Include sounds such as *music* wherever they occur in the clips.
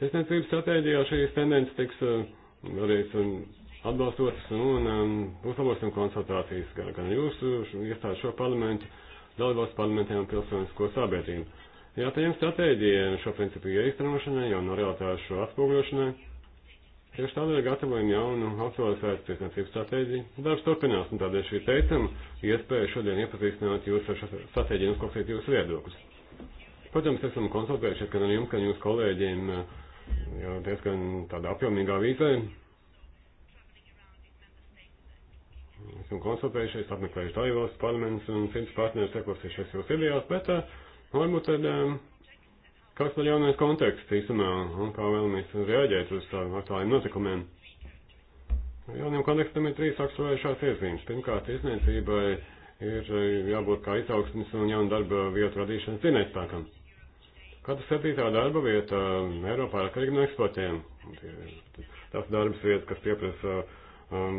Tiesniecības stratēģijā šīs tendences tiks vēlreiz eh, un atbalstotas un um, uzlabosim konsultācijas gan, gan jūsu iestāžu šo parlamentu, dalībvalsts parlamentiem un pilsonisko sabiedrību. Jāpieņem stratēģija šo principu ieiztenošanai, jau no realitāšu atspūgļošanai. Tieši tādēļ gatavojam jaunu aktualizētu tiesniecības stratēģiju. Darbs turpinās, un tādēļ šī teicama iespēja šodien iepazīstināt jūs ar šo stratēģiju un uzklausīt jūsu viedokļus. Protams, esam konsultējušies gan ar jums, gan jūsu kolēģiem uh, jau diezgan tādā apjomīgā vīzē. Esmu konsultējušies, apmeklējuši daļos parlaments un citas partneris sekosīšies jūs idejās, bet eh, nu, varbūt tad eh, kāds ir jaunais konteksts īstenā un kā vēlamies reaģēt uz aktuāliem notikumiem. Jauniem kontekstam ir trīs aksuvējušās iezīmes. Pirmkārt, izniecībai ir eh, jābūt kā izaugsmes un jaunu darba vietu radīšanas zinētākam. Katra septītā darba vieta um, Eiropā ir atkarīga no eksportiem. Tās darbas vietas, kas pieprasa um,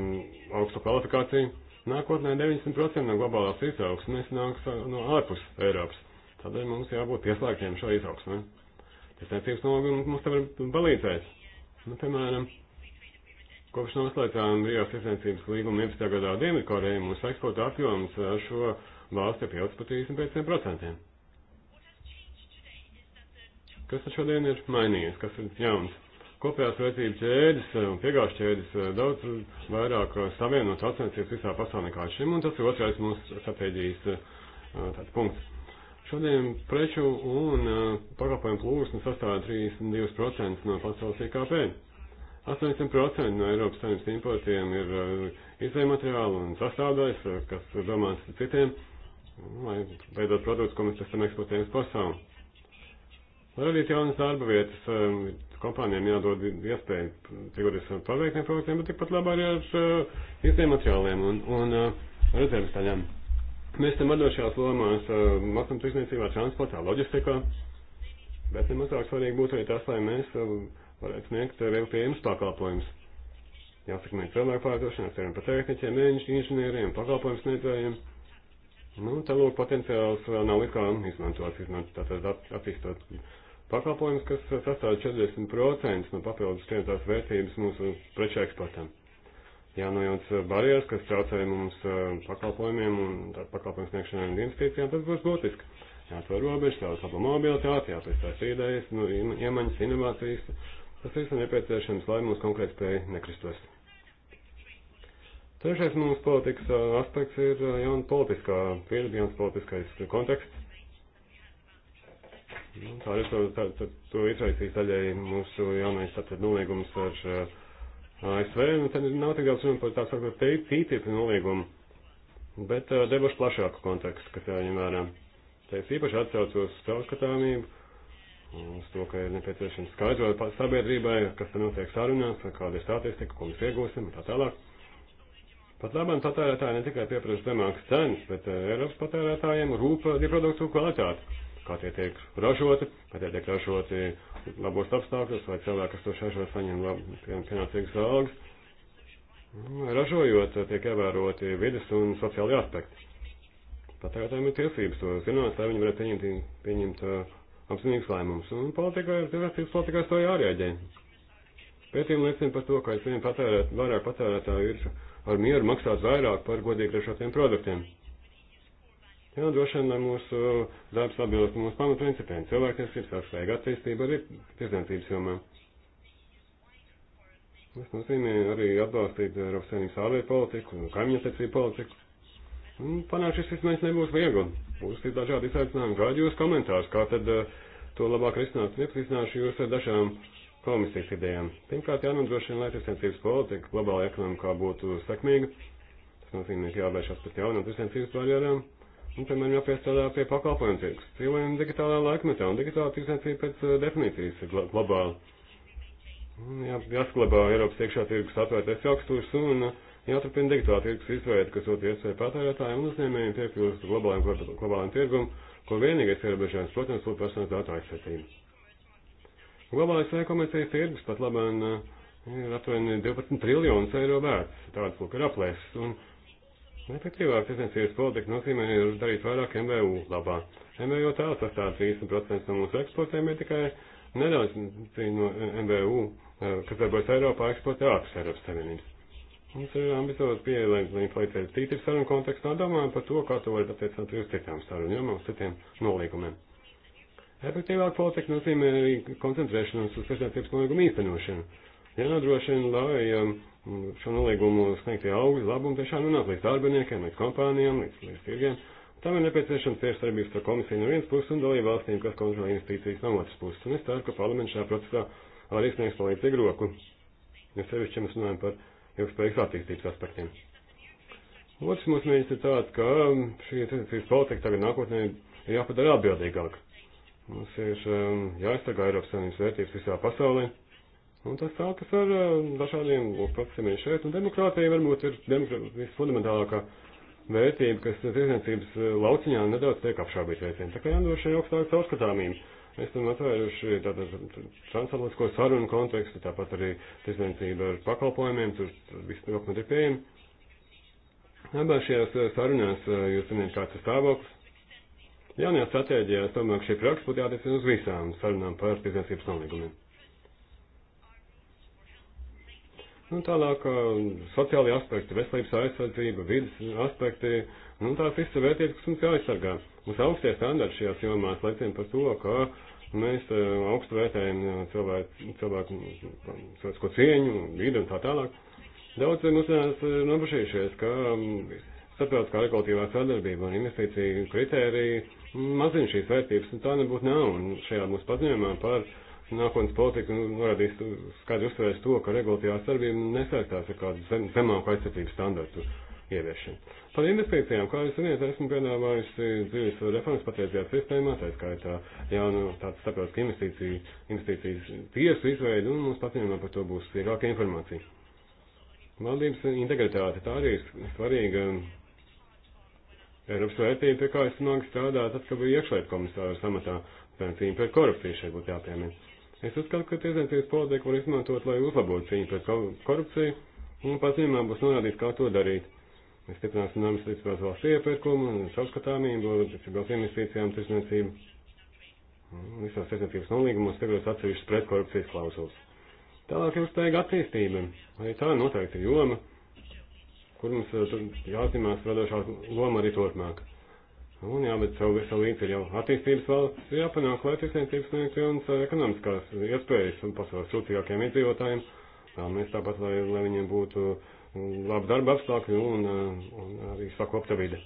augstu kvalifikāciju, nākotnē 90% no globālās izaugsmes nāks no ārpus Eiropas. Tādēļ mums jābūt pieslēgtiem šo izaugsmē. Tiesniecības nolūgumi mums te var palīdzēt. Nu, piemēram, kopš noslēdzām Rio tiesniecības līgumu 11. gadā Dienvidkorejā mūsu eksporta apjoms šo valsti ir pieaudzis par 35%. Kas tad šodien ir mainījies, kas ir jauns? Kopējās vērtības ķēdes un piegāžu ķēdes eh, daudz vairāk eh, savienot atcensies visā pasaulē kā šim, un tas ir otrais mūsu stratēģijas eh, tāds punkts. Šodien preču un pakalpojumu plūsma sastāv 32% no pasaules IKP. 80% no Eiropas saimnes importiem ir izējumateriāli un sastāvdaļas, kas domāts citiem, lai veidot produktus, ko mēs pēc tam eksportējam uz pasauli. Lai radītu jaunas darba vietas, um, kompānijām jādod iespēju tirgoties ar paveiktiem produktiem, bet tikpat labāk arī ar uh, īstiem materiāliem un, un uh, rezerves daļām. Mēs tam atdošajās lomās uh, masam tirsniecībā, transportā, loģistikā, bet nemazāk svarīgi būtu arī tas, lai mēs varētu sniegt vēl pieejams pakalpojums. Jāsaka, mēs cilvēku pārdošanā, ceram par tehniķiem, inženieriem, pakalpojums sniedzējiem Nu, tā lūk, potenciāls vēl nav it kā izmantots, izmantots tātad attīstot pakalpojumus, kas sastāv 40% no papildus pievienotās vērtības mūsu preču eksportam. Jānojauc nu, barjeras, kas traucē mums pakalpojumiem un pakalpojumu sniegšanai un investīcijām, tas būs būtiski. Jāatver robežas, jāuzlabo mobilitāti, jāpēstās idejas, nu, iemaņas, inovācijas. Tas viss ir nepieciešams, lai mūsu konkrētspēja nekristos. Trešais mums politikas aspekts ir jauna politiskā pieredze, jauns politiskais konteksts. Tā ir to, tā, tā, to izraisīs daļai mūsu jaunais tātad nolīgums ar ASV, un nu, tad nav tik daudz runa par tā sakot TTIP nolīgumu, bet debašu plašāku kontekstu, kas jāņem vērā. Te es īpaši atcaucos uz caurskatāmību, uz to, ka ir nepieciešams skaidrot sabiedrībai, kas te notiek sarunās, kāda ir statistika, ko mēs iegūsim un tā tālāk. Pat labam patērētāji ne tikai pieprasa zemākas cenas, bet eh, Eiropas patērētājiem rūp tie eh, produktu kvalitāti, kā tie tiek ražoti, vai tie tiek ražoti labos apstākļos, vai cilvēki, kas to šažo, saņem pienācīgas algas. Nu, ražojot, eh, tiek ievēroti vidas un sociālai aspekti. Patērētājiem ir tiesības to zināt, lai viņi varētu pieņemt, pieņemt uh, apzinīgus lēmumus. Un politikā, tiesības politikā to jārēģē. Pētījumi liecina par to, ka aizvien patērēt, vairāk patērētāju ir ar mieru maksās vairāk par godīgi ražotiem produktiem. Jā, droši vien, lai mūsu darbs atbilst mūsu pamatprincipiem. Cilvēktiesības, atsvaiga attīstība arī tirdzniecības jomā. Tas nozīmē arī atbalstīt Eiropas Savienības ārlietu politiku, kaimiņattiecību politiku. Un panākt šis izmaiņas nebūs viegli. Būs ir dažādi izaicinājumi. Gaidu jūs komentārus, kā tad uh, to labāk risināt. Iepazīstināšu jūs ar dažām komisijas idejām. Pirmkārt, jānodrošina, lai tirsniecības politika globāla ekonomikā būtu sekmīga. Tas nozīmē, ka jāvēršas pret jaunām tirsniecības barjerām. Un, piemēram, jāpiestrādā pie pakalpojumu tirgus. Cilvēkiem digitālā laikmetā un digitālā tirsniecība pēc eh, definīcijas ir globāla. Jā, jāsklabā Eiropas iekšā tirgus atvērtais augstūrs un eh, jāturpina digitālā tirgus izveida, kas dot iespēju patērētājiem un uzņēmējiem piekļūt globālajiem, globālajiem tirgumam, ko vienīgais ierobežojums, protams, būtu personas datu aizsardzība. Globālais e-komercijas tirgus pat labāk eh, ir aptuveni 12 triljonus eiro vērts. Tāds lūk ir aplēsis. Un efektīvāk tirdzniecības politika nozīmē ir darīt vairāk MVU labā. MVU tā sastāv 30% no mūsu eksportiem ir tikai nedaudz no eh, MVU, eh, kas darbojas Eiropā, eksportē ārpus Eiropas Savienības. Mums ir ambiciozs pieeja, lai, lai palīdzētu tītības sarunu kontekstā, domājam par to, kā to var attiecināt arī uz citām sarunu jomām, uz citiem nolīgumiem. Efektīvāk politika nozīmē koncentrēšanos uz tirsniecības nolīgumu īstenošanu. Jānodrošina, lai um, šo nolīgumu sniegtie augļi labumi tiešām nonāk līdz darbiniekiem, līdz kompānijām, līdz, līdz tirgiem. Tam ir nepieciešams tieši darbības ar komisiju no vienas puses un dalību valstīm, kas kontrolē investīcijas no otras puses. Un es ceru, ka parlaments šajā procesā arī sniegs palīdzīgu roku. Jo sevišķi mēs runājam par ilgspējīgas attīstības aspektiem. Otrs mūsu mēģinājums ir tāds, ka um, šī tirsniecības politika tagad nākotnē ir jāpadara atbildīgāka. Mums ir um, jāizsargā Eiropas Savienības vērtības visā pasaulē. Un tas sākas ar um, dažādiem procesiem šeit. Un demokrātija varbūt ir visfundamentālākā vērtība, kas tirdzniecības uh, lauciņā nedaudz tiek apšābīt reizēm. Tā kā jānodrošina augstāka caurskatāmība. Esam atvēruši tātad transatlantisko sarunu kontekstu, tāpat arī tirdzniecība ar pakalpojumiem, tur viss dokumenti ir pieejami. Abās šajās uh, sarunās uh, jūs zināt, kāds ir stāvoklis. Jaunajā stratēģijā es domāju, ka šī praksa būtu jātiecina uz visām sarunām par tirdzniecības nolīgumiem. Nu, tālāk, sociālajie aspekti, veselības aizsardzība, vidas aspekti, nu, tās visas vērtības, kas mums jāaizsargā. Mums augstie standarti šajās jomās liecina par to, ka mēs augstu vērtējam cilvēku, cilvēku, cilvēku cieņu, vidi un tā tālāk. Daudz mūsdienās ir nobašījušies, ka starptautiskā regulatīvā sadarbība un investīcija kritērija mazina šīs vērtības, un tā nebūtu nav. Un šajā mūsu paziņojumā par nākotnes politiku norādīs skaidri uzsvērts to, ka regulatīvā starpība nesaistās ar kādu zem, zemāku aizsardzības standartu ieviešanu. Par investīcijām, kā jūs zināt, esmu piedāvājusi dzīves reformas patiesajā sistēmā, tā skaitā jaunu tādu starptautisku investīciju, investīcijas tiesu izveidu, un mums paciņojumā par to būs vieglāka informācija. Valdības integritāte tā arī ir svarīga Eiropas vērtība, pie kā es nonāku strādāt, tad, kad biju iekšlietu komisāru samatā, piemēram, cīņa pret korupciju šeit būtu jāpiemina. Es uzskatu, ka tiesniecības politika var izmantot, lai uzlabotu cīņu pret korupciju, un paziņojumā būs norādīts, kā to darīt. Mēs stiprināsim nams līdzsvaros valsts iepirkumu, savskatāmību, līdzsvaros investīcijām, tirsniecību. Visās tirsniecības nolīgumos tagad atsevišķas pretkorupcijas klausulas. Tālāk ir uzteiga attīstība, arī tā noteikti ir joma kur mums eh, jāatzīmās vadošā loma arī turpmāk. Un jā, bet savu veselu līdzi ir jau attīstības valsts, jāpanāk, lai tirsniecības sniegtu jaunas eh, ekonomiskās iespējas un pasaules trūcīgākiem iedzīvotājiem. Mēs tāpat, lai, lai viņiem būtu mm, labi darba apstākļi un, eh, un arī sakopta vide.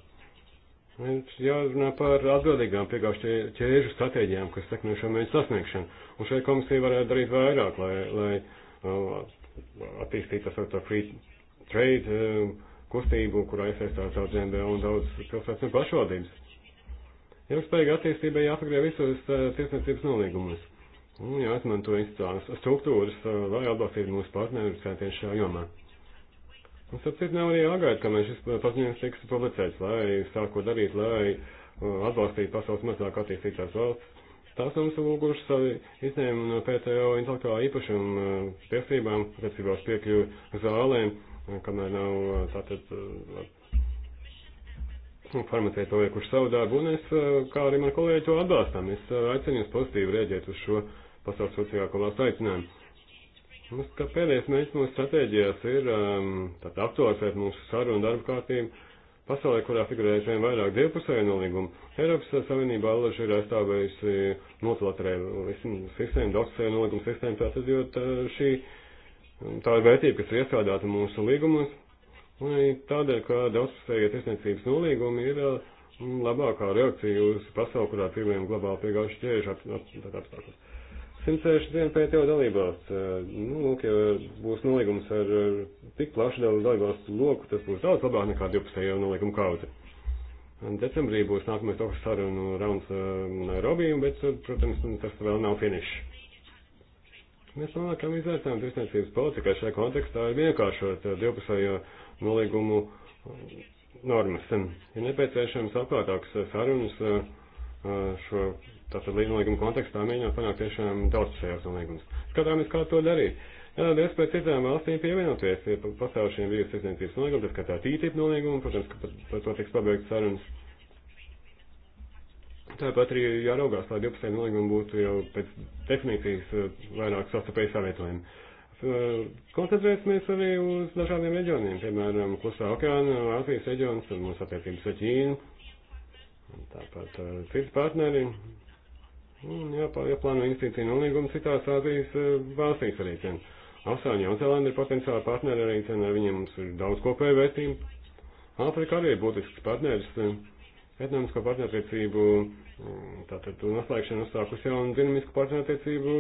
Jārunā par atbildīgām piegājušie ķēžu stratēģijām, kas sekmē šo mērķu sasniegšanu. Un šeit komisija varētu darīt vairāk, lai, lai uh, attīstītu tā free trade um, kustību, kurā iesaistās Alģenda un daudz pilsētas un pašvaldības. Ilgspējīga attīstība jāpagriež visos uh, tirsniecības nolīgumus. Un jāizmanto institucionālās struktūras, uh, lai atbalstītu mūsu partnerus centienus šajā jomā. Un sapcīt nav arī jāgaida, kamēr šis paziņojums tiks publicēts, lai sāko darīt, lai uh, atbalstītu pasaules mazāk attīstītās valsts. Tās mums ir lūgušas savu izņēmumu no PTO intelektuālā īpašuma uh, tiesībām, attiecībā uz piekļuvu zālēm, kamēr nav tātad uh, farmacēti paliekuši savu darbu, un es, uh, kā arī man kolēģi, to atbalstām. Es uh, aicinu jūs pozitīvi rēģēt uz šo pasaules sociālāko valstu aicinājumu. Mums kā pēdējais mērķis mūsu stratēģijās ir um, tātad aktualizēt mūsu sarunu darba kārtību pasaulē, kurā figurējas vien vairāk divpusēju nolīgumu. Eiropas Savienība allaž ir aizstāvējusi multilaterēlu sistēmu, daudzpusēju nolīgumu sistēmu, tātad, jo tā, šī. Uh, Tā ir vērtība, kas ir iestrādāta mūsu līgumos, un arī tādēļ, ka daudzpusējie tirsniecības nolīgumi ir uh, labākā reakcija uz pasauli, kurā dzīvojam globāli piegājuši ķēžu apstākļus. 161 PTO dalībās, nu, lūk, ja būs nolīgums ar tik plašu dalībās loku, tas būs daudz labāk nekā 12. nolīguma kaudze. Decembrī būs nākamais toks sarunu rauns uh, Nairobī, bet, uh, protams, tas vēl nav finišs. Mēs domājam, ka izvērtējuma tirsniecības politikā šajā kontekstā ir vienkāršot eh, divpusējo nolīgumu eh, normas. Ir nepieciešams apkārtāks eh, sarunas šo tātad līdzinolīgumu kontekstā mēģināt panākt tiešām daudzpusējos nolīgumus. Skatāmies, kā to darīt. Jādod iespēju citām valstīm pievienoties ja pastāvošiem brīvas tirsniecības nolīgumiem, tā kā tā TTIP nolīguma, protams, ka par, par to tiks pabeigts sarunas. Tāpat arī jāraugās, lai 12 nolīgumi būtu jau pēc definīcijas eh, vairāk sastapēji savietojumi. Eh, koncentrēsimies arī uz dažādiem reģioniem, piemēram, Klusā okeāna, Āzijas reģions, tad mūsu attiecības ar Ķīnu, tāpat uh, citi partneri. Un jāplāno investīciju nolīgumu citās Āzijas uh, valstīs arī. Cien. Austrāļa un Jaunzēlanda ir potenciāli partneri arī, cien, ar viņiem mums ir daudz kopēju vērtību. Āfrika arī ir būtisks partneris. Uh, Etnomisko partnertiecību uh, Tātad to noslēgšanu uzsākus jaunu dinamisku partnerattiecību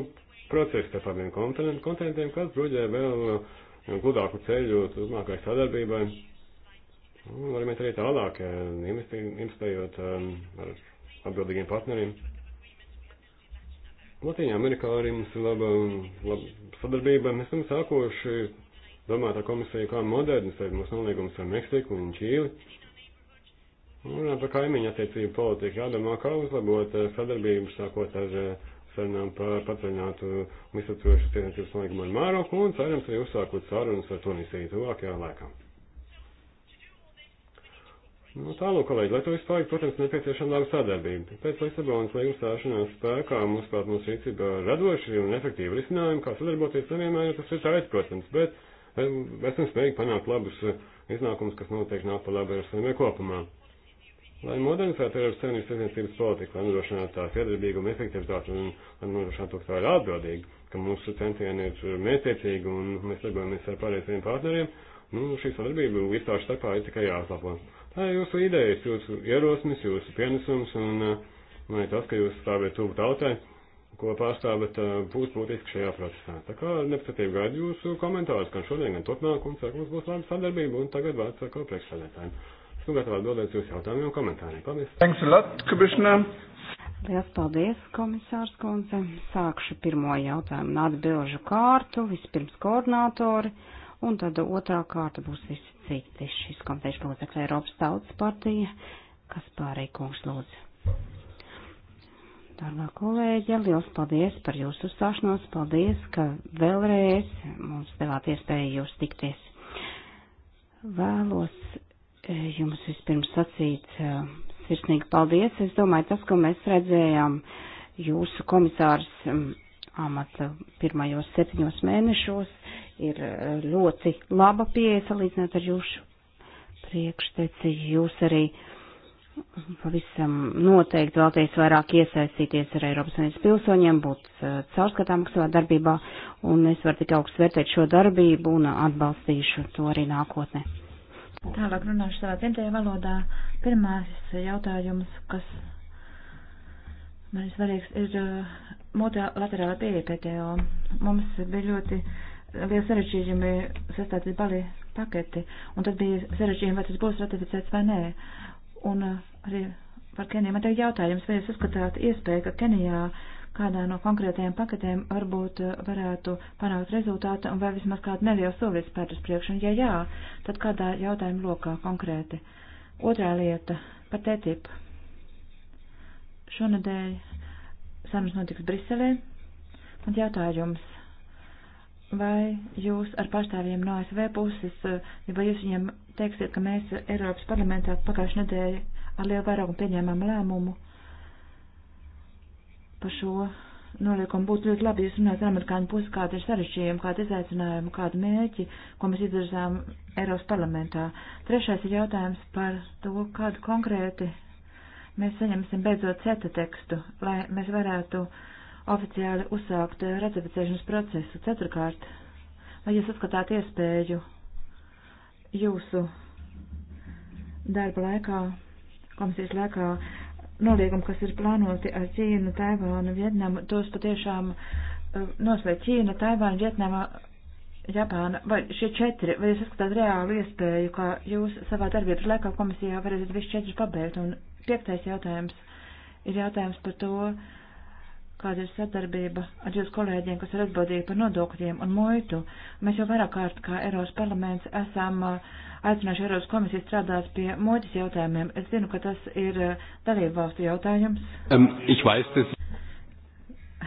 procesu starp abiem kontinentiem, kas bruģē vēl gludāku ceļu turpmākai sadarbībai. Un varam iet arī tālāk, investējot um, ar atbildīgiem partneriem. Latvijā, Amerikā arī mums ir laba, laba sadarbība. Mēs esam sākoši domāt ar komisiju, kā modernizēt mūsu nolīgumus ar Meksiku un Čīli. Un nu, par kaimiņu attiecību politiku jādomā, kā uzlabot eh, sadarbību sākot ar eh, sarunām par paceļinātu un izsacojušu tiesniecības līgumu ar Māroku un cerams arī uzsākot sarunas ar Tunisiju tuvākajā laikā. Nu, tālūk, kolēģi, lai to izpārīt, protams, nepieciešama laba sadarbība. Pēc Lisabonas līguma stāšanās spēkā mums pat mūsu rīcībā radoši un efektīvi risinājumi, kā sadarboties nevienmēr, tas ir tāds, protams, bet eh, esam spējīgi panākt labus iznākumus, kas noteikti nāk par labu ar saviem kopumā lai modernizētu Eiropas Savienības tirdzniecības politiku, lai nodrošinātu tās iedarbību un efektivitāti un lai nodrošinātu to, ka tā ir atbildīga, ka mūsu centieni ir mērķiecīgi un mēs darbojamies ar pārējiem partneriem, nu, šī sadarbība visāšu starpā ir tikai jāuzlabo. Tā ir jūsu idejas, jūsu ierosmes, jūsu pienesums un, un uh, arī tas, ka jūs stāvēt tuvu tautai, ko pārstāvat, uh, būs būtiski šajā procesā. Tā kā nepacietību gaidu jūsu komentārus, gan šodien, gan turpmāk, un ceru, ka mums būs laba sadarbība, un tagad vārds atkal priekšsēdētājiem. Esmu gatava atbildēt jūsu jautājumiem un komentāriem. Paldies! Thanks a lot, Commissioner! Liels paldies, komisārs kundze. Sākšu pirmo jautājumu un atbilžu kārtu, vispirms koordinātori, un tad otrā kārta būs visi citi šis komitejas locekļi Eiropas Tautas partija, kas pārēj kungs lūdzu. Dārgā kolēģe, liels paldies par jūsu uzstāšanos, paldies, ka vēlreiz mums devāt iespēju jūs tikties. Vēlos jums vispirms sacīt sirsnīgi paldies. Es domāju, tas, ko mēs redzējām jūsu komisārs amata pirmajos septiņos mēnešos, ir ļoti laba pieeja salīdzinot ar jūsu priekšteci. Jūs arī pavisam noteikti vēlties vairāk iesaistīties ar Eiropas Savienības pilsoņiem, būt caurskatāmāk savā darbībā, un es varu tikai augstu vērtēt šo darbību un atbalstīšu to arī nākotnē. Tālāk runāšu savā dzimtajā valodā. Pirmās jautājums, kas man ir svarīgs, ir uh, multilaterāla pieeja PTO. Mums bija ļoti liels sarežģījumi sastādīt bali paketi, un tad bija sarežģījumi, vai tas būs ratificēts vai nē. Un uh, arī par Keniju man te ir jautājums, vai jūs uzskatāt iespēju, ka Kenijā uh, kādā no konkrētajiem paketēm varbūt eh, varētu panākt rezultātu un vai vismaz kādu nelielu solis pērt uz priekšu, un ja jā, tad kādā jautājuma lokā konkrēti. Otrā lieta par TTIP. Šonadēļ sarunas notiks Briselē, un jautājums, vai jūs ar pārstāvjiem no ASV puses, eh, vai jūs viņiem teiksiet, ka mēs Eiropas parlamentā pagājušajā nedēļā ar lielu vairumu pieņēmām lēmumu par šo noliekumu. Būtu ļoti labi, jūs runājat ar amerikāņu pusi, kāda ir sarešķījuma, kāda izaicinājuma, kāda mērķi, ko mēs izvirzām Eiropas parlamentā. Trešais ir jautājums par to, kādu konkrēti mēs saņemsim beidzot ceta tekstu, lai mēs varētu oficiāli uzsākt ratificēšanas procesu. Ceturkārt, vai jūs uzskatāt iespēju jūsu darba laikā, komisijas laikā, noliegumi, kas ir plānoti ar Ķīnu, Taivānu, Vietnamu, tos patiešām eh, noslēdz Ķīna, Taivāna, Vietnama, Japāna, vai šie četri, vai jūs saskatāt reālu iespēju, ka jūs savā darbības laikā komisijā varēsiet visus četrus pabeigt? Un piektais jautājums ir jautājums par to, uh, kāda ir sadarbība ar jūsu kolēģiem, kas ir atbildīgi par nodokļiem un muitu. Mēs jau vairāk kārt kā Eiropas parlaments esam uh, aicinājuši Eiropas komisiju strādāt pie muitas jautājumiem. Es zinu, ka tas ir uh, dalību valstu jautājums. Um, ich weiß das.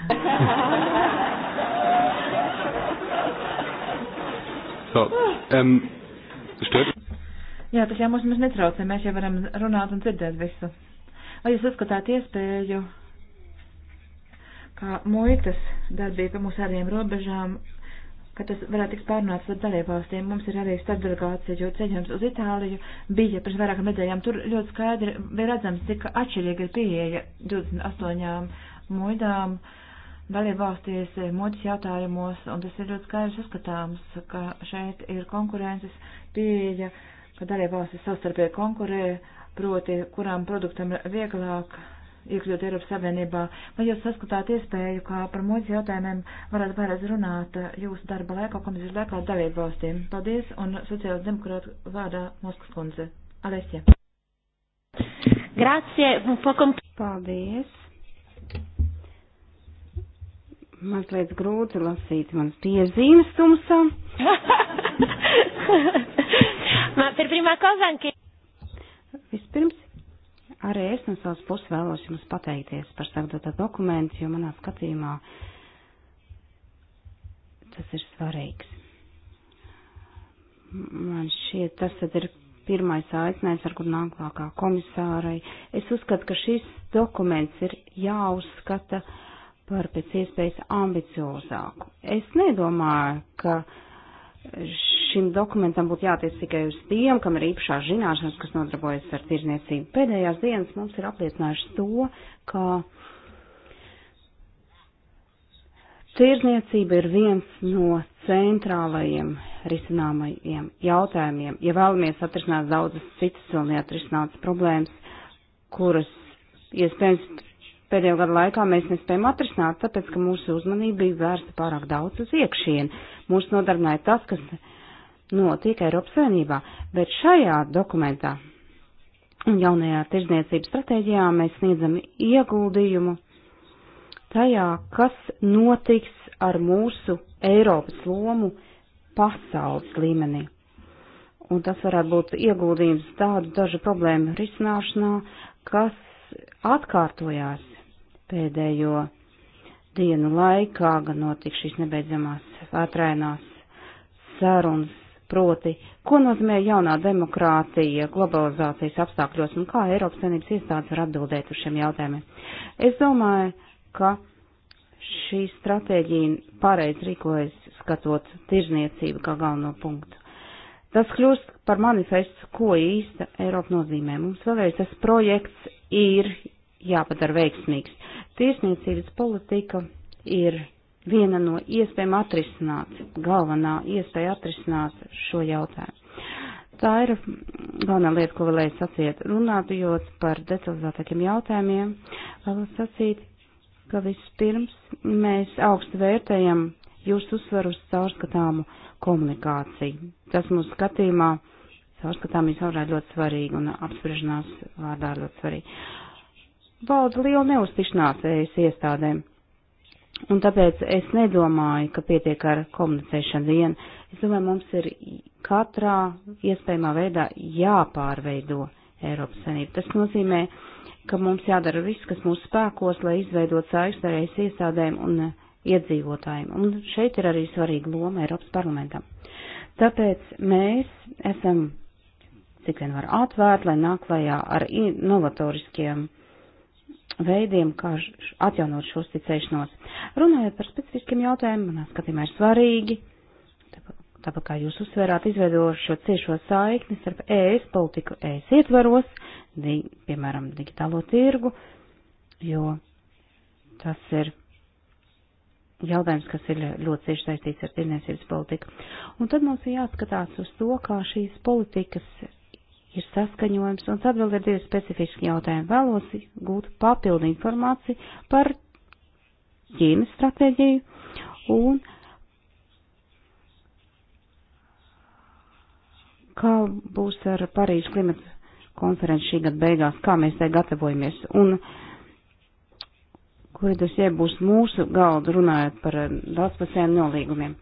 *laughs* so, um, stört. Jā, tas jau mums netraucē, mēs jau varam runāt un dzirdēt visu. Vai jūs uzskatāt iespēju? kā muitas darbība mūsu ārējiem robežām, ka tas varētu tiks pārnāts ar dalībvalstīm. Mums ir arī starpdelegācija, jo ceļojums uz Itāliju bija pirms vairākām nedēļām. Tur ļoti skaidri bija redzams, cik atšķirīga ir pieeja 28 muidām dalībvalstīs eh, muitas jautājumos, un tas ir ļoti skaidrs uzskatāms, ka šeit ir konkurences pieeja, ka dalībvalstis savstarpēji konkurē, proti, kurām produktam ir vieglāk iekļūt Eiropas Savienībā. Vai jūs saskatāt iespēju, kā par mūsu jautājumiem varētu vairāk runāt uh, jūsu darba laikā, komisijas laikā dalību valstīm? Paldies, un sociālas demokrātu vārdā Moskas kundze. Alesija. Grācie, fokum. Paldies. Mazliet grūti lasīt manas piezīmes tumsam. *laughs* Man, per prima cosa anche. Vispirms Arī es no savas puses vēlos jums pateikties par sagatavotā dokumentu, jo manā skatījumā tas ir svarīgs. Man šķiet, tas tad ir pirmais aicinājums, ar kur nāklākā komisārai. Es uzskatu, ka šis dokuments ir jāuzskata par pēc iespējas ambiciozāku. Es nedomāju, ka šim dokumentam būtu jātiec tikai uz tiem, kam ir īpašās zināšanas, kas nodarbojas ar tirzniecību. Pēdējās dienas mums ir apliecinājuši to, ka tirzniecība ir viens no centrālajiem risināmajiem jautājumiem. Ja vēlamies atrisināt daudzas citas vēl neatrisinātas problēmas, kuras iespējams pēdējo gadu laikā mēs nespējam atrisināt, tāpēc, ka mūsu uzmanība bija vērsta pārāk daudz uz iekšienu mūs nodarbināja tas, kas notiek Eiropas Savienībā. Bet šajā dokumentā un jaunajā tirdzniecības stratēģijā mēs sniedzam ieguldījumu tajā, kas notiks ar mūsu Eiropas lomu pasaules līmenī. Un tas varētu būt ieguldījums tādu dažu problēmu risināšanā, kas atkārtojās pēdējo dienu laikā, gan notika šīs nebeidzamās atrainās sarunas, proti, ko nozīmē jaunā demokrātija globalizācijas apstākļos un kā Eiropas Savienības iestādes var atbildēt uz šiem jautājumiem. Es domāju, ka šī stratēģija pareizi rīkojas skatot tirzniecību kā galveno punktu. Tas kļūst par manifestu, ko īsta Eiropa nozīmē. Mums vēlreiz tas projekts ir jāpadara veiksmīgs. Tiesniecības politika ir viena no iespējām atrisināt, galvenā iespēja atrisināt šo jautājumu. Tā ir galvenā lieta, ko vēlēju sacīt. Runājot par detalizētākiem jautājumiem, vēlos sacīt, ka vispirms mēs augstu vērtējam jūsu uzsvaru uz caurskatāmu komunikāciju. Tas mūsu skatījumā caurskatāmība ir ļoti svarīga un apspriešanās vārdā ļoti svarīga valda liela neuztišanās ES iestādēm. Un tāpēc es nedomāju, ka pietiek ar komunicēšanu vien. Es domāju, mums ir katrā iespējamā veidā jāpārveido Eiropas Savienība. Tas nozīmē, ka mums jādara viss, kas mūsu spēkos, lai izveidot saikstu ar ES iestādēm un iedzīvotājiem. Un šeit ir arī svarīga loma Eiropas parlamentam. Tāpēc mēs esam cik vien var atvērt, lai nāk klajā ar novatoriskiem uh, veidiem, kā atjaunot šo uzticēšanos. Runājot par specifiskiem jautājumiem, manā skatījumā ir svarīgi, tāpat kā jūs uzsvērāt, izveidot šo ciešo saikni starp ES politiku, ES ietvaros, di, piemēram, digitālo tirgu, jo tas ir jautājums, kas ir ļoti cieši saistīts ar tirniecības politiku. Un tad mums ir jāskatās uz to, kā šīs politikas ir saskaņojums, un atbild ir divi specifiski jautājumi. Vēlos gūt papildu informāciju par Ķīnas stratēģiju un kā būs ar Parīžu klimata konferenci šī gada beigās, kā mēs tai gatavojamies. Un uh, kuri dosie būs mūsu galdu runājot par eh, daudzpusējiem nolīgumiem.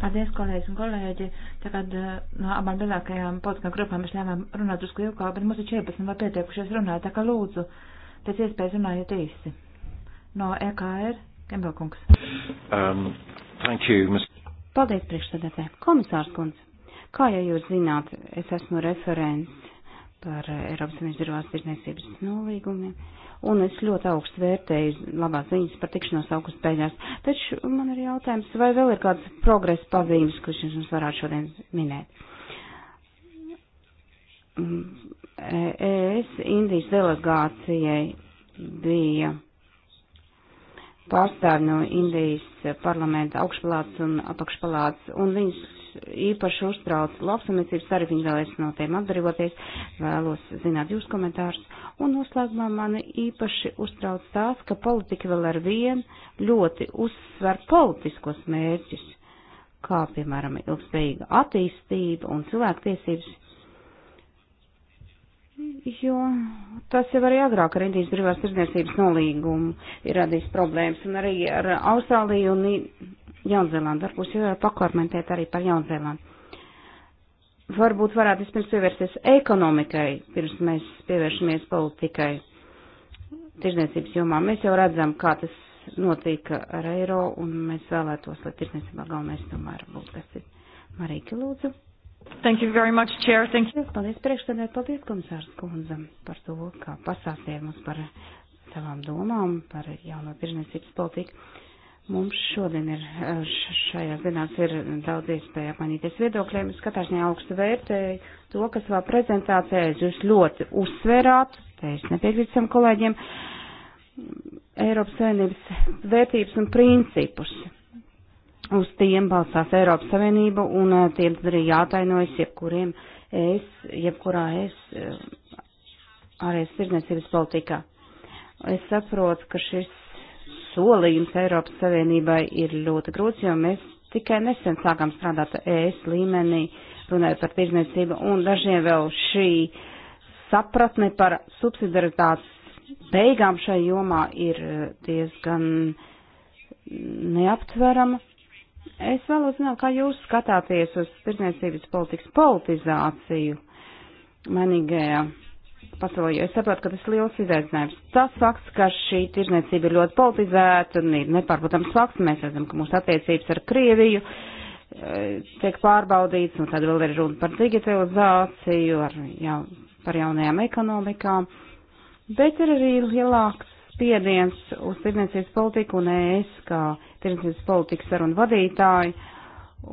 Paldies, kolēģis un kolēģi. Tagad eh, no abām lielākajām politiskām grupām mēs ļāvām runāt uz ilgāk, bet mums ir 14 vai pieteikušies runāt, tā kā lūdzu, pēc iespējas runājiet īsi. No EKR, Kembelkungs. Um, thank you, Ms. Paldies, priekšsēdētē. Komisārs kundze, kā jau jūs zināt, es esmu referents par Eiropas Savienības brīvās tirdzniecības nolīgumiem. Un es ļoti augstu vērtēju labās ziņas par tikšanos augustu beigās. Taču man ir jautājums, vai vēl ir kāds progresa pazīmes, kurš jūs mums varētu šodien minēt? Mm, es Indijas delegācijai bija pārstāvi no Indijas parlamenta augšpalāts un apakšpalāts, un viņas īpaši uztrauc lauksamniecības arī viņi vēlēs no tiem atbrīvoties, vēlos zināt jūs komentārus. Un noslēgumā mani īpaši uztrauc tās, ka politika vēl ar vienu ļoti uzsver politiskos mērķus, kā piemēram ilgspējīga attīstība un cilvēktiesības. Jo tas jau arī agrāk ar Indijas brīvās tirdzniecības nolīgumu ir radījis problēmas, un arī ar Austrāliju un Jaunzēlandu. Varbūt jūs varat pakomentēt arī par Jaunzēlandu. Varbūt varētu vispirms pievērsties ekonomikai, pirms mēs pievēršamies politikai tirzniecības jomā. Mēs jau redzam, kā tas notika ar eiro, un mēs vēlētos, lai tirzniecībā galvenais tomēr būtu tas ir. Marīka, lūdzu. Thank you very much, Chair. Thank you. Paldies priekšstādē, paldies komisārs kundzam par to, kā pasāstīja mums par savām domām par jauno tirzniecības politiku. Mums šodien ir, eh, šajās dienās ir daudz iespēja apmainīties viedokļiem. Es katrā ziņā augstu vērtēju to, kas savā prezentācijā jūs ļoti uzsverāt, te es nepiekrītu saviem kolēģiem, Eiropas Savienības vērtības un principus. Uz tiem balstās Eiropas Savienība un eh, tiem tad arī jātainojas jebkuriem es, jebkurā es ārējas eh, tirdzniecības politikā. Es saprotu, ka šis solījums Eiropas Savienībai ir ļoti grūts, jo mēs tikai nesen sākām strādāt ES līmenī, runājot par tirzniecību, un dažiem vēl šī sapratne par subsidaritātes beigām šai jomā ir eh, diezgan neaptverama. Es vēlos zināt, kā jūs skatāties uz tirzniecības politikas politizāciju mainīgajā pasaulē, jo es saprotu, ka tas ir liels izaicinājums. Tas fakts, ka šī tirzniecība ir ļoti politizēta un ir nepārprotams fakts, mēs redzam, ka mūsu attiecības ar Krieviju e, tiek pārbaudīts, un tad vēl ir runa par digitalizāciju, ar, jau, par jaunajām ekonomikām, bet ir arī lielāks spiediens uz tirdzniecības politiku un es, kā tirdzniecības politikas sarunu vadītāji,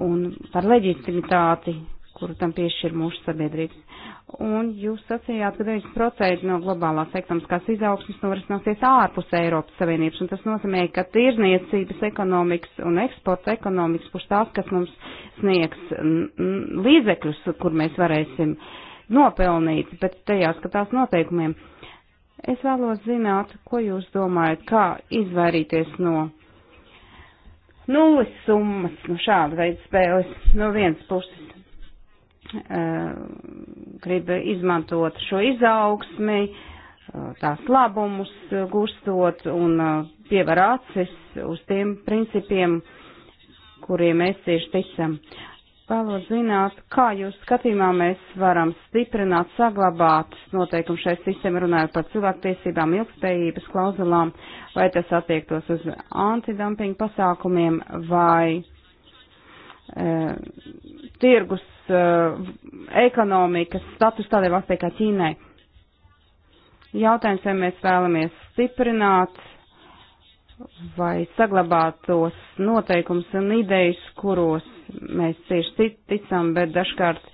un par leģitimitāti, kuru tam piešķir mūsu sabiedrības un jūs sacījāt, ka 90% no globālās ekonomiskās izaugsmas norisināsies ārpus Eiropas Savienības, un tas nozīmē, ka tirzniecības ekonomikas un eksporta ekonomikas būs tās, kas mums sniegs līdzekļus, kur mēs varēsim nopelnīt, bet te jāskatās noteikumiem. Es vēlos zināt, ko jūs domājat, kā izvairīties no nulles summas, no šāda veida spēles, no vienas puses Eh, grib izmantot šo izaugsmi, eh, tās labumus eh, gustot un pievar acis uz tiem principiem, kuriem mēs tieši ticam. Vēlos zināt, kā jūs skatījumā mēs varam stiprināt, saglabāt noteikumu šai sistēmai, runājot par cilvēktiesībām, ilgspējības klauzulām, vai tas attiektos uz antidumpingu pasākumiem vai e, tirgus uh, ekonomikas status tādai valstī kā Ķīnai. Jautājums, vai mēs vēlamies stiprināt vai saglabāt tos noteikums un idejas, kuros mēs cieši ticam, bet dažkārt uh,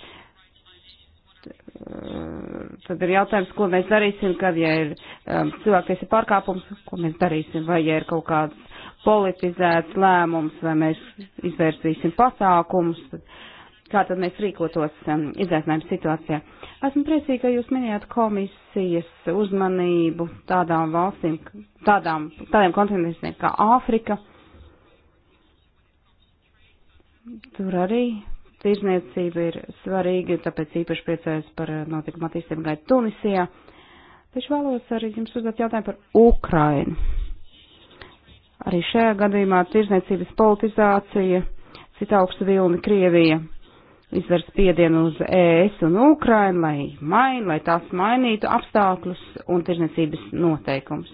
tad ir jautājums, ko mēs darīsim, kad, ja ir um, cilvēktiesa pārkāpums, ko mēs darīsim, vai ja ir kaut kāds politizēts lēmums, vai mēs izvērsīsim pasākumus, tad kā tad mēs rīkotos um, izaicinājuma situācijā. Esmu priecīga, ka jūs minējāt komisijas uzmanību tādām valstīm, tādām, tādiem kontinentiem kā Āfrika. Tur arī tirzniecība ir svarīga, tāpēc īpaši priecājos par uh, notikumu attīstību gaidu Tunisijā. Taču vēlos arī jums uzdot jautājumu par Ukrainu. Arī šajā gadījumā tirzniecības politizācija, cita augsta vilni Krievija izdara spiedienu uz ES un Ukrainu, lai main, lai tās mainītu apstākļus un tirzniecības noteikumus.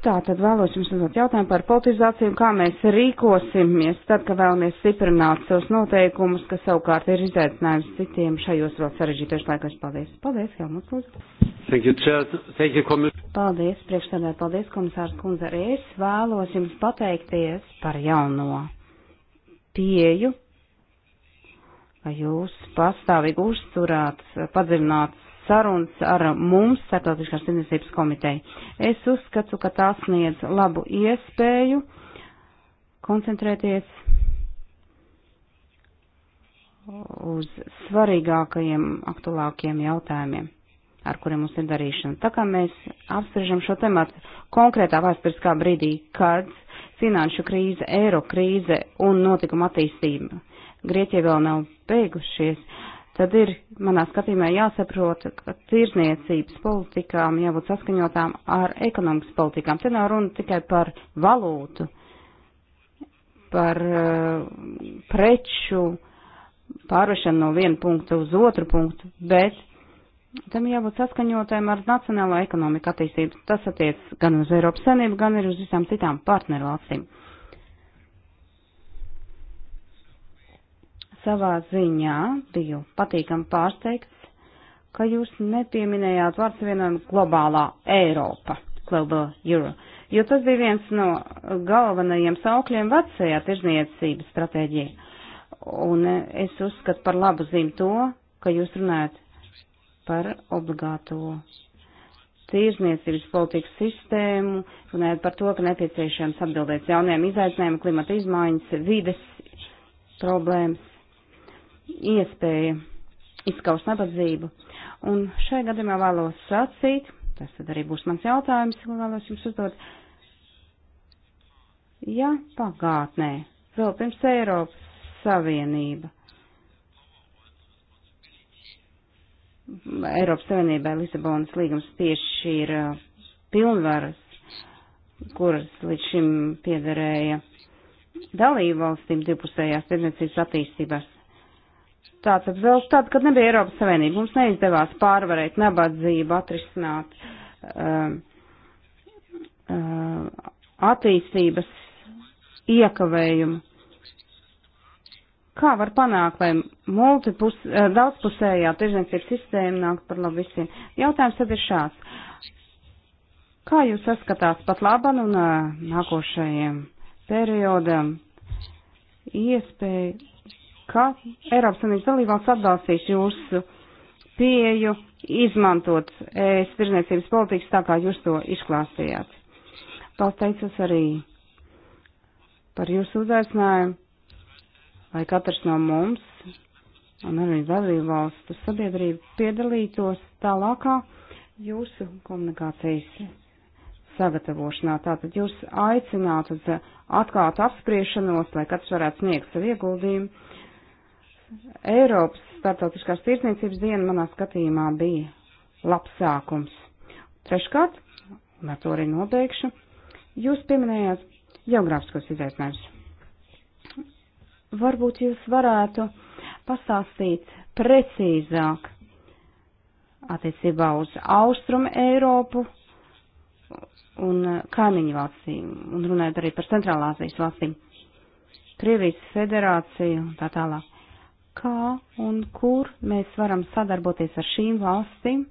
Tā tad vēlos jums uzdot jautājumu par politizāciju, kā mēs rīkosimies tad, kad vēlamies stiprināt savus noteikumus, kas savukārt ir izaicinājums citiem šajos vēl sarežģītos laikos. Paldies. Paldies, Helmuts Lūdzu. Thank you, Chair. Thank you, komis paldies, priekšstādē, paldies, komisārs Kunze. Es vēlos jums pateikties par jauno pieju vai jūs pastāvīgi uzturāt, padziļināt sarunas ar mums, Startautiskās tirdzniecības komiteju. Es uzskatu, ka tās sniedz labu iespēju koncentrēties uz svarīgākajiem, aktuālākiem jautājumiem, ar kuriem mums ir darīšana. Tā kā mēs apspriežam šo tematu konkrētā vēsturiskā brīdī, kad finanšu krīze, eiro krīze un notikuma attīstība Grieķija vēl nav beigušies, tad ir, manā skatījumā, jāsaprot, ka tirzniecības politikām jābūt saskaņotām ar ekonomikas politikām. Te nav runa tikai par valūtu, par uh, preču pārvešanu no viena punkta uz otru punktu, bet tam jābūt saskaņotēm ar nacionālo ekonomiku attīstību. Tas attiec gan uz Eiropas Savienību, gan ir uz visām citām partnervalstīm. savā ziņā biju patīkami pārsteigts, ka jūs nepieminējāt vārdu savienojumu globālā Eiropa, Global Euro, jo tas bija viens no galvenajiem saukļiem vecajā tirzniecības stratēģijā. Un es uzskatu par labu zīmu to, ka jūs runājat par obligāto tirzniecības politikas sistēmu, runājot par to, ka nepieciešams atbildēt jauniem izaicinājumiem, klimata izmaiņas, vides problēmas iespēja izskaust nabadzību. Un šai gadījumā vēlos sacīt, tas tad arī būs mans jautājums, ko vēlos jums uzdot. Ja pagātnē, vēl pirms Eiropas Savienība, Eiropas Savienībai Lisabonas līgums piešķīra pilnvaras, kuras līdz šim piederēja dalību valstīm divpusējās tirdzniecības attīstībās Tātad vēl tad, kad nebija Eiropas Savienība, mums neizdevās pārvarēt nabadzību, atrisināt um, um, attīstības iekavējumu. Kā var panākt, lai multipus, eh, daudzpusējā tirzniecības sistēma nāk par labu visiem? Jautājums tad ir šāds. Kā jūs saskatāt pat laban un eh, nākošajiem periodam iespēju ka Eiropas Savienības dalībvalsts atbalstīs jūsu pieju izmantot ES tirzniecības politikas tā, kā jūs to izklāstījāt. Pateicos arī par jūsu uzaicinājumu, lai katrs no mums un arī dalībvalstu sabiedrība piedalītos tālākā jūsu komunikācijas sagatavošanā. Tātad jūs aicināt uz atklātu apspriešanos, lai katrs varētu sniegt savu ieguldījumu Eiropas starptautiskās tirsniecības diena manā skatījumā bija labs sākums. Treškārt, un ar to arī nobeigšu, jūs pieminējāt geogrāfiskos izaicinājumus. Varbūt jūs varētu pastāstīt precīzāk attiecībā uz Austrumu Eiropu un kaimiņu valstīm, un runājot arī par Centrālāzijas valstīm, Krievijas federāciju un tā tālāk kā un kur mēs varam sadarboties ar šīm valstīm,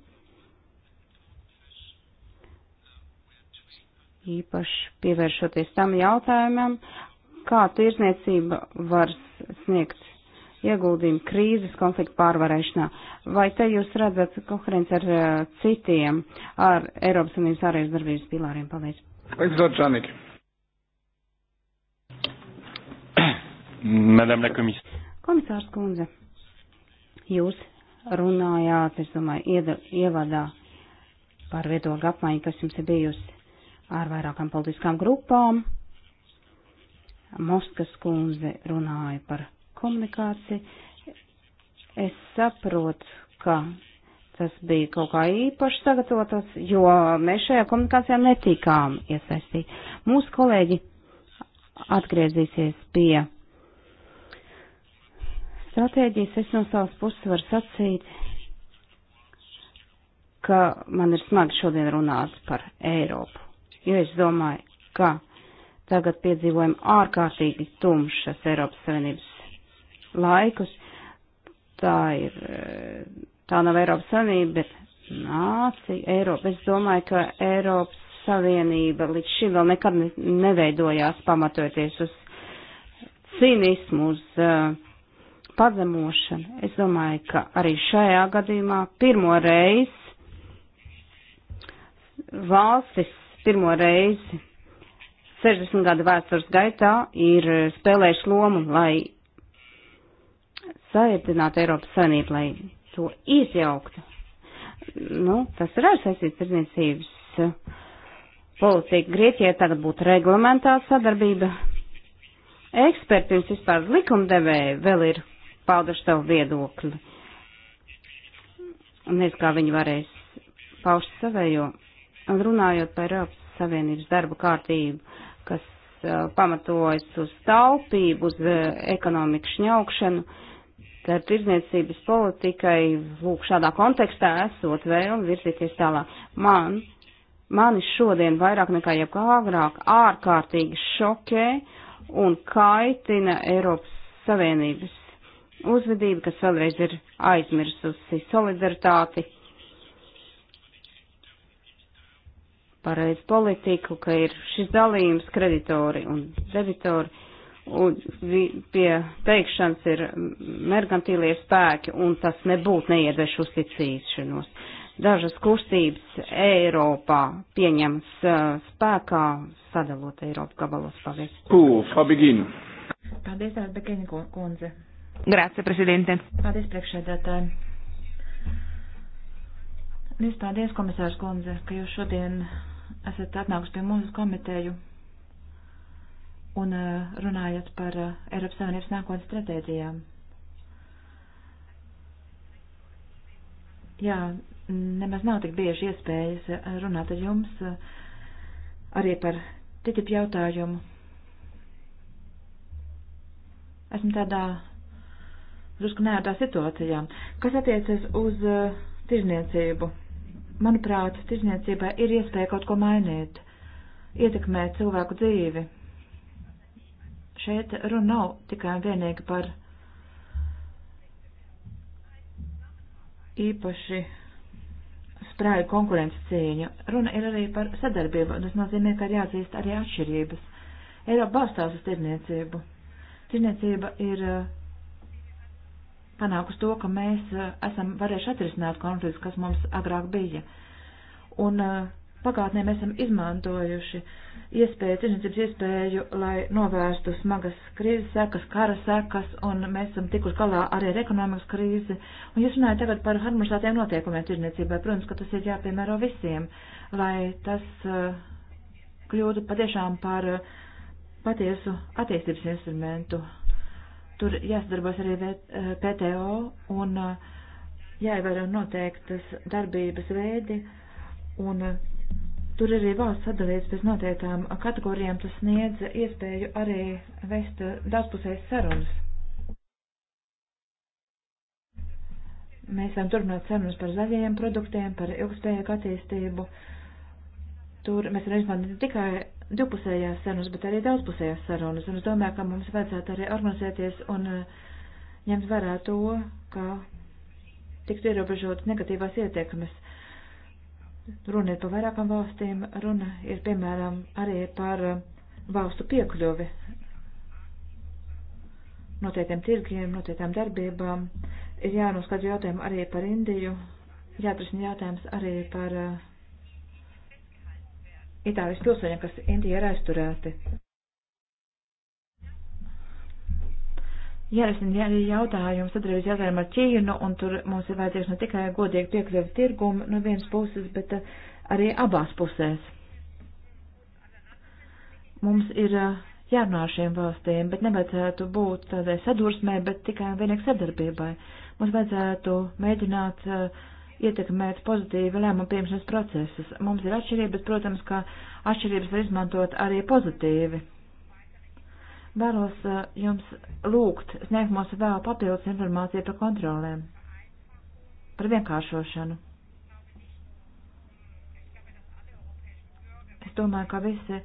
īpaši pievēršoties tam jautājumam, kā tirzniecība var sniegt ieguldījumu krīzes konfliktu pārvarēšanā. Vai te jūs redzat koherenci ar uh, citiem, ar Eiropas Unības ārējas darbības pilāriem? Paldies. Madame la Commission. Komisārs Kunze, jūs runājāt, es domāju, ievadā par viedokļu apmaiņu, kas jums ir bijusi ar vairākām politiskām grupām. Moskas kundze runāja par komunikāciju. Es saprotu, ka tas bija kaut kā īpaši sagatavots, jo mēs šajā komunikācijā netikām iesaistīti. Mūsu kolēģi atgriezīsies pie stratēģijas es no savas puses varu sacīt, ka man ir smagi šodien runāt par Eiropu, jo es domāju, ka tagad piedzīvojam ārkārtīgi tumšas Eiropas Savienības laikus. Tā ir, tā nav Eiropas Savienība, bet nācija Eiropa. Es domāju, ka Eiropas Savienība līdz šim vēl nekad neveidojās pamatoties uz cinismu, uz uh, pazemošana. Es domāju, ka arī šajā gadījumā pirmo reizi valstis pirmo reizi 60 gadu vēstures gaitā ir spēlējuši lomu, lai sairtinātu Eiropas Savienību, lai to izjauktu. Nu, tas ir arī saistīts tirdzniecības politika. Grieķijai tagad būtu reglamentā sadarbība. Eksperti un vispār likumdevēji vēl ir pauduši savu viedokli. Nezinu, kā viņi varēs paust savējo. Un runājot par Eiropas Savienības darba kārtību, kas uh, pamatojas uz taupību, uz uh, ekonomikas šņaukšanu, tad tirdzniecības politikai, lūk, šādā kontekstā esot vēl virzīties tālāk. Man, mani šodien vairāk nekā jebkā agrāk ārkārtīgi šokē un kaitina Eiropas Savienības uzvedību, kas vēlreiz ir aizmirsusi solidaritāti, pareiz politiku, ka ir šis dalījums kreditori un debitori, un pie teikšanas ir merkantīlie spēki, un tas nebūtu neiedveš uzticīšanos. Dažas kustības Eiropā pieņems uh, spēkā, sadalot Eiropu gabalos. Paldies. Pū, Fabigīnu. Paldies, Albekēni kundze. Ko Grācija, prezidente. Paldies, priekšsēdētāji. Liels paldies, komisārs Kundze, ka jūs šodien esat atnākusi pie mūsu komiteju un eh, runājat par eh, Eiropas Savienības nākotnes stratēģijām. Jā, nemaz nav tik bieži iespējas eh, runāt ar jums arī par TTIP jautājumu. Esmu tādā drusku nērtā situācijā. Kas attiecas uz uh, tirzniecību? Manuprāt, tirzniecībā ir iespēja kaut ko mainīt, ietekmēt cilvēku dzīvi. Šeit runa nav tikai un vienīgi par īpaši sprāju konkurences cīņu. Runa ir arī par sadarbību, un tas nozīmē, ka ir jāzīst arī atšķirības. Eiropa balstās uz tirniecību. Tirniecība ir uh, panākusi to, ka mēs uh, esam varējuši atrisināt konfliktus, kas mums agrāk bija. Un uh, pagātnē mēs esam izmantojuši iespēju, tiešniecības iespēju, lai novērstu smagas krīzes sekas, kara sekas, un mēs esam tikuši galā arī ar ekonomikas krīzi. Un jūs runājat tagad par harmonizētiem noteikumiem tiešniecībai. Protams, ka tas ir jāpiemēro visiem, lai tas uh, kļūtu patiešām par patiesu attīstības instrumentu Tur jāsadarbojas arī eh, PTO un eh, jāievēro noteiktas darbības veidi. Un eh, tur arī valsts sadalīts pēc noteiktām kategorijām. Tas sniedz iespēju arī vest daudzpusējas sarunas. Mēs varam turpināt sarunas par zaļajiem produktiem, par ilgspējīgu attīstību. Tur mēs varam izmantot ne tikai divpusējās sarunas, bet arī daudzpusējās sarunas. Un es domāju, ka mums vajadzētu arī organizēties un eh, ņemt vērā to, ka tiktu ierobežotas negatīvās ietekmes. Runa ir par vairākām valstīm, runa ir piemēram arī par eh, valstu piekļuvi noteiktiem tirgiem, noteiktām darbībām. Ir jānoskatīt jautājumu arī par Indiju, jāatrisina jautājums arī par uh, Itālijas pilsoņiem, kas Indijā ir aizturēti. Jārisina arī jautājums sadarbības jautājumu ar Ķīnu, un tur mums ir vajadzīgs ne tikai godīgi piekļuvi tirgumu no vienas puses, bet eh, arī abās pusēs. Mums ir eh, jārunā ar šiem valstīm, bet nevajadzētu būt tādai sadursmē, bet tikai un vienīgi sadarbībai. Mums vajadzētu mēģināt uh, ietekmēt pozitīvi lēmumu pieņemšanas procesus. Mums ir atšķirības, protams, ka atšķirības var izmantot arī pozitīvi. Vēlos uh, jums lūgt sniegt mums vēl papildus informāciju par kontrolēm, par vienkāršošanu. Es domāju, ka visi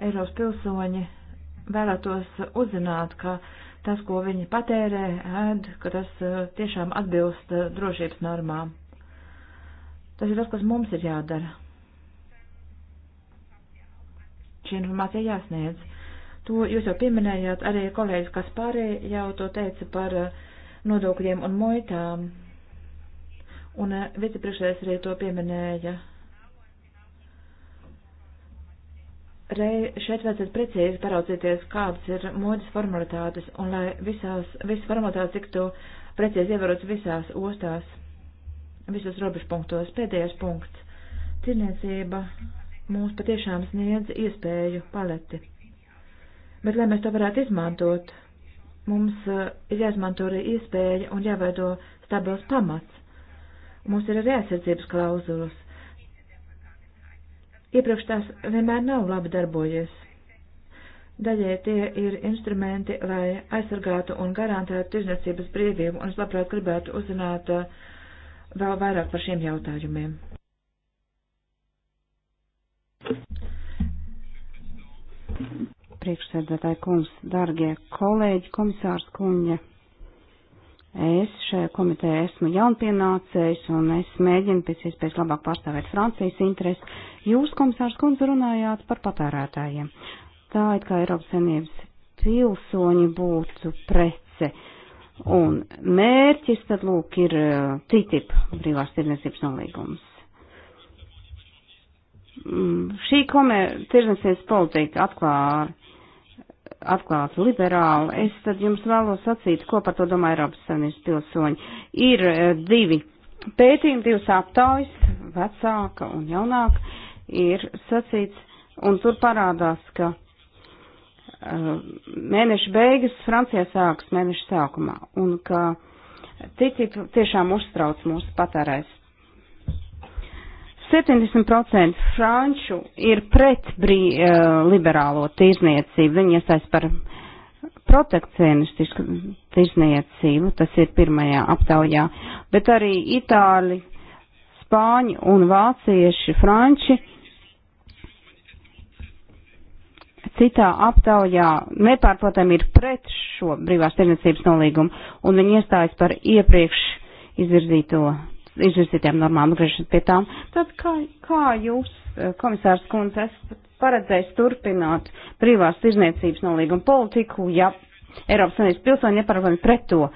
Eiropas pilsoņi vēlētos uzzināt, ka tas, ko viņi patērē, ēd, ka tas uh, tiešām atbilst uh, drošības normām. Tas ir tas, kas mums ir jādara. Šī informācija jāsniedz. To jūs jau pieminējāt, arī kolēģis Kaspārī jau to teica par eh, nodokļiem un muitām. Un eh, vicepriekšējais arī to pieminēja. Rei, šeit vajadzētu precīzi paraudzīties, kādas ir modas formalitātes, un lai visās, visas formalitātes tiktu precīzi ievarotas visās ostās visos robežpunktos. Pēdējais punkts. Tirniecība mums patiešām sniedz iespēju paleti. Bet, lai mēs to varētu izmantot, mums e, ir jāizmanto arī iespēja un jāveido stabils pamats. Mums ir arī aizsardzības klauzulas. Iepriekš tās vienmēr nav labi darbojies. Daļai tie ir instrumenti, lai aizsargātu un garantētu tirzniecības brīvību, un es labprāt gribētu uzzināt uh, vēl vairāk par šiem jautājumiem. Priekšsēdētāji kungs, dārgie kolēģi, komisārs kuņa, es šajā komitē esmu jaunpienācējs un es mēģinu pēc iespējas labāk pārstāvēt Francijas intereses. Jūs, komisārs kundze, runājāt par patērētājiem. Tā it kā Eiropas Savienības pilsoņi būtu prece. Uh, Un mērķis tad lūk ir uh, TTIP brīvās tirdzniecības nolīgums. Mm, šī tirdzniecības politika atklāra atklāti liberāli, es tad jums vēlos sacīt, ko par to domā Eiropas Savienības pilsoņi. Ir uh, divi pētījumi, divas aptaujas, vecāka un jaunāka, ir sacīts, un tur parādās, ka Uh, mēneša beigas Francijā sāks mēneša sākumā, un ka TTIP tiešām uztrauc mūsu patērēs. 70% franču ir pret brī, uh, liberālo tirzniecību, viņi iesaist par protekcionistisku tirzniecību, tas ir pirmajā aptaujā, bet arī itāļi, spāņi un vācieši, franči citā aptaujā nepārprotam ir pret šo brīvās tirniecības nolīgumu, un viņi iestājas par iepriekš izvirzīto, izvirzītiem normām atgriežot pie tām. Tad kā, kā jūs, eh, komisārs Kunz, esat paredzējis turpināt brīvās tirzniecības nolīgumu politiku, ja Eiropas Savienības pilsoņi nepārprotam pret to?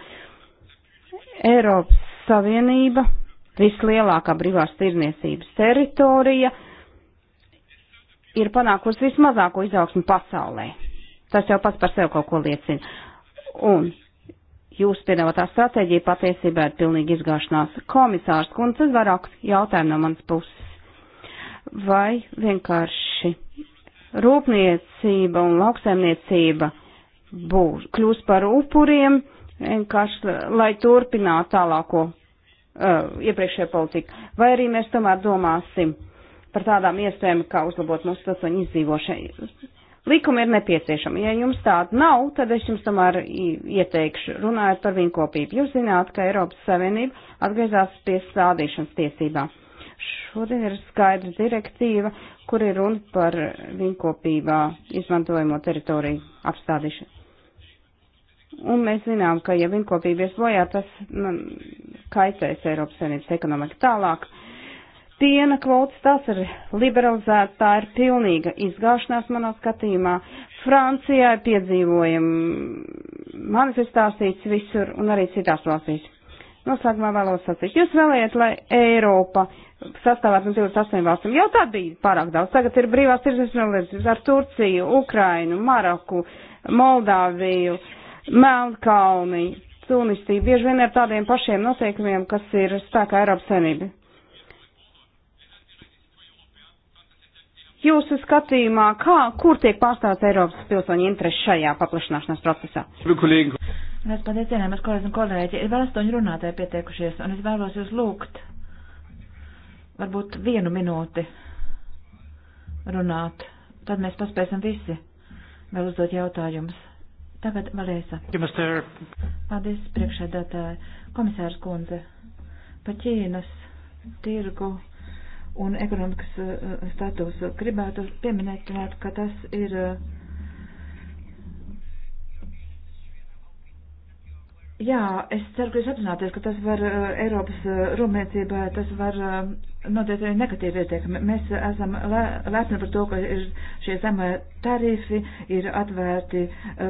Eiropas Savienība, vislielākā brīvās tirzniecības teritorija, uh, ir panākusi vismazāko izaugsmu pasaulē. Tas jau pats par sevi kaut ko liecina. Un jūsu piedāvātā stratēģija patiesībā ir pilnīgi izgāšanās. Komisārs Kunces vairākas jautājumu no manas puses. Vai vienkārši rūpniecība un lauksaimniecība būs, kļūs par upuriem, vienkārši lai turpinātu tālāko uh, iepriekšējo politiku? Vai arī mēs tomēr domāsim, uh, par tādām iespējām, kā uzlabot mūsu pilsoņu izdzīvošanu. Likumi ir nepieciešami. Ja jums tāda nav, tad es jums tomēr ieteikšu runājot par viņkopību. Jūs zināt, ka Eiropas Savienība atgriezās pie stādīšanas tiesībām. Šodien ir skaidra direktīva, kur ir runa par viņkopībā izmantojamo teritoriju apstādīšanu. Un mēs zinām, ka ja viņkopība ies bojā, tas mm, kaitēs Eiropas Savienības ekonomika tālāk. Uh, siena kvotas, tās ir liberalizēta, tā ir pilnīga izgāšanās manā skatījumā. Francijā ir piedzīvojama manifestācijas visur un arī citās valstīs. Noslēgumā vēlos sacīt, jūs vēlējat, lai Eiropa sastāvētu no 28 valstīm. Jau tā bija pārāk daudz. Tagad ir brīvās tirdzniecības ar Turciju, Ukrainu, Maroku, Moldāviju, Melnkalni, Tunisiju. Bieži vien ar tādiem pašiem noteikumiem, kas ir spēkā Eiropas saimnība. Jūsu skatījumā, kā, kur tiek pārstāvts Eiropas pilsoņu interesi šajā paplašināšanās procesā? Es paldies cienējumas kolēģis un kolēģi. Ir vēl astoņi runātāji pieteikušies, un es vēlos jūs lūgt varbūt vienu minūti runāt. Tad mēs paspēsim visi vēl uzdot jautājumus. Tagad Valēsa. Paldies, priekšēdātāji. Komisārs Kunze. Pa Ķīnas tirgu un ekonomikas eh, eh, status. Gribētu pieminēt, ka tas ir eh, Jā, es ceru, ka jūs apzināties, ka tas var Eiropas rūpniecībā, tas var notiek arī negatīvi ieteikumi. Mēs esam lepni par to, ka ir šie zemē tarifi, ir atvērti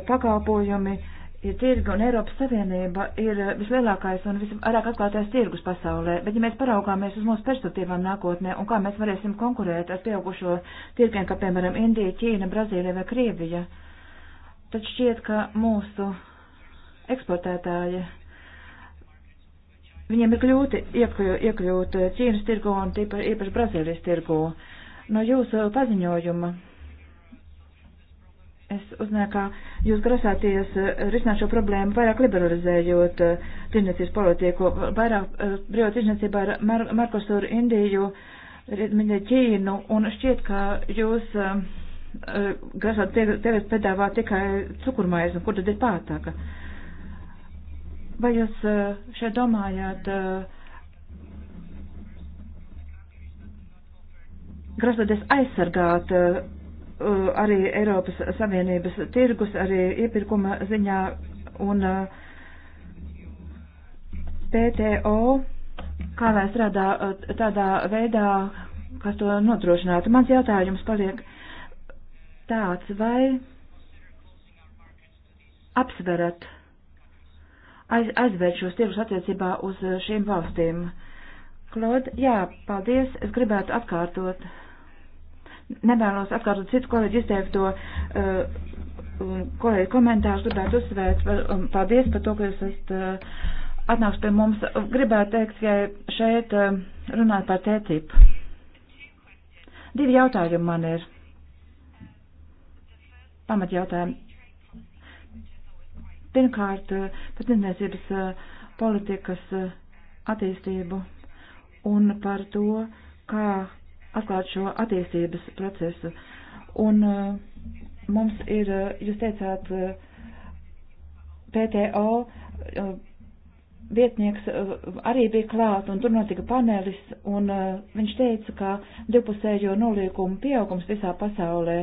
pakalpojumi. Uh, Ja tirgi un Eiropas Savienība ir eh, vislielākais un visvairāk atklātais tirgus pasaulē, bet ja mēs paraugāmies uz mūsu perspektīvām nākotnē un kā mēs varēsim konkurēt ar pieaugušo tirgiem, kā piemēram Indija, Ķīna, Brazīlija vai Krievija, tad šķiet, ka mūsu eksportētāji, viņiem ir kļūti iekļūt, iekļūt Ķīnas tirgu un tīpaši Brazīlijas tirgu. No jūsu paziņojuma Es uzzināju, ka jūs grasāties eh, risināt šo problēmu vairāk liberalizējot eh, tirdzniecības politiku, vairāk eh, brīvā tirdzniecībā ar Mer Merkosuru, Indiju, Ķīnu, un šķiet, ka jūs grasāt tagad piedāvāt tikai cukurmaizi, kur tad ir pārtaka. Vai jūs šeit domājāt? Grasāties aizsargāt uh, Eh, arī Eiropas Savienības tirgus, arī iepirkuma ziņā un eh, PTO, kā lai strādā eh, tādā veidā, kas to nodrošinātu. Mans jautājums paliek tāds, vai apsverat, aiz, aizvērt šos tirgus attiecībā uz šīm valstīm. Klod, jā, paldies, es gribētu atkārtot nevēlos atkārtot citu kolēģi izteikto uh, kolēģi komentāru, gribētu uzsvērt, um, paldies par to, ka jūs esat uh, atnāks pie mums. Gribētu teikt, ka šeit uh, runāt par tētību. Divi jautājumi man ir. Pamat jautājumi. Pirmkārt, uh, par tirdzniecības uh, politikas uh, attīstību un par to, kā atklāt šo attīstības procesu. Un eh, mums ir, eh, jūs teicāt, eh, PTO vietnieks arī bija klāt, un tur notika panelis, un viņš teica, ka divpusējo nolīgumu pieaugums visā pasaulē,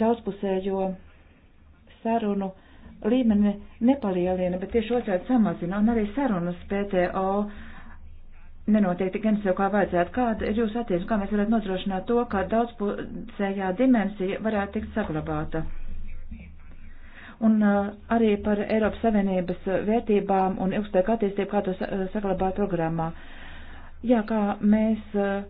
daudzpusējo sarunu līmeni nepalielina, bet tieši otrādi samazina, un arī sarunas PTO nenotiek tik intensīvi, kā vajadzētu. Kāda ir jūsu attieksme, kā mēs varētu nodrošināt to, ka daudzpusējā dimensija varētu tikt saglabāta? Un uh, arī par Eiropas Savienības vērtībām un ilgspēju attīstību, kā to uh, saglabāt programmā. Jā, kā mēs uh,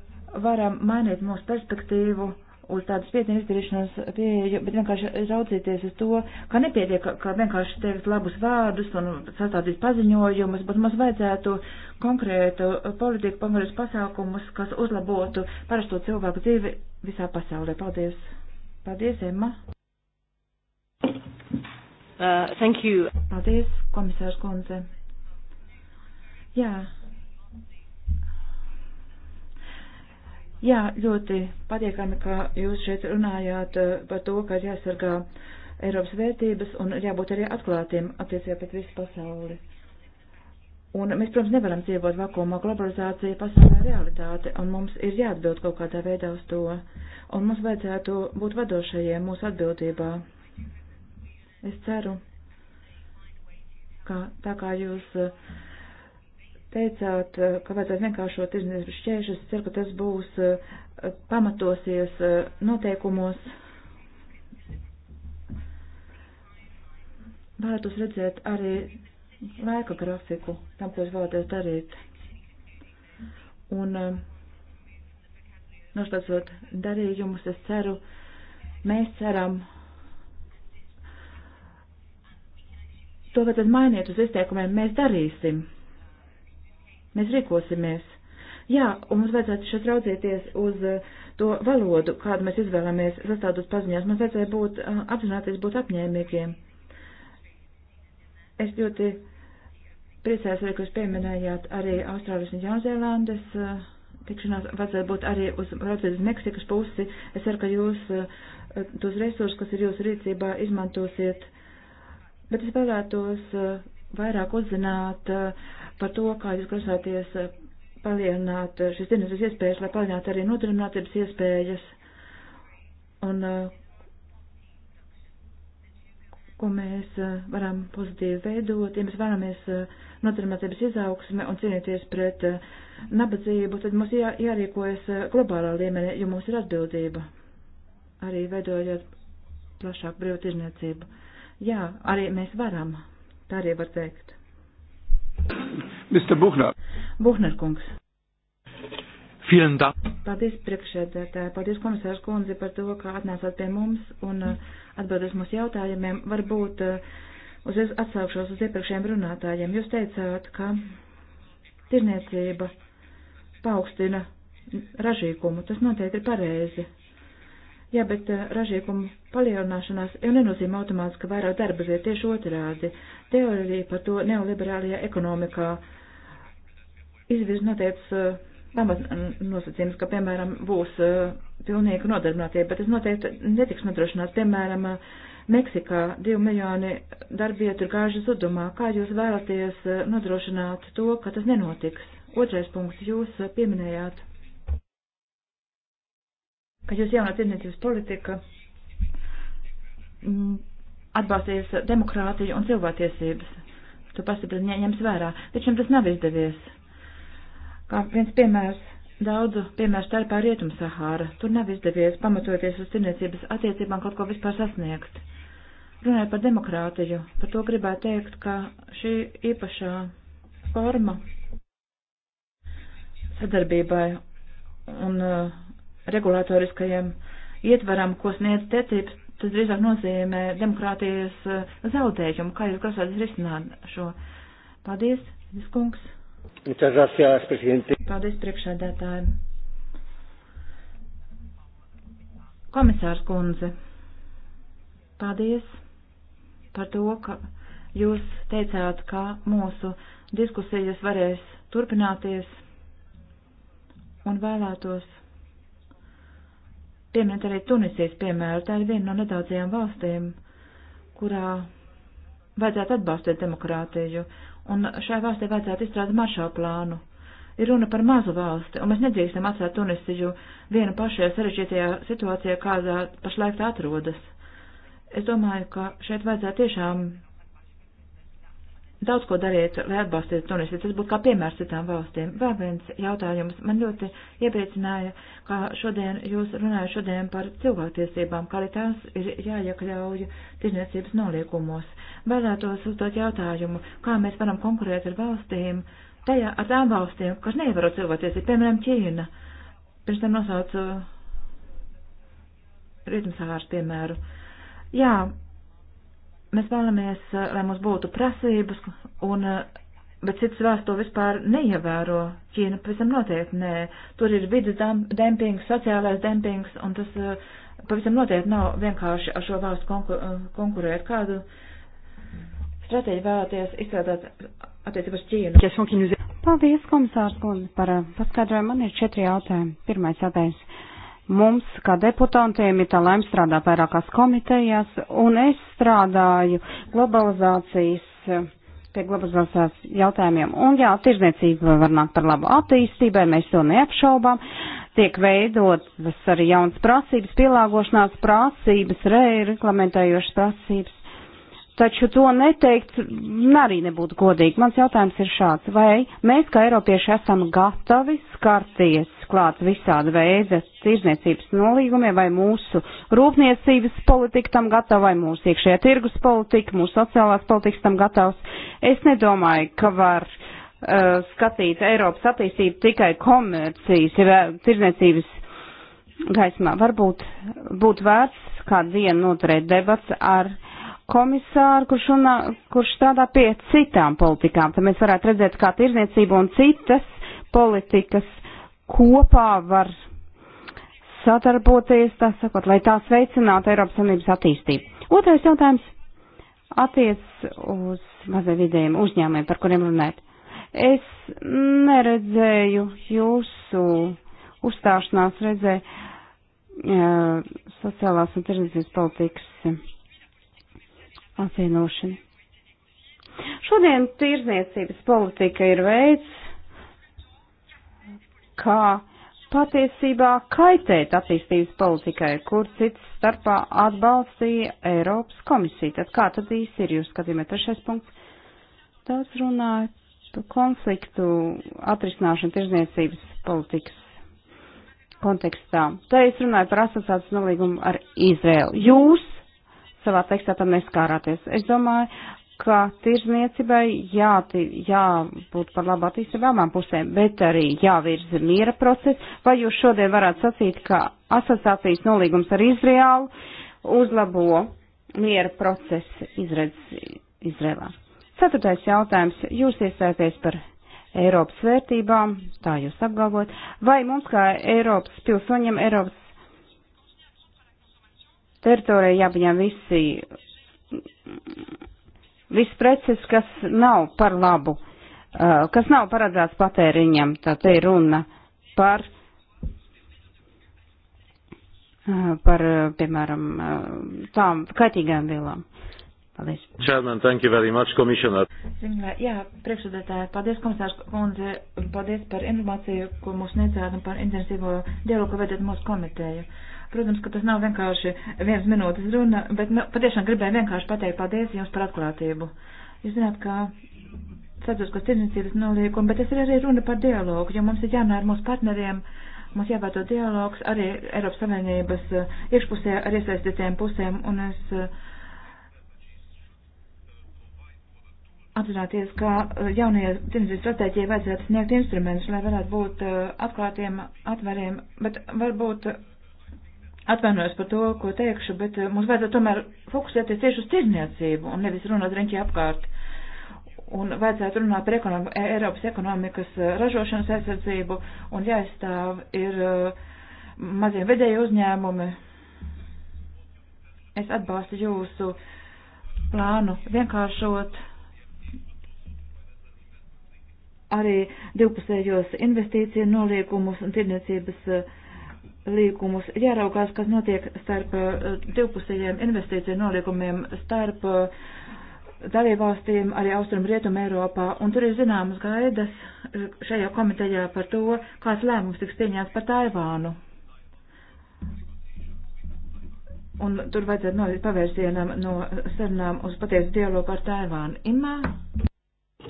varam mainīt mūsu perspektīvu uz tādu spiedienu izdarīšanas pieeju, bet vienkārši raudzīties uz to, ka nepietiek, ka, ka vienkārši teikt labus vārdus un sastādīt paziņojumus, bet mums vajadzētu konkrētu politiku pamatus pasākumus, kas uzlabotu parasto cilvēku dzīvi visā pasaulē. Paldies! Paldies, Emma! Uh, thank you. Paldies, komisārs Kunze. Jā, Jā, ļoti patiekami, ka jūs šeit runājāt eh, par to, ka ir jāsargā Eiropas vērtības un jābūt arī atklātiem attiecībā pret visu pasauli. Un mēs, protams, nevaram dzīvot vakumā. Globalizācija pasaulē realitāte, un mums ir jāatbild kaut kādā veidā uz to. Un mums vajadzētu būt vadošajiem mūsu atbildībā. Es ceru, ka tā kā jūs uh, teicāt, eh, ka vajadzētu vienkāršot tirdzniecības šķēršļus. Es ceru, ka tas būs eh, pamatosies eh, noteikumos. Vēlētos redzēt arī laika grafiku tam, ko es vēlētos darīt. Un noslēdzot darījumus, es ceru, mēs ceram, to vajadzētu mainīt uz izteikumiem, mēs darīsim mēs rīkosimies. Jā, un mums vajadzētu šeit raudzīties uz eh, to valodu, kādu mēs izvēlamies sastādot paziņās. Mums vajadzēja būt eh, apzināties, būt apņēmīgiem. Es ļoti priecājos arī, ka jūs pieminējāt arī Austrālijas un Jaunzēlandes eh, tikšanās, vajadzētu būt arī uz, raudzīt uz Meksikas pusi. Es ceru, ka jūs tos resursus, kas ir jūsu rīcībā, izmantosiet. Bet es vēlētos vairāk uzzināt uh, par to, kā jūs grasāties eh, palielināt eh, šīs dienas iespējas, lai palielinātu arī nodarbinātības iespējas un eh, ko mēs varam pozitīvi veidot. Ja mēs vēlamies nodarbinātības izaugsme un cīnīties pret nabadzību, tad mums jā, jārīkojas globālā līmenī, jo mums ir atbildība arī veidojot plašāku brīvotirniecību. Jā, arī mēs varam, tā arī var teikt. Mr. Buhner. Buhner kungs. Vielen Dank. Paldies priekšsēdētāji, paldies komisārs kundze par to, ka atnācāt pie mums un uh, atbildēs mūsu jautājumiem. Varbūt uh, uzreiz atsaukšos uz iepriekšējiem runātājiem. Jūs teicāt, ka tirniecība paaugstina ražīgumu. Tas noteikti ir pareizi. Jā, bet eh, ražīguma palielināšanās jau nenozīmē automātiski vairāk darba vietu, tieši otrādi. Teorija par to neoliberālajā ekonomikā izvirz noteikts eh, pamat nosacījums, ka, piemēram, būs eh, pilnīga nodarbinātība, bet tas noteikti netiks nodrošināts, piemēram, Meksikā divi miljoni darbvietu ir gājuši zudumā. Kā jūs vēlaties nodrošināt to, ka tas nenotiks? Otrais punkts jūs pieminējāt ka jūs jaunā tirdzniecības politika mm, atbalstīs demokrātiju un cilvēktiesības. Tu pastiprināji ņems vērā, bet šim tas nav izdevies. Kā viens piemērs, daudzu piemēru starpā Rietum Sahāra, tur nav izdevies pamatoties uz tirdzniecības attiecībām kaut ko vispār sasniegt. Runājot par demokrātiju, par to gribētu teikt, ka šī īpašā forma sadarbībai un uh, regulatoriskajam ietvaram, ko sniedz TTIP, tas drīzāk nozīmē demokrātijas eh, zaudējumu. Kā jūs grasāties risināt šo? Paldies, Viskungs. Paldies priekšādētājiem. Komisārs kundze, paldies par to, ka jūs teicāt, ka mūsu diskusijas varēs turpināties un vēlētos pieminēt arī Tunisijas piemēru. Tā ir viena no nedaudzajām valstīm, kurā vajadzētu atbalstīt demokrātiju, un šai valstī vajadzētu izstrādāt maršālu plānu. Ir runa par mazu valsti, un mēs nedrīkstam atstāt Tunisiju vienu pašajā sarežģītajā situācijā, kādā pašlaik tā atrodas. Es domāju, ka šeit vajadzētu tiešām daudz ko darīt, lai atbalstītu Tunisiju. Tas būtu kā piemērs citām valstīm. Vēl viens jautājums. Man ļoti iepriecināja, ka šodien jūs runājat šodien par cilvēktiesībām, kā arī tās ir jāiekļauj tirniecības noliekumos. Vēlētos uzdot jautājumu, kā mēs varam konkurēt ar valstīm, tajā ar tām valstīm, kas neievaro cilvēktiesību, piemēram, Ķīna. Pirms tam nosaucu Rietumsahāras piemēru. Jā, Mēs vēlamies, eh, lai mums būtu prasības, un, eh, bet cits valsts to vispār neievēro. Ķīna pavisam noteikti nē. Tur ir vidas dempings, sociālais dempings, un tas eh, pavisam noteikti nav vienkārši ar šo valstu konkur konkurēt. Kādu stratēģi vēlaties izstrādāt attiecībā uz Ķīnu? Paldies, komisārs Kundze, par paskaidrojumu. Man ir četri jautājumi. Pirmais jautājums. Mums, kā deputantiem, ir tā lēma strādāt vairākās komitejās, un es strādāju globalizācijas, pie globalizācijas jautājumiem. Un jā, tirzniecība var nākt par labu attīstībai, mēs to neapšaubām. Tiek veidotas arī jaunas prasības, pielāgošanās prasības, reklamentējošas prasības. Taču to neteikt arī nebūtu godīgi. Mans jautājums ir šāds. Vai mēs, kā Eiropieši, esam gatavi skarties ķerties klāt visāda veida tirzniecības nolīgumiem, vai mūsu rūpniecības politika tam gatava, vai mūsu iekšējā tirgus politika, mūsu sociālās politikas tam gatavs. Es nedomāju, ka var uh, skatīt Eiropas attīstību tikai komercijas, ja tirzniecības gaismā. Varbūt būtu vērts kādu dienu noturēt debats ar komisāru, kurš, runā, kurš strādā pie citām politikām. Tad mēs varētu redzēt, kā tirzniecība un citas politikas kopā var sadarboties, tā sakot, lai tās veicinātu Eiropas Savienības attīstību. Otrais jautājums attiec uz mazai vidējiem uzņēmumiem, par kuriem runājat. Es neredzēju jūsu uzstāšanās redzē uh, sociālās un tirdzniecības politikas apvienošanu. Šodien tirdzniecības politika ir veids, kā patiesībā kaitēt attīstības politikai, kur cits starpā atbalstīja Eiropas komisija. Tad kā tad īsti ir jūs skatījumā trešais punkts? Tas runāja par konfliktu atrisināšanu tirzniecības politikas kontekstā. Tā es runāju par asociācijas nolīgumu ar Izrēlu. Jūs savā tekstā tam neskārāties. Es domāju, ka tirzniecībai jāti, jābūt par labu attīstību abām pusēm, bet arī jāvirza miera process. Vai jūs šodien varētu sacīt, ka asociācijas nolīgums ar Izraēlu uzlabo miera procesu izredz Izrēlā? Ceturtais jautājums. Jūs iestāties par Eiropas vērtībām, tā jūs apgalvot, vai mums kā Eiropas pilsoņiem Eiropas teritorijā jāpaņem visi viss preces, kas nav par labu, uh, kas nav paredzēts patēriņam, tā te ir runa par, uh, par uh, piemēram, tām kaitīgām vielām. Paldies. Chairman, thank you very much, Commissioner. Zinglē, jā, priekšsēdētāji, paldies, komisārs kundze, paldies par informāciju, ko mums sniedzāt un par intensīvo dialogu, ko vedat mūsu komiteju. Uh, Protams, ka tas nav vienkārši viens minūtes runa, bet nu, patiešām gribēju vienkārši pateikt paldies jums par atklātību. Jūs zināt, ka starptautiskos tirdzniecības nolīgumi, bet tas ir arī runa par dialogu, jo mums ir jārunā ar mūsu partneriem, mums jāvērto dialogs arī Eiropas Savienības eh, iekšpusē ar iesaistītiem pusēm, un es eh, apzināties, ka eh, jaunajai tirdzniecības stratēģijai vajadzētu sniegt instrumentus, lai varētu būt atklātiem, atvēriem, bet varbūt atvainojos par to, ko teikšu, bet eh, mums vajadzētu tomēr fokusēties tieši uz tirdzniecību un nevis runāt riņķi apkārt. Un vajadzētu runāt par ekonomi e, Eiropas ekonomikas eh, ražošanas aizsardzību un jāizstāv ir eh, mazie vedēji uzņēmumi. Es atbalstu jūsu plānu vienkāršot arī divpusējos investīciju noliekumus un tirdzniecības uh, līgumus, jāraugās, kas notiek starp eh, divpusējiem investīciju nolīgumiem, starp eh, dalībvalstīm arī Austrum Rietum Eiropā, un tur ir zināmas gaidas eh, šajā komitejā par to, kāds lēmums tiks pieņēmts par Taivānu. Un tur vajadzētu noiet pavērsienam no sarunām uz patiesu dialogu ar Taivānu. Imā.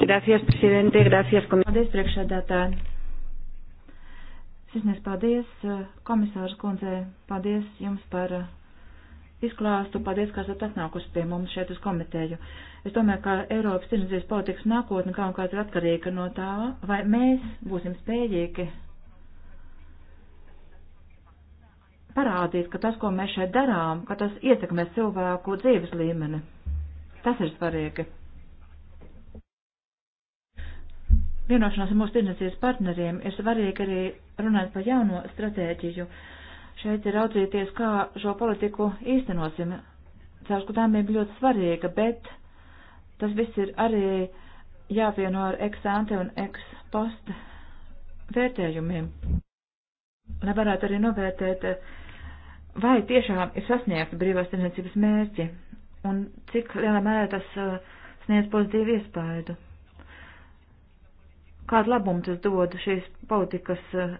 Gracias, presidente. Gracias, komisija. Paldies, priekšsēdētāji. Sisnieks, paldies eh, komisārs kundzei, paldies jums par eh, izklāstu, paldies, ka esat atnākusi pie mums šeit uz komiteju. Es domāju, ka Eiropas tirdzniecības politikas nākotne kaut kāds ir atkarīga no tā, vai mēs būsim spējīgi parādīt, ka tas, ko mēs šeit darām, ka tas ietekmē cilvēku dzīves līmeni. Tas ir svarīgi. Vienošanās ar mūsu tirdzniecības partneriem ir svarīga arī runājot par jauno stratēģiju, šeit ir raudzīties, kā šo politiku īstenosim. Cārskatāmība ļoti svarīga, bet tas viss ir arī jāvieno ar ex-ante un ex-post vērtējumiem, lai varētu arī novērtēt, vai tiešām ir sasniegta brīvās tirniecības mērķi un cik lielā mērā tas eh, sniedz pozitīvu iespaidu kādu labumu tas dod šīs politikas eh,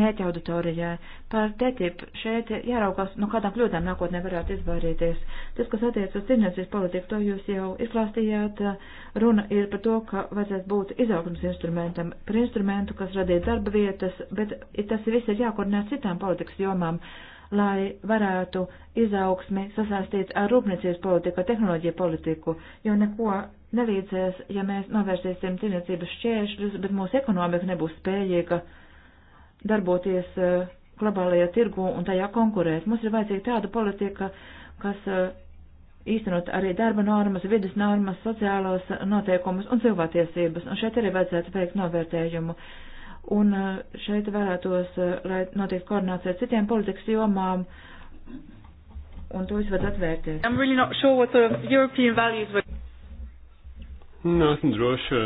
mērķa auditorijai. Par TTIP šeit jāraukās, no nu, kādām kļūdām nākotnē varētu izvairīties. Tas, kas attiec uz tirniecības politiku, to jūs jau izklāstījāt. Runa ir par to, ka vajadzētu būt izaugsmas instrumentam, par instrumentu, kas radītu darba vietas, bet tas viss ir jākoordinē citām politikas jomām lai varētu izaugsmi sasaistīt ar rūpniecības politiku, tehnoloģiju politiku, jo neko Nelīdzēs, ja mēs novērsīsim tirniecības šķēršļus, bet mūsu ekonomika nebūs spējīga darboties eh, globālajā tirgu un tajā konkurēt. Mums ir vajadzīga tāda politika, kas eh, īstenot arī darba normas, vidas normas, sociālos eh, noteikumus un cilvēktiesības. Un šeit arī vajadzētu veikt novērtējumu. Un šeit vēlētos, lai notiek koordinācija ar citiem politikas jomām, un to es vajadzētu atvērties. I'm really not sure what the European values were. Nesmu droši,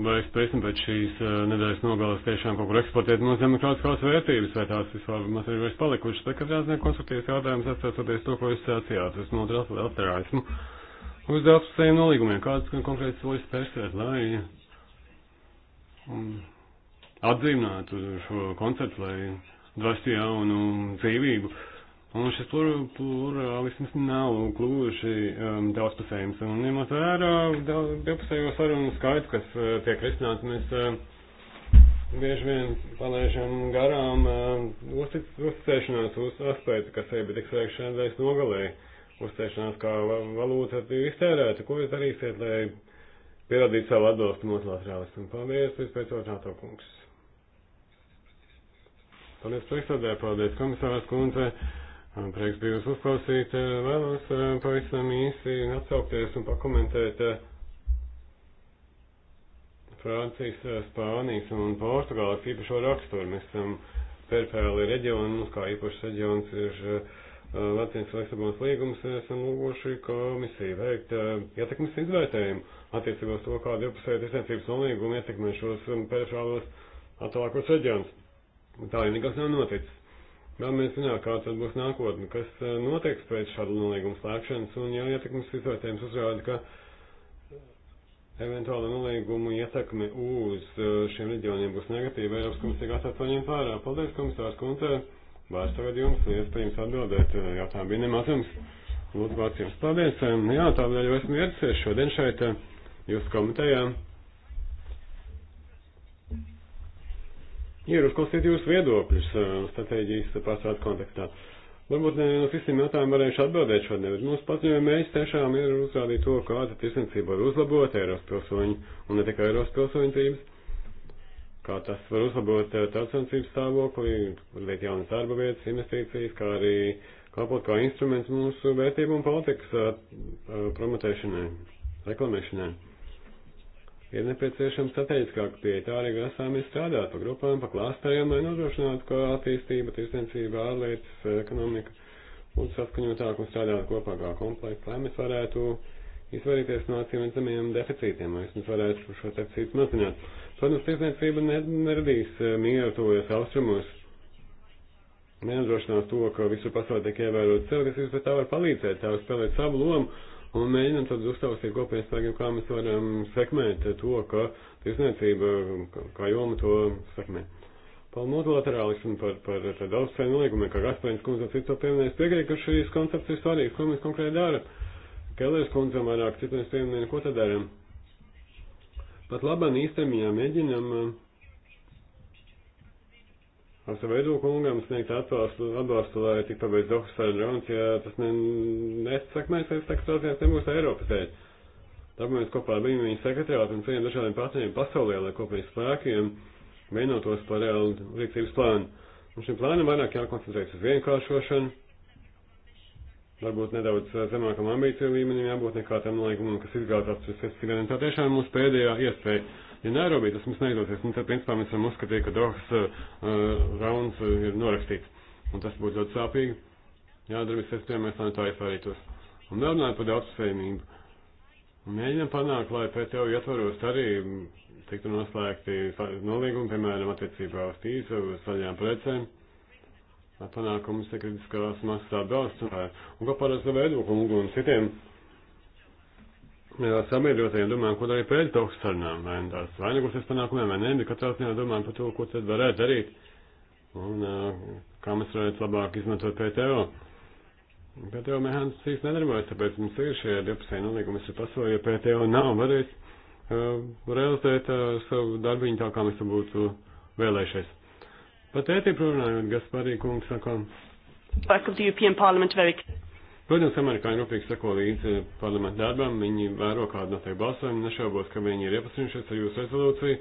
vai spēsim pēc šīs eh, nedēļas nogalas tiešām kaut kur eksportēt mūsu demokrātiskās vērtības, vai tās vispār mums ir vairs palikušas. Tā katrā ziņā konstruktīvs jautājums atsācoties to, ko jūs sācījāt, es nodrās vēl alterāismu. Uz daudzpusējiem nolīgumiem, kādas konkrētas soļas spērsēt, lai um, atzīminātu šo konceptu, lai dvestu jaunu dzīvību. Uh, Un šis plurālisms nav gluži um, daudzpusējums. Un ņemot ja vērā divpusējo sarunu skaitu, kas uh, tiek risināts, mēs uh, bieži vien palaižam garām uh, uzticēšanās uz aspektu, kas jau bija tik svēks šādreiz nogalē. Uzticēšanās kā valūta iztērēta. Ko jūs darīsiet, lai pierādītu savu atbalstu multilaterālismu? Paldies, vispēc otrā to kungs. Paldies, priekšstādē, paldies, komisārs kundze. Uh, Prieks bija jūs uzklausīt. Eh, vēlos eh, pavisam īsi atsaukties un pakomentēt eh, Francijas, Spānijas un Portugāles īpašo raksturu. Mēs esam perpēli reģionu, mums kā īpašs reģions ir Latvijas Lisabonas līgums, esam lūguši komisiju veikt ietekmes izvērtējumu attiecībā uz to, kā divpusēja tiesniecības nolīguma ietekmē šos perifrālos atvēlākos reģionus. Tā jau nekas nav noticis. Vēlamies zināt, kāds tad būs nākotne, kas e, notiks pēc šāda nolīguma slēgšanas, un jau ietekmes izvērtējums uzrāda, ka eventuāla nolīguma ietekme uz e, šiem reģioniem būs negatīva. Eiropas komisija gatava to ņemt vērā. Paldies, komisārs Kuntē. Vārds tagad jums, iespējams, atbildēt. E, jautājumi bija nemaz jums. Lūdzu, vārds jums. Paldies. Jā, tā vēl jau esmu ieradusies šodien šeit jūsu komitejā. ir uzklausīt jūsu viedokļus eh, stratēģijas pārstrādes kontekstā. Varbūt ne uz nu, visiem jautājumiem varēšu atbildēt šodien, bet mūsu paziņojuma mērķis tiešām ir uzrādīt to, kāda tirsniecība var uzlabot Eiropas pilsoņu un ne tikai Eiropas pilsoņu dzīves, kā tas var uzlabot eh, tautsensības stāvokli, radīt jaunas darba vietas, investīcijas, kā arī kalpot kā instruments mūsu vērtību un politikas eh, promotēšanai, reklamēšanai ir nepieciešama strateģiskāka pieeja. Tā arī grasāmies strādāt pa grupām, pa klāstējiem, lai nodrošinātu, ka attīstība, tirsniecība, ārlietas, ekonomika būtu saskaņotāk un strādāt kopā kā komplekts, lai mēs varētu izvairīties no acīm redzamiem deficītiem, lai mēs varētu šo deficītu mazināt. Protams, tirsniecība neradīs eh, mieru tuvies austrumos, nenodrošinās to, ka visur pasaulē tiek ievērot cilvēks, bet tā var palīdzēt, tā var spēlēt savu lomu un mēģinam tad uztaustīt kopējiem spēkiem, kā mēs varam sekmēt to, ka tiesniecība, kā joma to sekmē. Par multilaterālismu, par, par daudzcēnu nolīgumiem, kā Gaspēns kundze cits to pieminēs, piekrīt, ka šīs koncepts ir svarīgs, ko mēs konkrēti darām. Kellers kundze vairāk citas pieminēja, ko tad darām. Pat labam īstermiņā mēģinam uh, Asavedu kungam sniegt atbalstu, atbalstu lai tik pabeidz Dohas sarunas, ja tas ne, nesakmēs, es teiktu, tās nebūs Eiropas dēļ. Tāpēc mēs kopā ar viņu, viņa sekretārātu un citiem dažādiem partneriem pasaulē, lai kopīgi spēkiem vienotos par reālu rīcības plānu. Un šim plānam vairāk jākoncentrējas uz vienkāršošanu, varbūt nedaudz eh, zemākam ambīciju līmenim jābūt nekā tam laikam, kas izgāzās pēc festivaliem. Tā tiešām mūsu pēdējā iespēja ja Nairobi tas mums neizdosies, nu, tad, principā, mēs varam uzskatīt, ka Dohas uh, rauns uh, ir norakstīts. Un tas būtu ļoti sāpīgi. Jā, darbības sistēmā mēs tā izvairītos. Un vēl runājot par daudzspējību. Mēģinam panākt, lai PTO ietvaros arī tiktu noslēgti nolīgumi, piemēram, attiecībā uz tīzu, uz zaļām precēm. Panākums ir kritiskās masas atbalsts un, un kopā ar savu viedokli un citiem Jā, sabiedrotajiem domājam, ko darīt pēc taukas sarunām, vai nu tās vainagosies panākumiem, vai nē, bet katrā ziņā domājam par to, ko tad varētu darīt, un kā mēs varētu labāk izmantot PTO. PTO mehānisms īsti nedarbojas, tāpēc mums ir šie 12 nolīgumi, es ir pasauli, ja PTO nav varējis uh, realizēt uh, savu darbiņu tā, kā mēs to būtu vēlējušies. Pat ētību runājot, Gasparī kungs saka. Welcome to European Parliament very Protams, amerikāņi rūpīgi seko līdzi eh, parlamentu darbam, viņi vēro kādu noteiktu balsojumu, nešaubos, ka viņi ir iepazinušies ar jūsu rezolūciju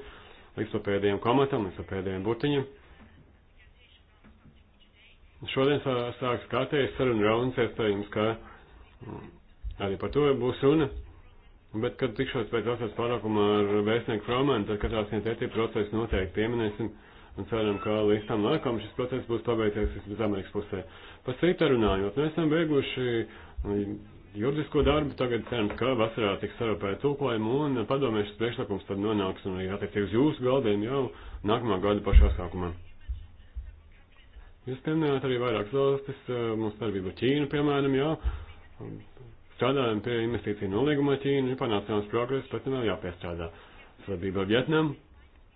līdz pat pēdējiem komatam, līdz pat pēdējiem burtiņam. Šodien sāks kārtējas saruna rauns, iespējams, ka mm, arī par to būs runa. Bet, kad tikšos pēc asas pārākuma ar vēstnieku Fromanu, tad katrā ziņā tētī procesu noteikti pieminēsim. Ja un ceram, ka līdz tam laikam šis process būs pabeigties vismaz Amerikas pusē. Par citu runājot, mēs esam beiguši um, juridisko darbu, tagad cerams, ka vasarā tiks sarūpēt tulkojumu un padomēs šis priekšlikums tad nonāks un arī attiecīgi uz jūsu galdiem jau nākamā gada pašā sākumā. Jūs pieminējāt arī vairākas valstis, uh, mums darbība Ķīna, piemēram, jā, um, strādājam pie investīciju nolīguma Ķīna, ir panācāms progress, bet vēl jāpiestrādā. Sadarbība Vietnam,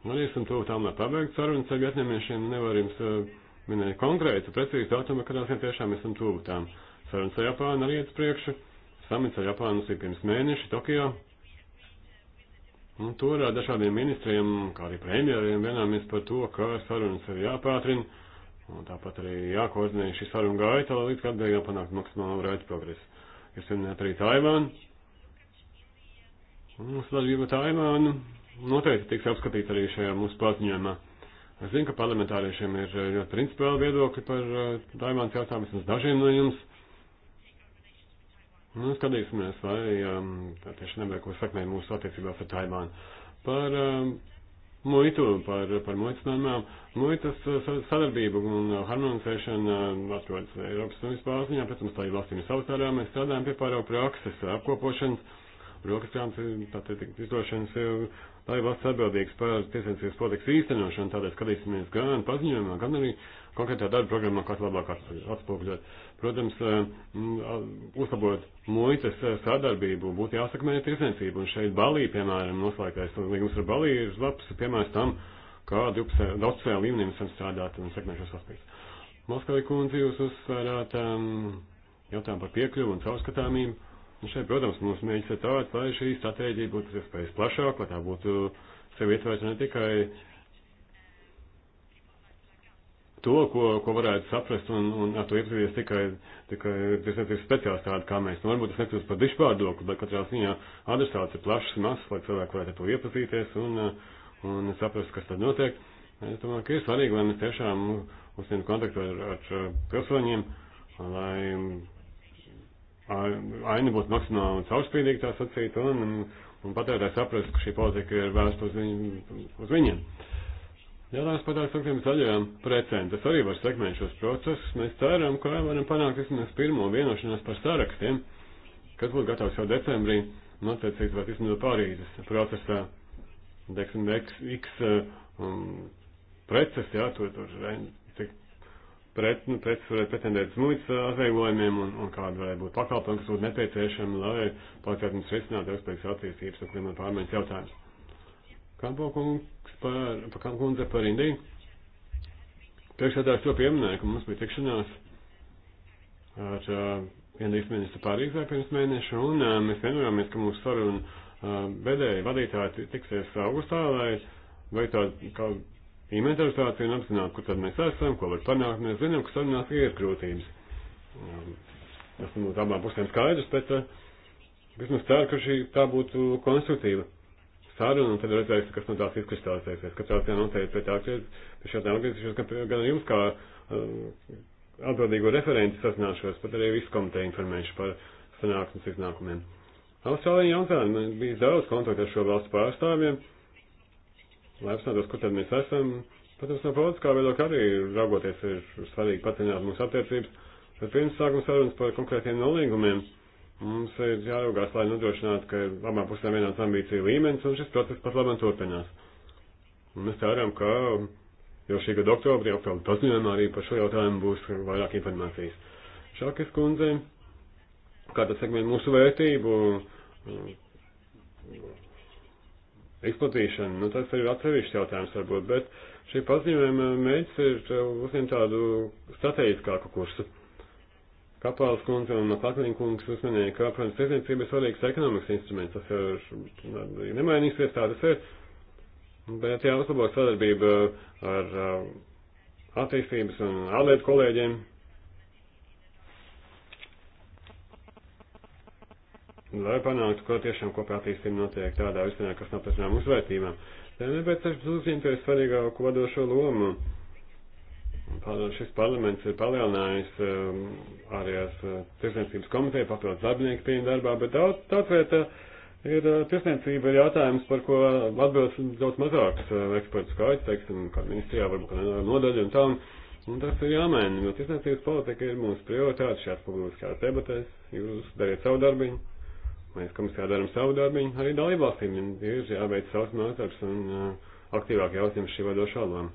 Nu, ja esam tuvu tam, lai pabeigtu sarunas ar vietnamiešiem, nevar jums eh, minēt konkrētu, precīzu datumu, kad mēs tiešām esam tuvu tām. Sarunas ar Japānu arī iet priekšu, samits ar Japānu ir pirms mēneša Tokijā. Un tur ar dažādiem ministriem, kā arī premjeriem, vienāmies par to, ka sarunas ir jāpātrina, un tāpat arī jākoordinē šī saruna gaita, lai līdz atbeigām panākt maksimālu raitu progresu. Jūs minējāt arī Taivānu. Mums sadarbība Taivānu noteikti tiks apskatīts arī šajā mūsu paziņojumā. Es zinu, ka parlamentāriešiem ir eh, ļoti principiāli viedokļi par Taivānas eh, jautājumu, vismaz dažiem no jums. Nu, skatīsimies, vai um, tā tieši nevajag ko saknē mūsu attiecībās ar Taivānu. Par um, muitu, par, par muitas normām, muitas uh, sadarbību un uh, harmonizēšana um, atrodas Eiropas un vispār ziņā, protams, tā ir valstīm ir savas tārā, mēs strādājam pie pārāk prakses apkopošanas, rokas tātad izdošanas uh, lai valsts atbildīgs par tiesvedības politikas īstenošanu, tādēļ skatīsimies gan paziņojumā, gan arī konkrētā darba programmā, kas labāk atspoguļot. Protams, eh, uzlabot muitas eh, sadarbību būtu jāsakmē tiesniecību, un šeit Balī, piemēram, noslēgtais līgums ar Balī ir labs piemērs tam, kā daudzpusējā līmenī mēs varam strādāt un sekmēt šos aspektus. Moskavī kundze, jūs uzsvērāt um, jautājumu par piekļuvu un caurskatāmību. Un šeit, protams, mums mērķis ir tāds, lai šī stratēģija būtu iespējas plašāk, lai tā būtu sev ietvērs ne tikai to, ko, ko varētu saprast un, un ar to iepazīties tikai, tikai tirsniecības speciāls tādi kā mēs. Nu, varbūt es nekļūst par dišpārdokli, bet katrā ziņā adresāts ir plašs, mazs, lai cilvēki varētu to iepazīties un, un saprast, kas tad notiek. Es domāju, ka ir svarīgi, lai mēs tiešām uzņemtu kontaktu ar, ar pilsoņiem, lai aina būtu maksimāli caurspīdīga, tā sacīt, un, un, un patērētāji saprast, ka šī politika ir vērsta uz, viņu, uz viņiem. Jautājums par tādām sauktiem zaļajām precēm. Tas arī var sekmēt šos procesus. Mēs ceram, ka varam panākt vismaz pirmo vienošanos par sarakstiem, kas būtu gatavs jau decembrī un nu, attiecīt vēl izmantot Parīzes procesā. Deksim, X, X um, preces, jā, tur, tur pret, nu, preces varētu pretendēt uz muitas uh, atvieglojumiem un, un kāda varētu būt pakalpojuma, kas būtu nepieciešama, lai palīdzētu mums risināt ilgspējīgas attīstības un klimata pārmaiņas jautājumus. Kampo kungs par, pa kundze par Indiju. Priekšādājs to pieminēja, ka mums bija tikšanās ar uh, Indijas ministru Pārīzē pirms mēneša, un uh, mēs vienojāmies, ka mūsu saruna uh, vedēji vadītāji tiksies augustā, lai veiktu tādu inventarizāciju un apzināt, kur tad mēs esam, ko var panākt. Mēs zinām, ka sarunās ir grūtības. Um, tas no abām pusēm skaidrs, bet uh, vismaz ceru, ka šī tā būtu konstruktīva saruna, un tad redzēsim, kas no tās izkristalizēsies. Katrā ziņā noteikti pie tā, pie šādām atgriezīšos, ka gan jums kā uh, atbildīgo referenti sazināšos, pat arī visu komiteju informēšu par sanāksmes iznākumiem. Austrālija un Jaunzēlanda bija daudz kontaktu ar šo valstu pārstāvjiem. Ja lai apstātos, kur tad mēs esam. Protams, no politiskā viedokļa arī raugoties ir svarīgi pacināt mūsu attiecības, bet pirms sākuma sarunas par konkrētiem nolīgumiem mums ir jāraugās, lai nodrošinātu, ka abām pusēm vienāds ambīcija līmenis un šis process pat labam turpinās. Un mēs ceram, ka jau šī gada oktobrī, oktobra paziņojumā arī par šo jautājumu būs vairāk informācijas. Šākas kundze, kā tas segmē mūsu vērtību, eksploatīšana, nu tas ir atsevišķs jautājums varbūt, bet šī paziņojuma mērķis ir eh, uzņemt tādu strateģiskāku kursu. Kapāls kundze un Maklakliņa kungs uzmanīja, ka, protams, tiesniecība ir svarīgs ekonomikas instruments, tas ir nemainīsies, tā tas ir, bet jāuzlabo sadarbība ar eh, attīstības un ārlietu kolēģiem, lai panāktu, ka tiešām kopā attīstība notiek tādā virzienā, kas nav pēc tam uzvērtībām. Bet es uzņemties svarīgāku vadošo lomu. Šis parlaments ir palielinājis um, ārējās uh, tirsniecības komiteju, papildus darbinieku pieņem darbā, bet daudz, daudz vieta ir uh, tirsniecība ir jautājums, par ko atbilst daudz mazāks uh, ekspertu skaits, teiksim, kā ministrijā, varbūt kā nodaļa un tā. Un, Un tas ir jāmaina, jo tirsniecības politika ir mūsu prioritāte šajās publiskajās debatēs. Jūs dariet savu darbiņu. Mēs komisijā darām savu darbiņu, arī dalībvalstīm ir jāveic savs notarbs un uh, aktīvāk jāuzņem šī vadošā loma.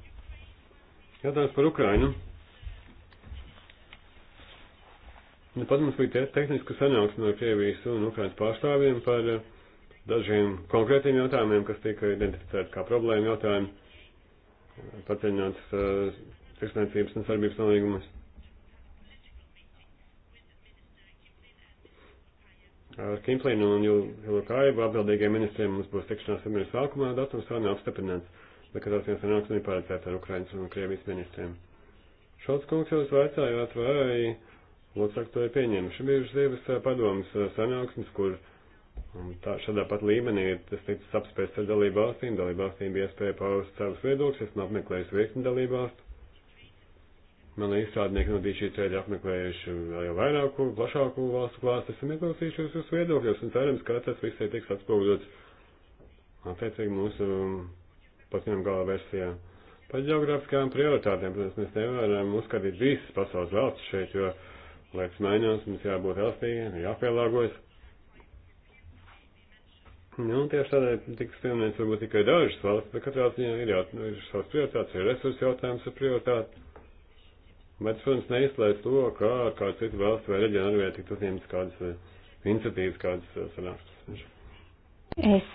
Jautājums par Ukrainu. Nu, pat mums bija te tehniska sanāksme no Krievijas un Ukrainas pārstāvjiem par uh, dažiem konkrētiem jautājumiem, kas tika identificēti kā problēma jautājumi, paceļināts uh, tirsniecības un sarbības nolīgumus. ar Kimplinu un Jūlu Kājubu atbildīgiem ministriem mums būs tikšanās februāra sākumā, datums vēl nav apstiprināts, bet katrā ziņā sanāks un ir paredzēts ar Ukrainas un Krievijas ministriem. Šāds kungs jūs vaicājāt, vai Lūdzu, to ir pieņēmuši. Bijušas divas eh, padomas eh, sanāksmes, kur um, tā, šādā pat līmenī ir tas ticis apspēsts ar dalību valstīm. Dalību valstīm bija iespēja paust savus viedokļus, esmu apmeklējis virkni dalību valstu. Man līdzstrādnieki no DG ceļa apmeklējuši vēl jau vairāku, plašāku valstu klāstu, esam ieklausījušies jūsu viedokļos un cerams, ka tas visai tiks atspoguļots attiecīgi mūsu um, paziņojuma gala versijā. Par geogrāfiskajām prioritātēm, protams, mēs nevaram uzskatīt visas pasaules valsts šeit, jo laiks mainās, mums jābūt elastīgi, jāpielāgojas. Nu, tieši tādēļ tiks pieminēts varbūt tikai dažas valsts, bet katrā ziņā ir, jā, ir savas prioritātes, ir resursu jautājums ar prioritāti. Bet, protams, neizslēdz to, ka ar kādu citu valstu vai reģionu arī tikt uzņemtas kādas eh, iniciatīvas, kādas eh, sanāksmes. Es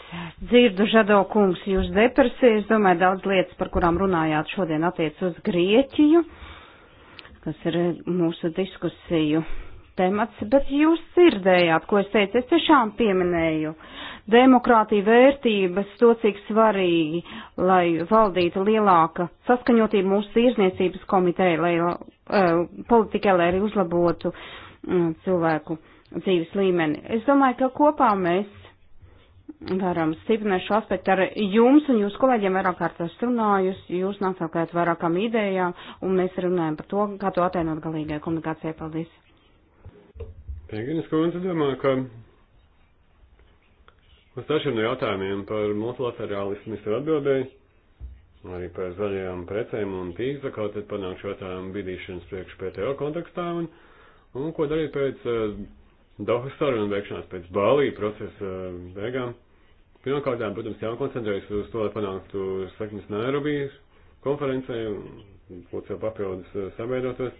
dzirdu, Žado kungs, jūs depresiju. Es domāju, daudz lietas, par kurām runājāt šodien, attiec uz Grieķiju, kas ir eh, mūsu diskusiju temats, bet jūs dzirdējāt, ko es teicu. Es tiešām pieminēju demokrātiju vērtības, to, cik svarīgi, lai valdītu lielāka saskaņotība mūsu tirzniecības komiteja, lai uh, politikai, lai arī uzlabotu uh, cilvēku dzīves līmeni. Es domāju, ka kopā mēs varam stiprināt šo aspektu ar jums un jūsu kolēģiem vairāk kārt esmu runājusi, jūs nācāt klāt vairākām idejām, un mēs runājam par to, kā to atainot galīgajai komunikācijai. Paldies! Pēginas kundze domā, ka uz dažiem no jautājumiem par multilaterālismu es jau atbildēju, arī par zaļajām precēm un tīkla, kā tad panākt šo jautājumu bidīšanas priekš PTO kontekstā un, un ko darīt pēc uh, eh, Dohas sarunu veikšanās, pēc Bālī procesa uh, beigām. Pirmkārt, protams, jākoncentrējas uz to, lai panāktu saknes Nairobijas konferencē, un ko jau papildus eh, sabiedrotos.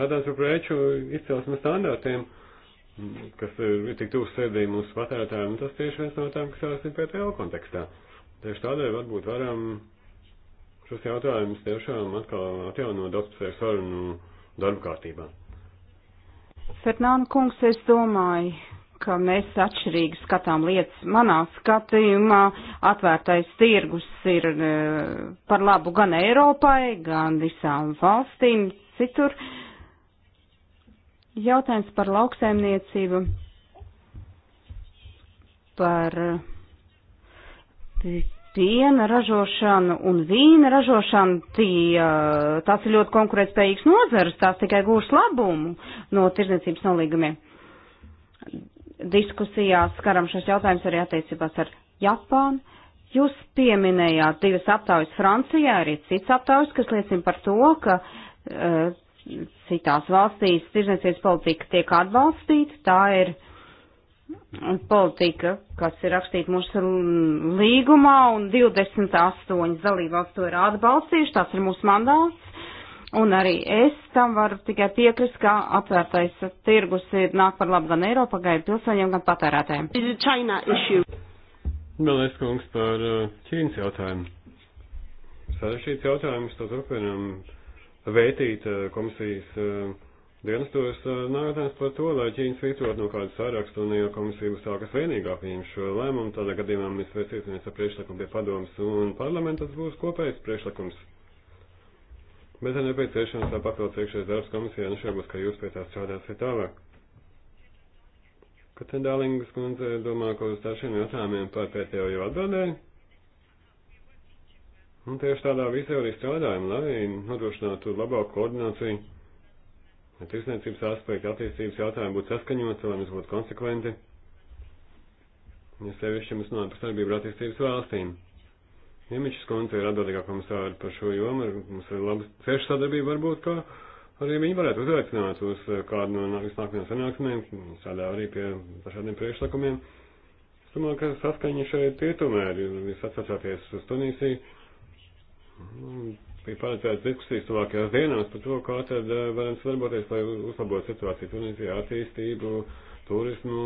Jautājums par preču izcelsmes standārtiem. Uh, kas ir tik tūs sēdēji mūsu patērētājiem, un tas tieši viens no tām, kas jāsim PTO kontekstā. Tieši tādēļ varbūt varam šos jautājumus tiešām atkal atjaunot daudzpusēju sarunu darba kārtībā. Fernāna kungs, es domāju, ka mēs atšķirīgi skatām lietas. Manā skatījumā atvērtais tirgus ir eh, par labu gan Eiropai, gan visām valstīm citur. Uh, Jautājums par lauksaimniecību, par eh, piena ražošanu un vīna ražošanu, tie, eh, tās ir ļoti konkurētspējīgs nozars, tās tikai gūs labumu no tirdzniecības nolīgumiem. Diskusijās skaram šos jautājumus arī attiecībās ar Japānu. Jūs pieminējāt divas aptaujas Francijā, arī cits aptaujas, kas liecina par to, ka uh, citās valstīs tirzniecības politika tiek atbalstīta. Tā ir politika, kas ir rakstīta mūsu līgumā, un 28 dalībvalsts to ir atbalstījuši, tas ir mūsu mandāts. Un arī es tam varu tikai piekrist, ka atvērtais tirgus ir nāk par labu gan Eiropā, gan pilsoņiem, gan patērētājiem. Melēs kungs par uh, Ķīnas jautājumu. Sarešīts jautājums, tas apvienam vētīt eh, komisijas eh, dienestos eh, nākotnēs par to, lai Ķīna svītrot no kādas sarakstu un jau komisija būs tā, kas vienīgā pieņem šo lēmumu. Tādā gadījumā mēs vērsīsimies ar priekšlikumu pie padomas un parlamentas būs kopējs priekšlikums. Bet ir nepieciešams tā papildus iekšējais darbs komisijā, nu šajā būs, ka jūs pie tā strādāsiet tālāk. Katendālingas kundze domā, ka uz tā šiem jautājumiem par PTO jau atbildēja. Un nu, tieši tādā visā arī strādājam, lai nodrošinātu labāku koordināciju, lai tirsniecības aspekti, attīstības jautājumi būtu saskaņoti, lai mēs būtu konsekventi. Ja sevišķi mēs runājam par sadarbību ar attīstības valstīm. Iemičs kundze ir atbildīgā komisāra par šo jomu, mums ir laba ceša sadarbība varbūt, kā arī viņi varētu uzveicināt uz kādu no visnākamajām sanāksmēm, strādā arī pie dažādiem priekšlikumiem. Es domāju, ka saskaņa šeit ir tomēr, jūs atsacāties uz Tunīsiju Bija paredzētas diskusijas tuvākajās dienās par to, kā tad eh, varam sadarboties, lai uzlabotu situāciju Tunizijā, attīstību, turismu,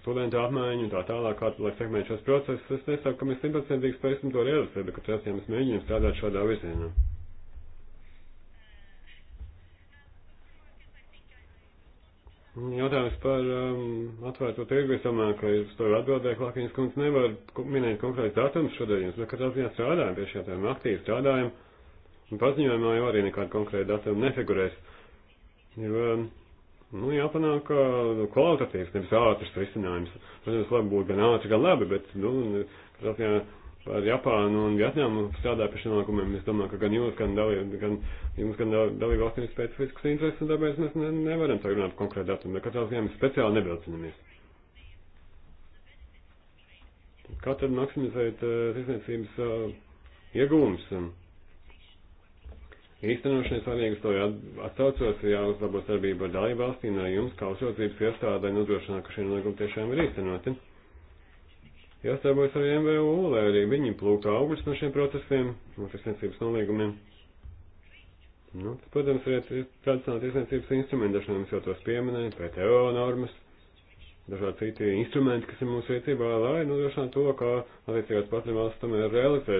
studentu apmaiņu un tā tālāk, kā lai sekmētu šos procesus. Es nesaku, ka mēs simtprocentīgi spēsim to realizēt, bet katrā ziņā mēs mēģinām strādāt šādā virzienā. Jautājums par um, atvērto tirgu, es domāju, ka jūs to atbildēju, Lakīnas kundze nevar minēt konkrēts datums šodien, jūs nekad apziņā strādājam pie šiem tēmām, aktīvi strādājam, un paziņojumā jau arī nekāda konkrēta datuma nefigurēs. Jo, um, nu, jāpanāk kvalitatīvs, nevis ātrs risinājums. Protams, labi būtu gan ātri, gan labi, bet, nu, katrā ziņā ar Japānu un Vietnamu strādāju pie šiem nākumiem. Es domāju, ka gan jūs, gan dalību, gan jums, gan dalību valstīm ir specifiskas intereses, un tāpēc mēs ne, nevaram tā runāt konkrēti datumu. Katrā ziņā mēs speciāli nebilcinamies. Kā tad maksimizēt uh, eh, tirsniecības uh, eh, iegūmus? Um, īstenošanas svarīgas to atcaucos, ir jāuzlabo sadarbība ar dalību valstīm, lai jums, kā uzraudzības iestādē, nodrošināt, ka šie nolīgumi tiešām ir īstenoti jāstarbojas ar MVU, lai arī viņi plūktu augļus no šiem procesiem, no tirsniecības nolīgumiem. Nu, tas, protams, ir tradicionāli tirsniecības instrumenti, dažiem jums jau tos pieminēja, PTO normas, dažādi citi instrumenti, kas ir mūsu rīcībā, lai nodrošinātu to, kā attiecīgās partnervalsts tomēr realizē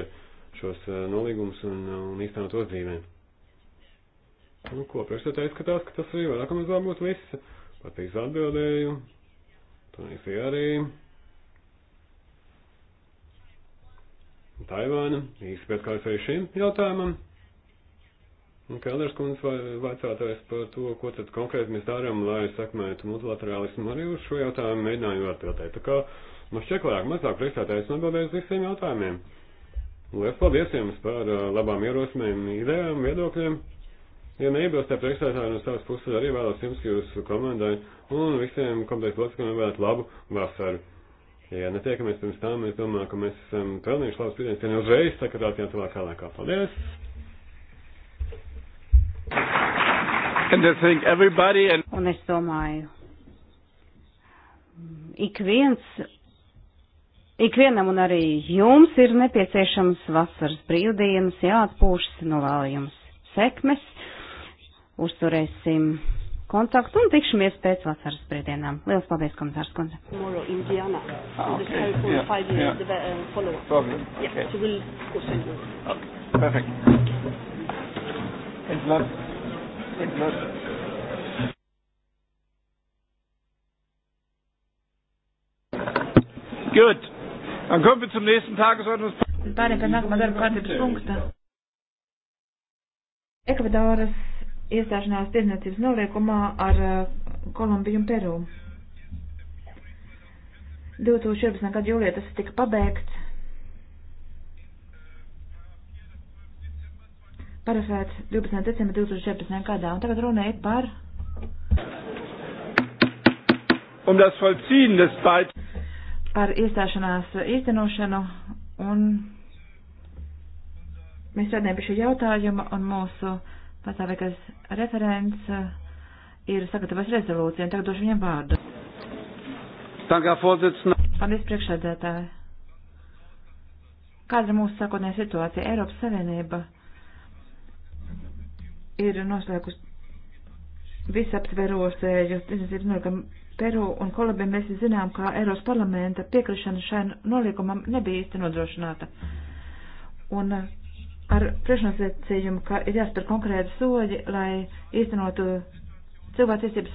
šos eh, nolīgumus un, un īstenot to dzīvē. Nu, ko priekšsētā izskatās, ka tas arī vairāk un mazāk būtu viss. Patīs atbildēju. Tunīsija arī. arī. Taivāna, īsti pieskārsēju šim jautājumam. Un Kēlers kundze vaicātais par to, ko tad konkrēti mēs darām, lai sakmētu multilaterālismu arī uz šo jautājumu mēģināju atbildēt. Tā kā mums šķiet vairāk mazāk priekšstādājs nobiedēs visiem jautājumiem. Lielas paldies jums par labām ierosmēm, idejām, viedokļiem. Ja neiebilstē priekšstādāju no savas puses, arī vēlos jums, jūsu komandai un visiem komitejas locekļiem vēlēt labu vasaru. Ja netiekamies pirms tam, es domāju, ka mēs esam pelnījuši labu spiedienu, ja uzreiz sakot tādiem tuvākā laikā. Paldies! And... Un es domāju, ik viens, ik vienam un arī jums ir nepieciešams vasaras brīvdienas, jāatpūšas, novēlu jums sekmes, uzturēsim kontaktu un tikšamies pēc vasaras brīvdienām. Lielas paldies, komisārs Kundze. Gut. Ah, uh, Dann kommen wir zum nächsten Tagesordnungspunkt. Pārējiem pie nākamā darba kārtības punkta. Ekvadoras iestāšanās tirdzniecības noliekumā ar eh, Kolumbiju un Peru. 2014. gada jūlijā tas tika pabeigts. Parafēts 12. decembra 2014. gadā. Un tagad runa ir par. Um das Vollziehen des Beit. Par iestāšanās īstenošanu un mēs strādājam pie šī jautājuma un mūsu Pastāvēkais referents eh, ir sagatavojis rezolūciju, un tagad došu viņam vārdu. Paldies priekšsēdētāji. Kāda ir mūsu sākotnējā situācija? Eiropas Savienība ir noslēgusi visaptverošēju tirdzniecības nolīgumu Peru un Kolumbiju. Mēs zinām, ka Eiropas parlamenta piekrišana šai nolīgumam nebija īsti nodrošināta. Un eh, ar priekšnosacījumu, ka ir jāspēr konkrēti soļi, lai īstenotu cilvēktiesības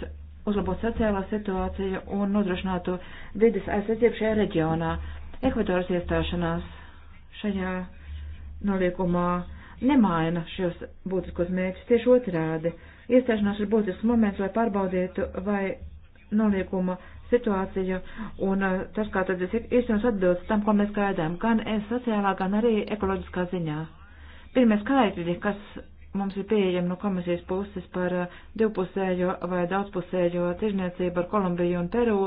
uzlabot sociālā situācija un nodrošinātu vidas aizsardzību šajā reģionā. Ekvadoras iestāšanās šajā noliekumā nemaina šos būtiskos mērķus, tieši otrādi. Iestāšanās ir būtisks moments, lai pārbaudītu, vai noliekuma situācija un uh, tas, kā tad īstenos atbildes tam, ko mēs gaidām, gan sociālā, gan arī ekoloģiskā ziņā pirmie skaitļi, kas mums ir pieejami no komisijas puses par uh, divpusējo vai daudzpusējo tirzniecību ar Kolumbiju un Peru,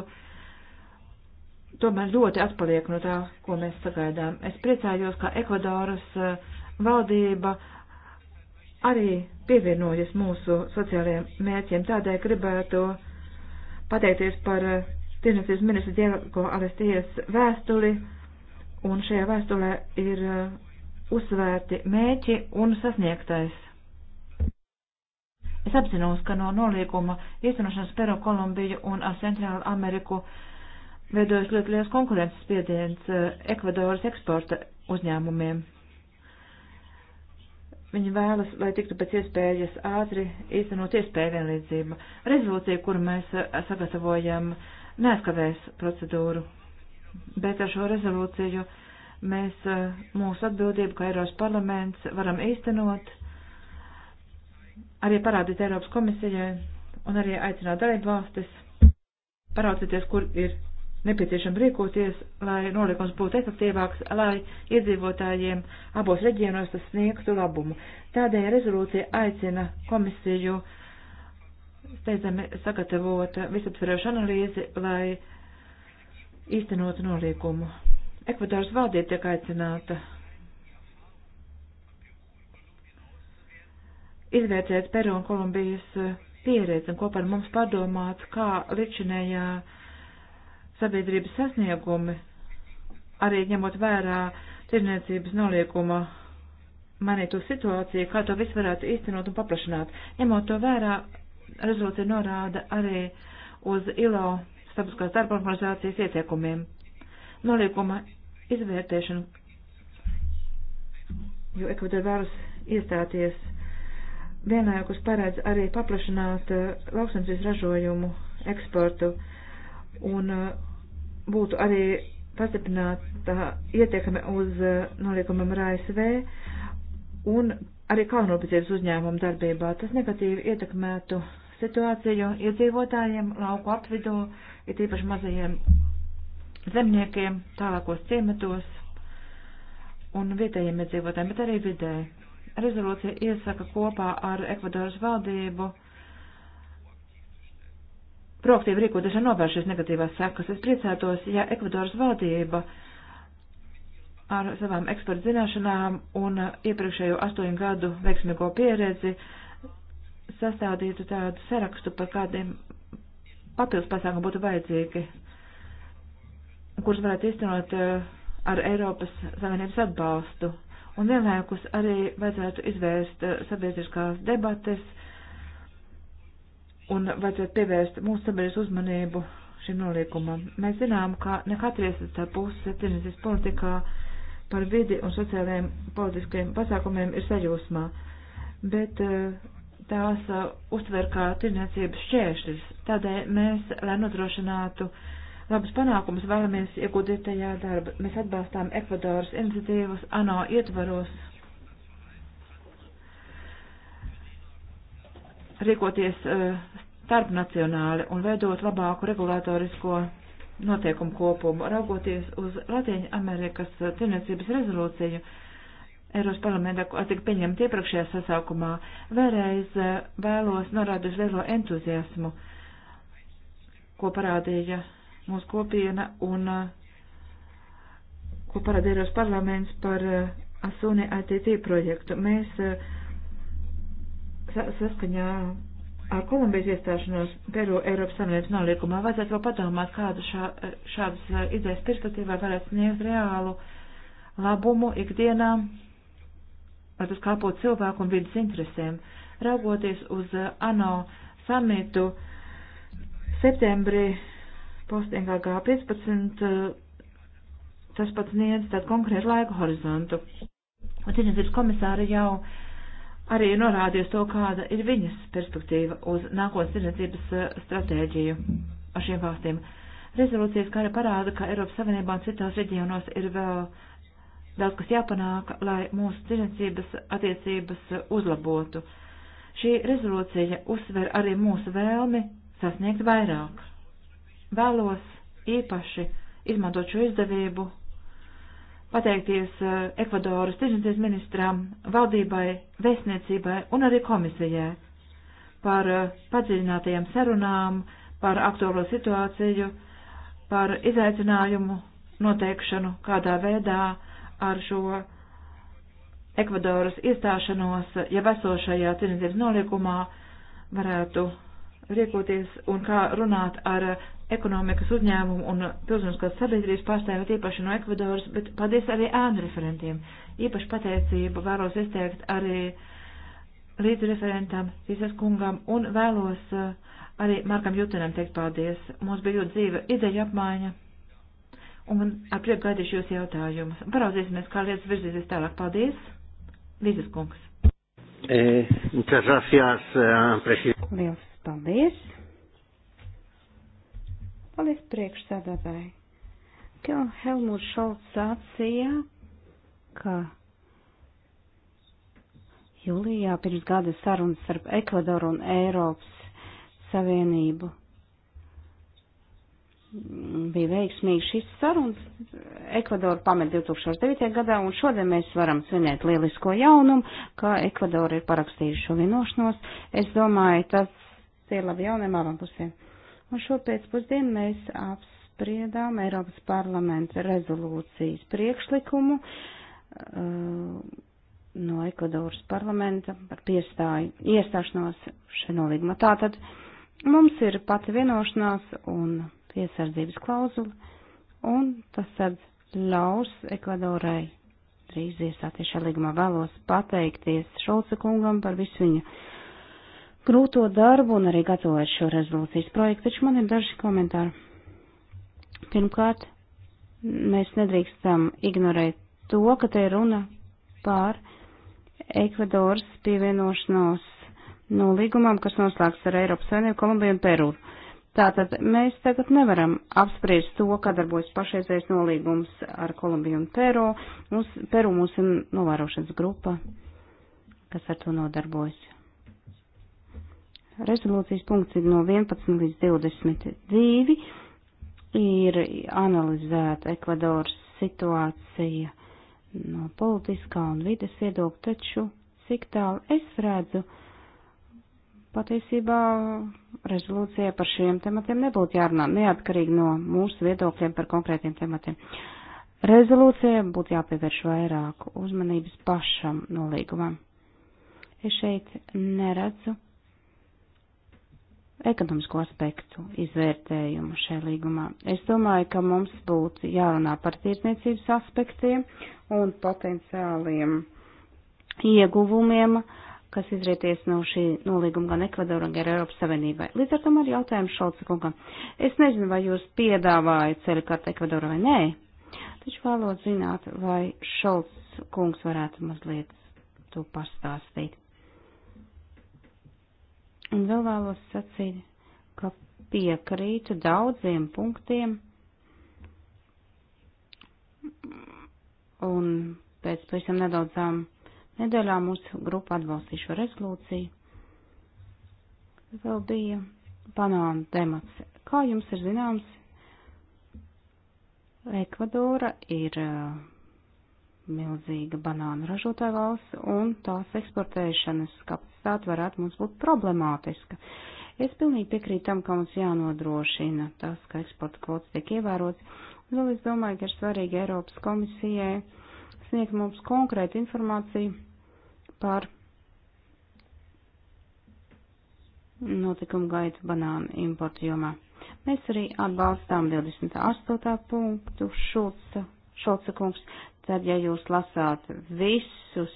tomēr ļoti atpaliek no tā, ko mēs sagaidām. Es priecājos, ka Ekvadoras uh, valdība arī pievienojas mūsu sociālajiem mērķiem. Tādēļ gribētu pateikties par uh, tirzniecības ministru Diego Alestijas vēstuli, un šajā vēstulē ir uzsvērti mēķi un sasniegtais. Es apzinos, ka no nolīguma īstenošanas Peru, Kolumbiju un ar Centrālu Ameriku veidojas ļoti liels konkurences spiediens eh, Ekvadoras eksporta uzņēmumiem. Viņi vēlas, lai tiktu pēc iespējas ātri īstenot iespēju vienlīdzību. Rezolūcija, kuru mēs eh, sagatavojam, neaizkavēs procedūru, bet ar šo rezolūciju uh, mēs eh, mūsu atbildību, kā Eiropas parlaments, varam īstenot, arī parādīt Eiropas komisijai un arī aicināt dalību valstis, parādīties, kur ir nepieciešams rīkoties, lai nolikums būtu efektīvāks, lai iedzīvotājiem abos reģionos tas sniegtu labumu. Tādēļ rezolūcija aicina komisiju steidzami sagatavot visaptverošu analīzi, lai īstenotu nolīkumu. Ekvadoras valdība tiek aicināta izvērtēt Peru un Kolumbijas eh, pieredzi un kopā ar mums padomāt, kā ličinējā sabiedrības sasniegumi, arī ņemot vērā tirniecības noliekuma mainīto situāciju, kā to visu varētu īstenot un paplašināt. Ņemot to vērā, rezolūcija norāda arī uz ILO starptautiskās darba organizācijas ieteikumiem nolīguma izvērtēšanu, jo Ekvadora vēlas iestāties vienlaikus paredz arī paplašināt eh, lauksaimniecības ražojumu eksportu un eh, būtu arī pastiprināta ietekme uz eh, noliekumiem ar ASV un arī kalnopacības uzņēmumu darbībā. Tas negatīvi ietekmētu situāciju iedzīvotājiem lauku apvidū, ir tīpaši mazajiem zemniekiem, tālākos ciematos un vietējiem iedzīvotājiem, bet arī vidē. Rezolūcija iesaka kopā ar Ekvadoras valdību proaktīvi rīkoties un novērst šīs negatīvās sekas. Es priecētos, ja Ekvadoras valdība ar savām ekspertu zināšanām un iepriekšējo astoņu gadu veiksmīgo pieredzi sastādītu tādu sarakstu, par kādiem papildus pasākumu būtu vajadzīgi kuras varētu iztenot eh, ar Eiropas Savienības atbalstu. Un vienlaikus arī vajadzētu izvērst eh, sabiedriskās debates un vajadzētu pievērst mūsu sabiedrības uzmanību šim noliekumam. Mēs zinām, ka ne katra iesaistā puse septiņdesmit politikā par vidi un sociālajiem politiskiem pasākumiem ir sajūsmā, bet eh, tās uztver kā tirniecības šķēršļus. Tādēļ mēs, lai nodrošinātu uh, labus panākumus vēlamies iegūt vietējā darba. Mēs atbalstām Ekvadoras iniciatīvas ANO ietvaros rīkoties eh, starpnacionāli un veidot labāku regulātorisko noteikumu kopumu. Raugoties uz Latviju Amerikas cilvēcības rezolūciju, Eiros parlamentā, ko tika pieņemta iepriekšējā sasaukumā, vēlreiz eh, vēlos norādīt lielo entuziasmu, ko parādīja mūsu kopiena un eh, ko parāda Eiropas parlaments par eh, Asuni ATT projektu. Mēs eh, saskaņā ar Kolumbijas iestāšanos Peru Eiropas Savienības noliekumā vajadzētu vēl padomāt, kādu šā, šādas idejas perspektīvā varētu sniegt reālu labumu ikdienā, lai tas kāpot cilvēku un vidas interesēm. Raugoties uz ANO samitu septembrī Postījumā G15 tas pats niedz tādu konkrētu laika horizontu. Un tirdzniecības komisāra jau arī norādījusi to, kāda ir viņas perspektīva uz nākotnes tirdzniecības eh, stratēģiju ar šiem valstīm. Rezolūcijas kā arī parāda, ka Eiropas Savienībā un citās reģionos ir vēl daudz kas jāpanāk, lai mūsu tirdzniecības attiecības uzlabotu. Šī rezolūcija uzsver arī mūsu vēlmi sasniegt vairāk Vēlos īpaši izmantot šo izdevību, pateikties eh, Ekvadoras tirzniecības ministram, valdībai, vēstniecībai un arī komisijai par eh, padziļinātajām sarunām, par aktuālo situāciju, par izaicinājumu noteikšanu, kādā veidā ar šo Ekvadoras iestāšanos, ja esošajā tirdzniecības noliekumā varētu riekoties un kā runāt ar ekonomikas uzņēmumu un pilsoniskās sabiedrības pārstāvjiem, īpaši no Ekvadoras, bet paldies arī ēnu referentiem. Īpaši pateicību vēlos izteikt arī līdzreferentam, visas kungam un vēlos uh, arī Markam Jutenam teikt paldies. Mums bija ļoti dzīva ideja apmaiņa un ar prieku gaidīšu jūs jautājumus. Paraudzīsimies, kā lietas virzīsies tālāk. Paldies! Visas kungs! Eh, muchas gracias, eh, presidente. Paldies! Paldies priekšsēdētāji! Helmuts Šalts sacīja, ka jūlijā pirms gada sarunas starp Ekvadoru un Eiropas Savienību bija veiksmīgi šis sarunas. Ekvadoru pamet 2009. gadā, un šodien mēs varam svinēt lielisko jaunumu, ka Ekvadora ir parakstījuši šo vienošanos. Es domāju, tas Tie ir labi jauniem abām pusēm. Un šo pēcpusdienu mēs apspriedām Eiropas parlamenta rezolūcijas priekšlikumu uh, no Ekvadoras parlamenta par piestāju, iestāšanos šajā nolīgumā. Tātad mums ir pati vienošanās un piesardzības klauzula, un tas tad ļaus Ekvadorai drīz iestāties šajā līgumā. Vēlos pateikties Šolca kungam par visu viņa grūto darbu un arī gatavojot šo rezolūcijas projektu, taču man ir daži komentāri. Pirmkārt, mēs nedrīkstam ignorēt to, ka te ir runa pār Ekvadoras pievienošanos no līgumam, kas noslēgts ar Eiropas Savienību, Kolumbiju un Peru. Tātad mēs tagad nevaram apspriest to, kā darbojas pašreizējais nolīgums ar Kolumbiju un Peru. Mums, Peru mums ir novērošanas grupa, kas ar to nodarbojas. Rezolūcijas punkts ir no 11 līdz 22. Ir analizēta Ekvadoras situācija no politiskā un vides viedokļa, taču cik tālu es redzu, patiesībā rezolūcijai par šiem tematiem nebūtu jārunā, neatkarīgi no mūsu viedokļiem par konkrētiem tematiem. Rezolūcijai būtu jāpievērš vairāk uzmanības pašam nolīgumam. Es šeit neredzu ekonomisko aspektu izvērtējumu šajā līgumā. Es domāju, ka mums būtu jārunā par tirdzniecības aspektiem un potenciāliem ieguvumiem, kas izrieties no šī nolīguma gan Ekvadoram, gan Eiropas Savienībai. Līdz ar to man ir jautājums Šolca kungam. Es nezinu, vai jūs piedāvājat ceļu kārtu Ekvadoru vai nē, taču vēlos zināt, vai Šolts kungs varētu mazliet to pastāstīt. Un vēl vēlos sacīt, ka piekrītu daudziem punktiem. Un pēc pavisam nedaudzām nedēļām mūsu grupa atbalstīja šo rezolūciju. Vēl bija banāna temats. Kā jums ir zināms, Ekvadora ir uh, milzīga banānu ražotāja valsts, un tās eksportēšanas kapacitāte varētu mums būt problemātiska. Es pilnīgi piekrītu tam, ka mums jānodrošina tas, ka eksporta kvotas tiek ievērots. Vēl es domāju, ka ir svarīgi Eiropas komisijai sniegt mums konkrētu informāciju par notikumu gaitu banānu importu jomā. Mēs arī atbalstām 28. punktu Šulca, Šulca kungs tad, ja jūs lasāt visus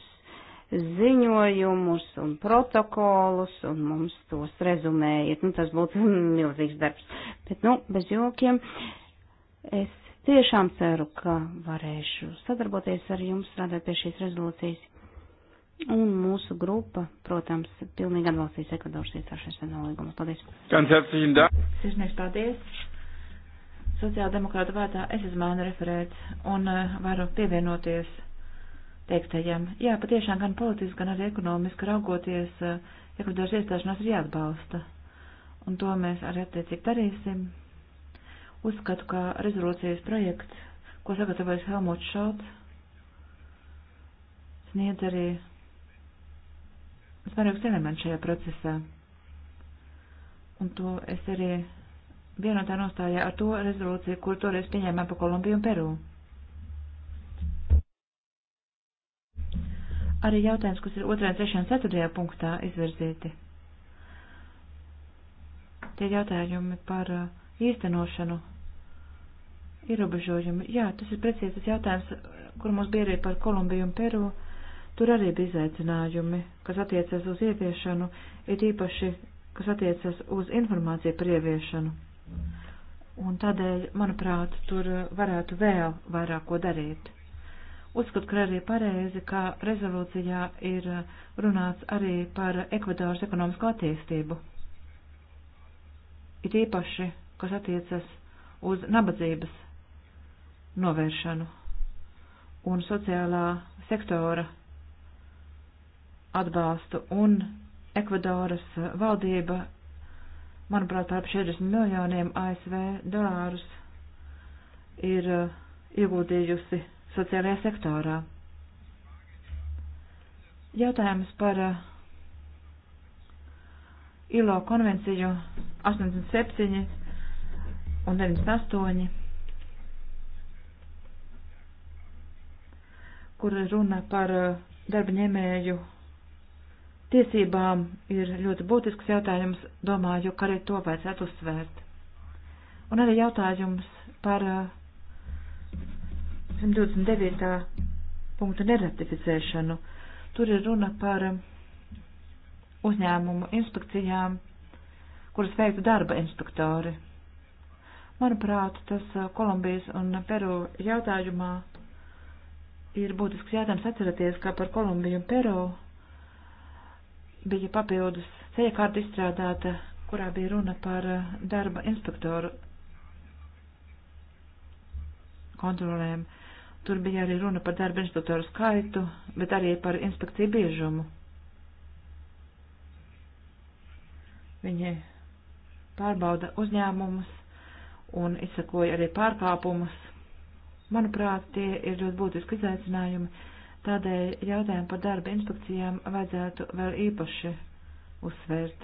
ziņojumus un protokolus un mums tos rezumējiet, nu tas būtu *laughs* milzīgs darbs. Bet, nu, bez jokiem, es tiešām ceru, ka varēšu sadarboties ar jums, strādāt pie šīs rezolūcijas. Un mūsu grupa, protams, pilnīgi atbalstīs Ekvadoras iestāšanās vienolīgumu. Paldies! Sirsnieks, paldies! Sociāldemokrāta vārdā es esmu ēnu referēts un eh, varu pievienoties teiktajam. Jā, patiešām gan politiski, gan arī ekonomiski raugoties, eh, Ekvadoras iestāšanās ir jāatbalsta. Un to mēs arī attiecīgi darīsim. Uzskatu, ka rezolūcijas projekts, ko sagatavojas Helmuts Šalts, sniedz arī svarīgs elements šajā procesā. Un to es arī vienotā nostājā ar to rezolūciju, kur toreiz pieņēmām pa Kolumbiju un Peru. Arī jautājums, kas ir 2, 3 un 4 punktā izvirzīti. Tie jautājumi par uh, īstenošanu, ierobežojumi. Jā, tas ir precīzi tas jautājums, kur mums bija arī par Kolumbiju un Peru. Tur arī bija izaicinājumi, kas attiecas uz ieviešanu, ir īpaši, kas attiecas uz informāciju par ieviešanu. Un tādēļ, manuprāt, tur varētu vēl vairāk ko darīt. Uzskatu, ka arī pareizi, ka rezolūcijā ir runāts arī par Ekvadoras ekonomisko attīstību. It īpaši, kas attiecas uz nabadzības novēršanu un sociālā sektora atbalstu, un Ekvadoras valdība manuprāt, par ap 40 miljoniem ASV dolārus ir uh, ieguldījusi sociālajā sektorā. Jautājums par uh, ILO konvenciju 87 un 98, kur runa par uh, darba ņēmēju tiesībām ir ļoti būtisks jautājums, domāju, ka arī to vajadzētu uzsvērt. Un arī jautājums par 129. Eh, punktu neratificēšanu. Tur ir runa par eh, uzņēmumu inspekcijām, kuras veiktu darba inspektori. Manuprāt, tas eh, Kolumbijas un Peru jautājumā ir būtisks jautājums atcerieties, kā par Kolumbiju un Peru bija papildus ceļakārta izstrādāta, kurā bija runa par eh, darba inspektoru kontrolēm. Tur bija arī runa par darba inspektoru skaitu, bet arī par inspekciju biežumu. Viņi pārbauda uzņēmumus un izsakoja arī pārkāpumus. Manuprāt, tie ir ļoti būtiski izaicinājumi Tādēļ jautājumu par darba inspekcijām vajadzētu vēl īpaši uzsvērt.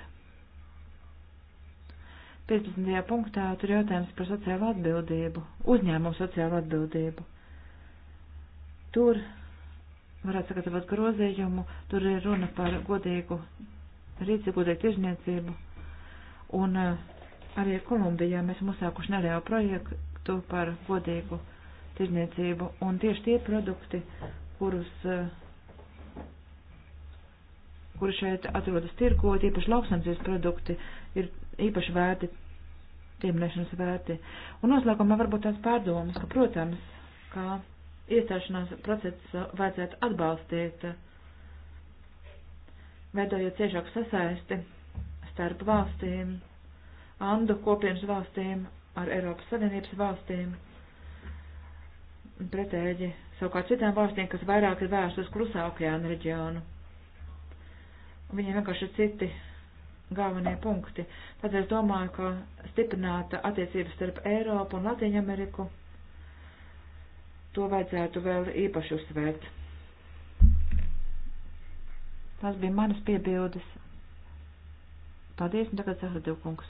15. punktā tur jautājums par sociālo atbildību, uzņēmumu sociālo atbildību. Tur varētu sagatavot grozījumu, tur ir runa par godīgu rīcību, godīgu tirzniecību. Un eh, arī Kolumbijā mēs esam uzsākuši nereālu projektu par godīgu tirzniecību. Un tieši tie produkti, kurus, eh, kuri šeit atrodas tirgot, īpaši lauksaimniecības produkti ir īpaši vērti, tiemlēšanas vērti. Un noslēgumā varbūt tās pārdomas, ka, protams, kā iestāšanās procesu eh, vajadzētu atbalstīt, eh, veidojot ciešāku sasaisti starp valstīm, Andu kopienas valstīm ar Eiropas Savienības valstīm pretēģi savukārt citām valstīm, kas vairāk ir vērst uz klusā okeāna reģionu. Viņiem vienkārši ir citi galvenie punkti. Tad es domāju, ka stiprināta attiecības starp Eiropu un Latviju Ameriku to vajadzētu vēl īpaši uzsvērt. Tas bija manas piebildes. Paldies, un tagad Zahradīv kungs.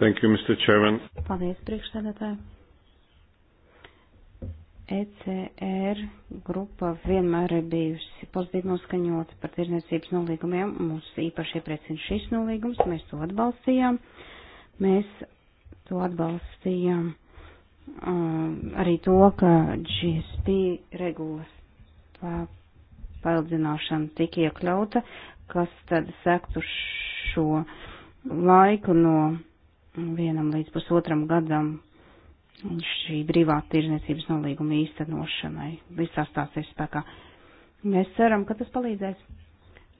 Thank you, Mr. Chairman. Paldies, priekšsēdētāji. ECR grupa vienmēr ir bijusi pozitīvi noskaņota par tirniecības nolīgumiem. Mums īpaši iepriecina šis nolīgums, mēs to atbalstījām. Mēs to atbalstījām um, arī to, ka GSP regulas paildzināšana tika iekļauta, kas tad sektu šo laiku no vienam līdz pusotram gadam šī brīvā tirzniecības nolīguma īstenošanai visās tās ir spēkā. Mēs ceram, ka tas palīdzēs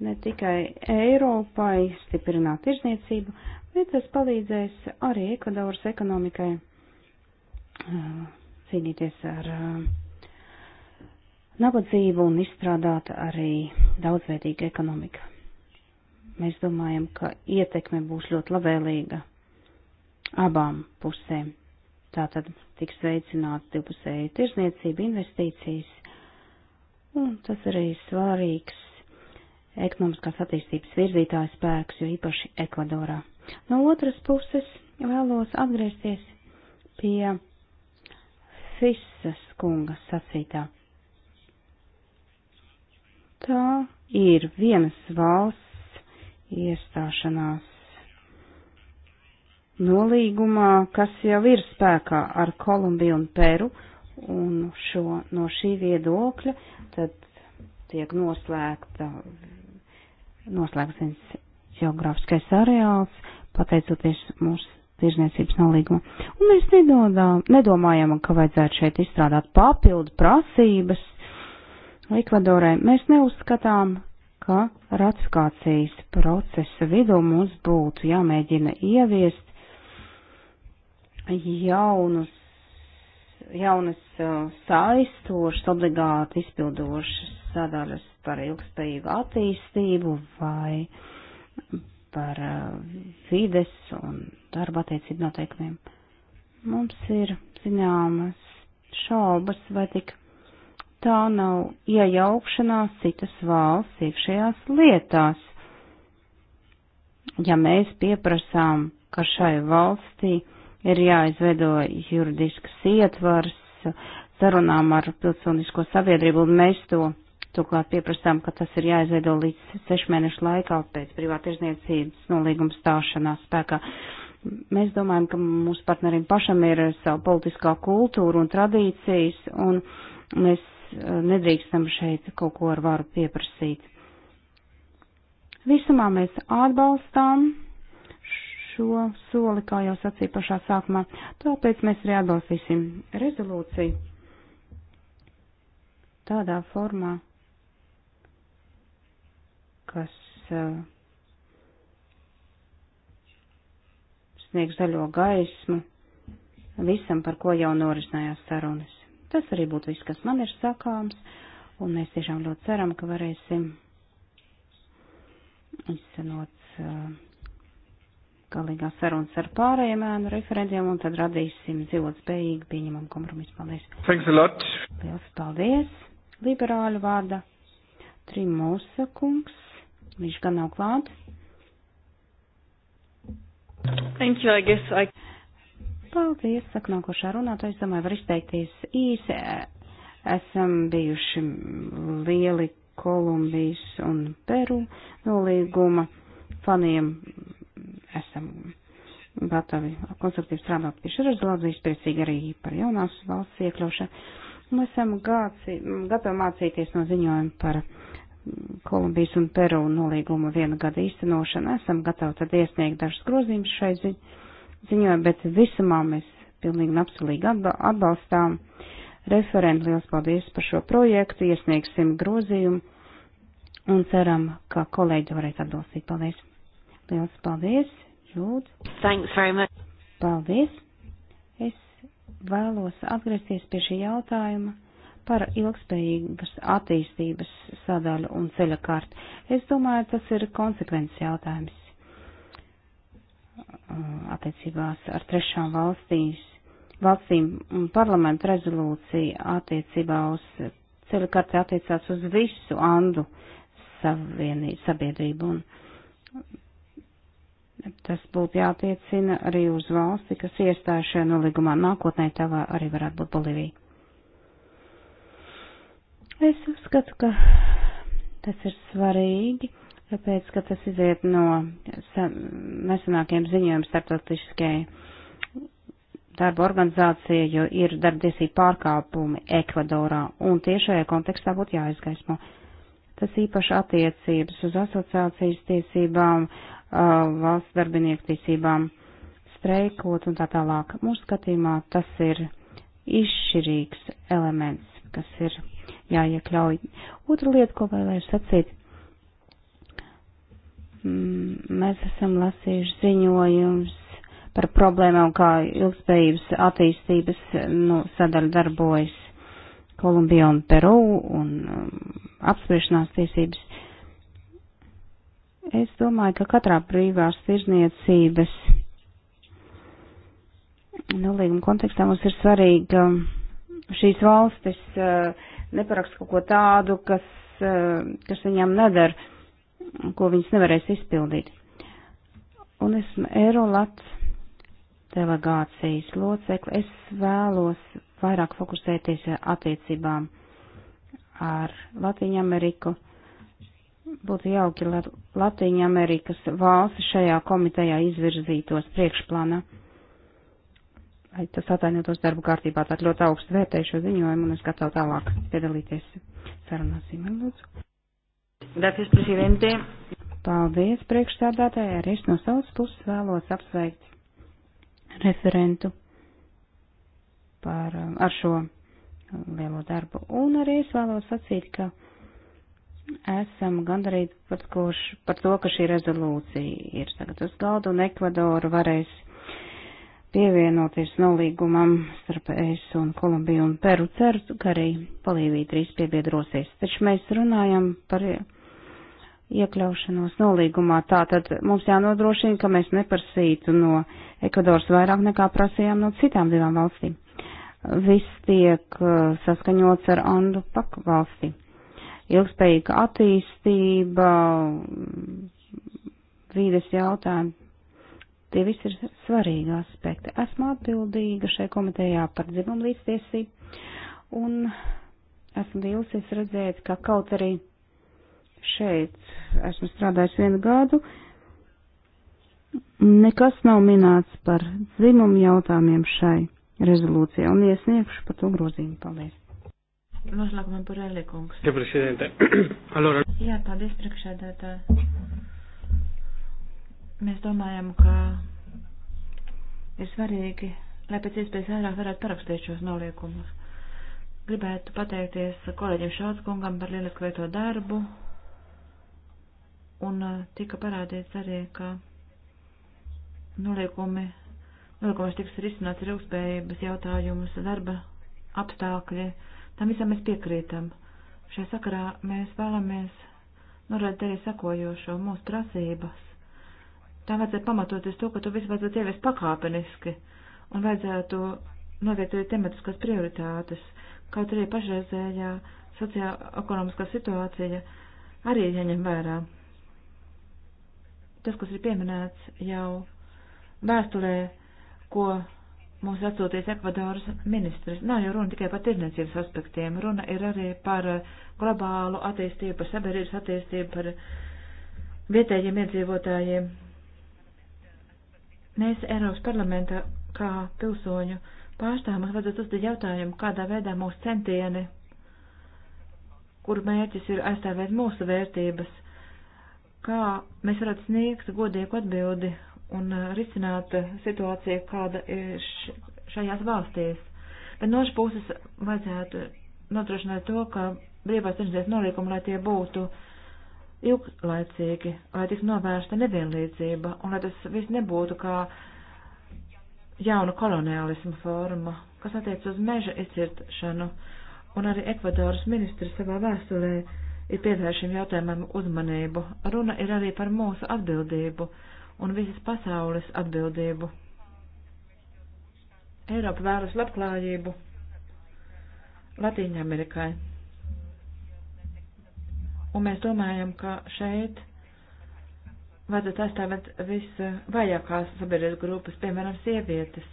ne tikai Eiropai stiprināt tirzniecību, bet tas palīdzēs arī Ekvadoras ekonomikai cīnīties ar nabadzību un izstrādāt arī daudzveidīgu ekonomiku. Mēs domājam, ka ietekme būs ļoti labvēlīga abām pusēm. Tātad tiks veicināta divpusēja tirzniecība, investīcijas, un tas arī svarīgs ekonomiskās attīstības virzītājs spēks, jo īpaši Ekvadorā. No otras puses vēlos atgriezties pie Fisas kunga sacītā. Tā ir vienas valsts iestāšanās nolīgumā, kas jau ir spēkā ar Kolumbiju un Peru, un šo, no šī viedokļa tad tiek noslēgta, noslēgts viens geogrāfiskais areāls, pateicoties mūsu tirzniecības nolīgumu. Un mēs nedodām, nedomājam, ka vajadzētu šeit izstrādāt papildu prasības Ekvadorai. Mēs neuzskatām, ka ratifikācijas procesa vidū mums būtu jāmēģina ieviest jaunus, jaunas uh, saistošas, obligāti izpildošas sadaļas par ilgspējīgu attīstību vai par uh, vides un darba attiecību noteikumiem. Mums ir zināmas šaubas, vai tik tā nav iejaukšanās citas valsts iekšējās lietās. Ja mēs pieprasām, ka šai valstī ir jāizveido juridisks ietvars sarunām ar pilsonisko sabiedrību, un mēs to turklāt pieprasām, ka tas ir jāizveido līdz sešu mēnešu laikā pēc privātiesniecības nolīguma stāšanās spēkā. Mēs domājam, ka mūsu partnerim pašam ir savu politiskā kultūru un tradīcijas, un mēs eh, nedrīkstam šeit kaut ko ar varu pieprasīt. Visumā mēs atbalstām šo soli, kā jau sacīja pašā sākumā. Tāpēc mēs arī atbalstīsim rezolūciju tādā formā, kas uh, sniegs zaļo gaismu visam, par ko jau norisinājās sarunas. Tas arī būtu viss, kas man ir sakāms, un mēs tiešām ļoti ceram, ka varēsim izsanot uh, galīgā sarunas ar pārējiem ēnu referentiem, un tad radīsim dzīvot spējīgi pieņemam kompromisu. Paldies. Thanks a lot. Liels paldies. Liberāļu vārda. Trimosa kungs. Viņš gan nav klāt. Thank you, I guess I... Paldies, saka nākošā runātāja. Es domāju, var izteikties īsi. Esam bijuši lieli Kolumbijas un Peru nolīguma faniem esam gatavi konstruktīvi strādāt pie šī rezolūcija, izpriecīgi arī par jaunās valsts iekļaušanu. Mēs esam gāci, gatavi mācīties no ziņojuma par Kolumbijas un Peru nolīgumu viena gada īstenošanu. Esam gatavi tad iesniegt dažas grozījumus šai zi ziņojumā, bet visumā mēs pilnīgi un absolīgi atbalstām referentu. Liels paldies par šo projektu, iesniegsim grozījumu un ceram, ka kolēģi varēs atbalstīt. Paldies! Liels paldies, Žūd. Thanks very much. Paldies. Es vēlos atgriezties pie šī jautājuma par ilgspējīgas attīstības sadaļu un ceļa kārtu. Es domāju, tas ir konsekvences jautājums uh, attiecībās ar trešām valstīs, valstīm un parlamentu rezolūcija attiecībā uz ceļa kārtu attiecās uz visu Andu savienību, sabiedrību un Tas būtu jātiecina arī uz valsti, kas iestājas šajā nolīgumā. Nākotnē tā arī varētu būt Bolivija. Es uzskatu, ka tas ir svarīgi, tāpēc, ka tas iziet no nesenākiem ziņojumiem starptautiskajai darba organizācija, jo ir darbtiesība pārkāpumi Ekvadorā, un tiešajā kontekstā būtu jāizgaismo. Tas īpaši attiecības uz asociācijas tiesībām, Uh, valsts darbinieku tiesībām streikot un tā tālāk. Mūsu skatījumā tas ir izšķirīgs elements, kas ir jāiekļauj. Otra lieta, ko vēlēju sacīt, mm, mēs esam lasījuši ziņojums par problēmām, kā ilgspējības attīstības nu, sadaļa darbojas Kolumbijā un Peru un um, apspriešanās tiesības. Es domāju, ka katrā brīvās tirzniecības nolīguma nu, kontekstā mums ir svarīga šīs valstis eh, neparakst kaut ko tādu, kas, eh, kas viņām nedara, ko viņas nevarēs izpildīt. Un esmu Eirolats delegācijas locekli. Es vēlos vairāk fokusēties attiecībām ar Latviju Ameriku Būtu jauki, lai Latīņa Amerikas valsts šajā komitejā izvirzītos priekšplānā. Lai tas atainotos darba kārtībā, tad ļoti augstu vērtēju šo ziņojumu un es gatavu tālāk piedalīties sarunās. Lūdzu. Gracias, prezidente. Paldies, priekšstādātāji. Arī es no savas puses vēlos apsveikt referentu par, ar šo lielo darbu. Un arī es vēlos sacīt, ka esam gandarīt par, koš, par to, ka šī rezolūcija ir tagad uz galda un Ekvadoru varēs pievienoties nolīgumam starp ES un Kolumbiju un Peru. Ceru, ka arī palīvī trīs piebiedrosies. Taču mēs runājam par iekļaušanos nolīgumā. Tātad mums jānodrošina, ka mēs neprasītu no Ekvadoras vairāk nekā prasījām no citām divām valstīm. Viss tiek eh, saskaņots ar Andu pakvalsti. valsti ilgspējīga attīstība, vīdes jautājumi. Tie visi ir svarīgi aspekti. Esmu atbildīga šai komitejā par dzimumu līdztiesību un esmu vīlusies redzēt, ka kaut arī šeit esmu strādājis vienu gadu, nekas nav minēts par dzimumu jautājumiem šai rezolūcijai un iesniegšu par to grozījumu. Paldies! Noslēgumā par Elikungs. Ja, prezidente. Allora. *clears throat* Jā, paldies priekšēdētāji. Mēs domājam, ka ir svarīgi, lai pēc iespējas vairāk varētu parakstīt šos noliekumus. Gribētu pateikties kolēģim Šautskungam par lielisku veikto darbu. Un eh, tika parādīts arī, ka noliekumi, noliekumus tiks risināts ir ilgspējības jautājumus, darba apstākļi Tam visam mēs piekrītam. Šajā sakarā mēs vēlamies norādīt arī sakojošo mūsu prasības. Tā vajadzētu pamatoties to, ka to visu vajadzētu ieviest pakāpeniski un vajadzētu noteikt arī tematiskas prioritātes, kaut arī pašreizējā sociāla-ekonomiskā situācija arī jāņem vērā. Tas, kas ir pieminēts jau vēstulē, ko mūs atsoties Ekvadoras ministrs. Nav jau runa tikai par tirdzniecības aspektiem, runa ir arī par uh, globālu attīstību, par sabiedrības attīstību, par vietējiem iedzīvotājiem. Mēs Eiropas parlamenta kā pilsoņu pārstāvjums vajadzētu uzdot jautājumu, kādā veidā mūsu centieni, kuru mērķis ir aizstāvēt mūsu vērtības, kā mēs varētu sniegt godīgu atbildi un uh, risināt situāciju, kāda ir šajās valstīs. Bet no šīs puses vajadzētu nodrošināt to, ka brīvās tirdzniecības nolīkumi, lai tie būtu ilglaicīgi, lai tiktu novērsta nevienlīdzība un lai tas viss nebūtu kā jauna koloniālisma forma, kas attiec uz meža izcirtšanu. Un arī Ekvadoras ministrs savā vēstulē ir pievēršam jautājumam uzmanību. Runa ir arī par mūsu atbildību un visas pasaules atbildību. Eiropa vēlas labklājību Latīņa Amerikai. Un mēs domājam, ka šeit vajadzētu aizstāvēt visvajākās sabiedrības grupas, piemēram, sievietes.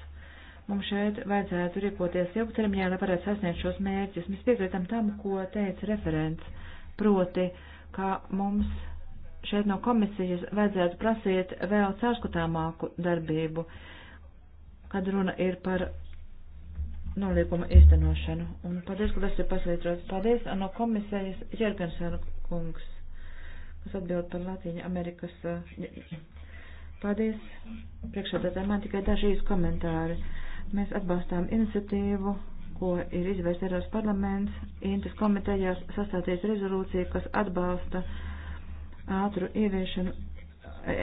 Mums šeit vajadzētu rīkoties ilgtermiņā, lai varētu sasniegt šos mērķus. Mēs piekrītam tam, ko teica referents, proti, ka mums šeit no komisijas vajadzētu prasīt vēl caurskatāmāku darbību, kad runa ir par noliekuma īstenošanu. Un paldies, ka tas ir pasvītrots. Paldies no komisijas Jērgensēna kungs, kas atbild par Latīņu Amerikas. Eh, paldies. Priekšādātā man tikai daži īsi komentāri. Mēs atbalstām iniciatīvu, ko ir izvērst Eiropas parlaments, Intas komitejās sastādījis rezolūciju, kas atbalsta uh, ātru ieviešanu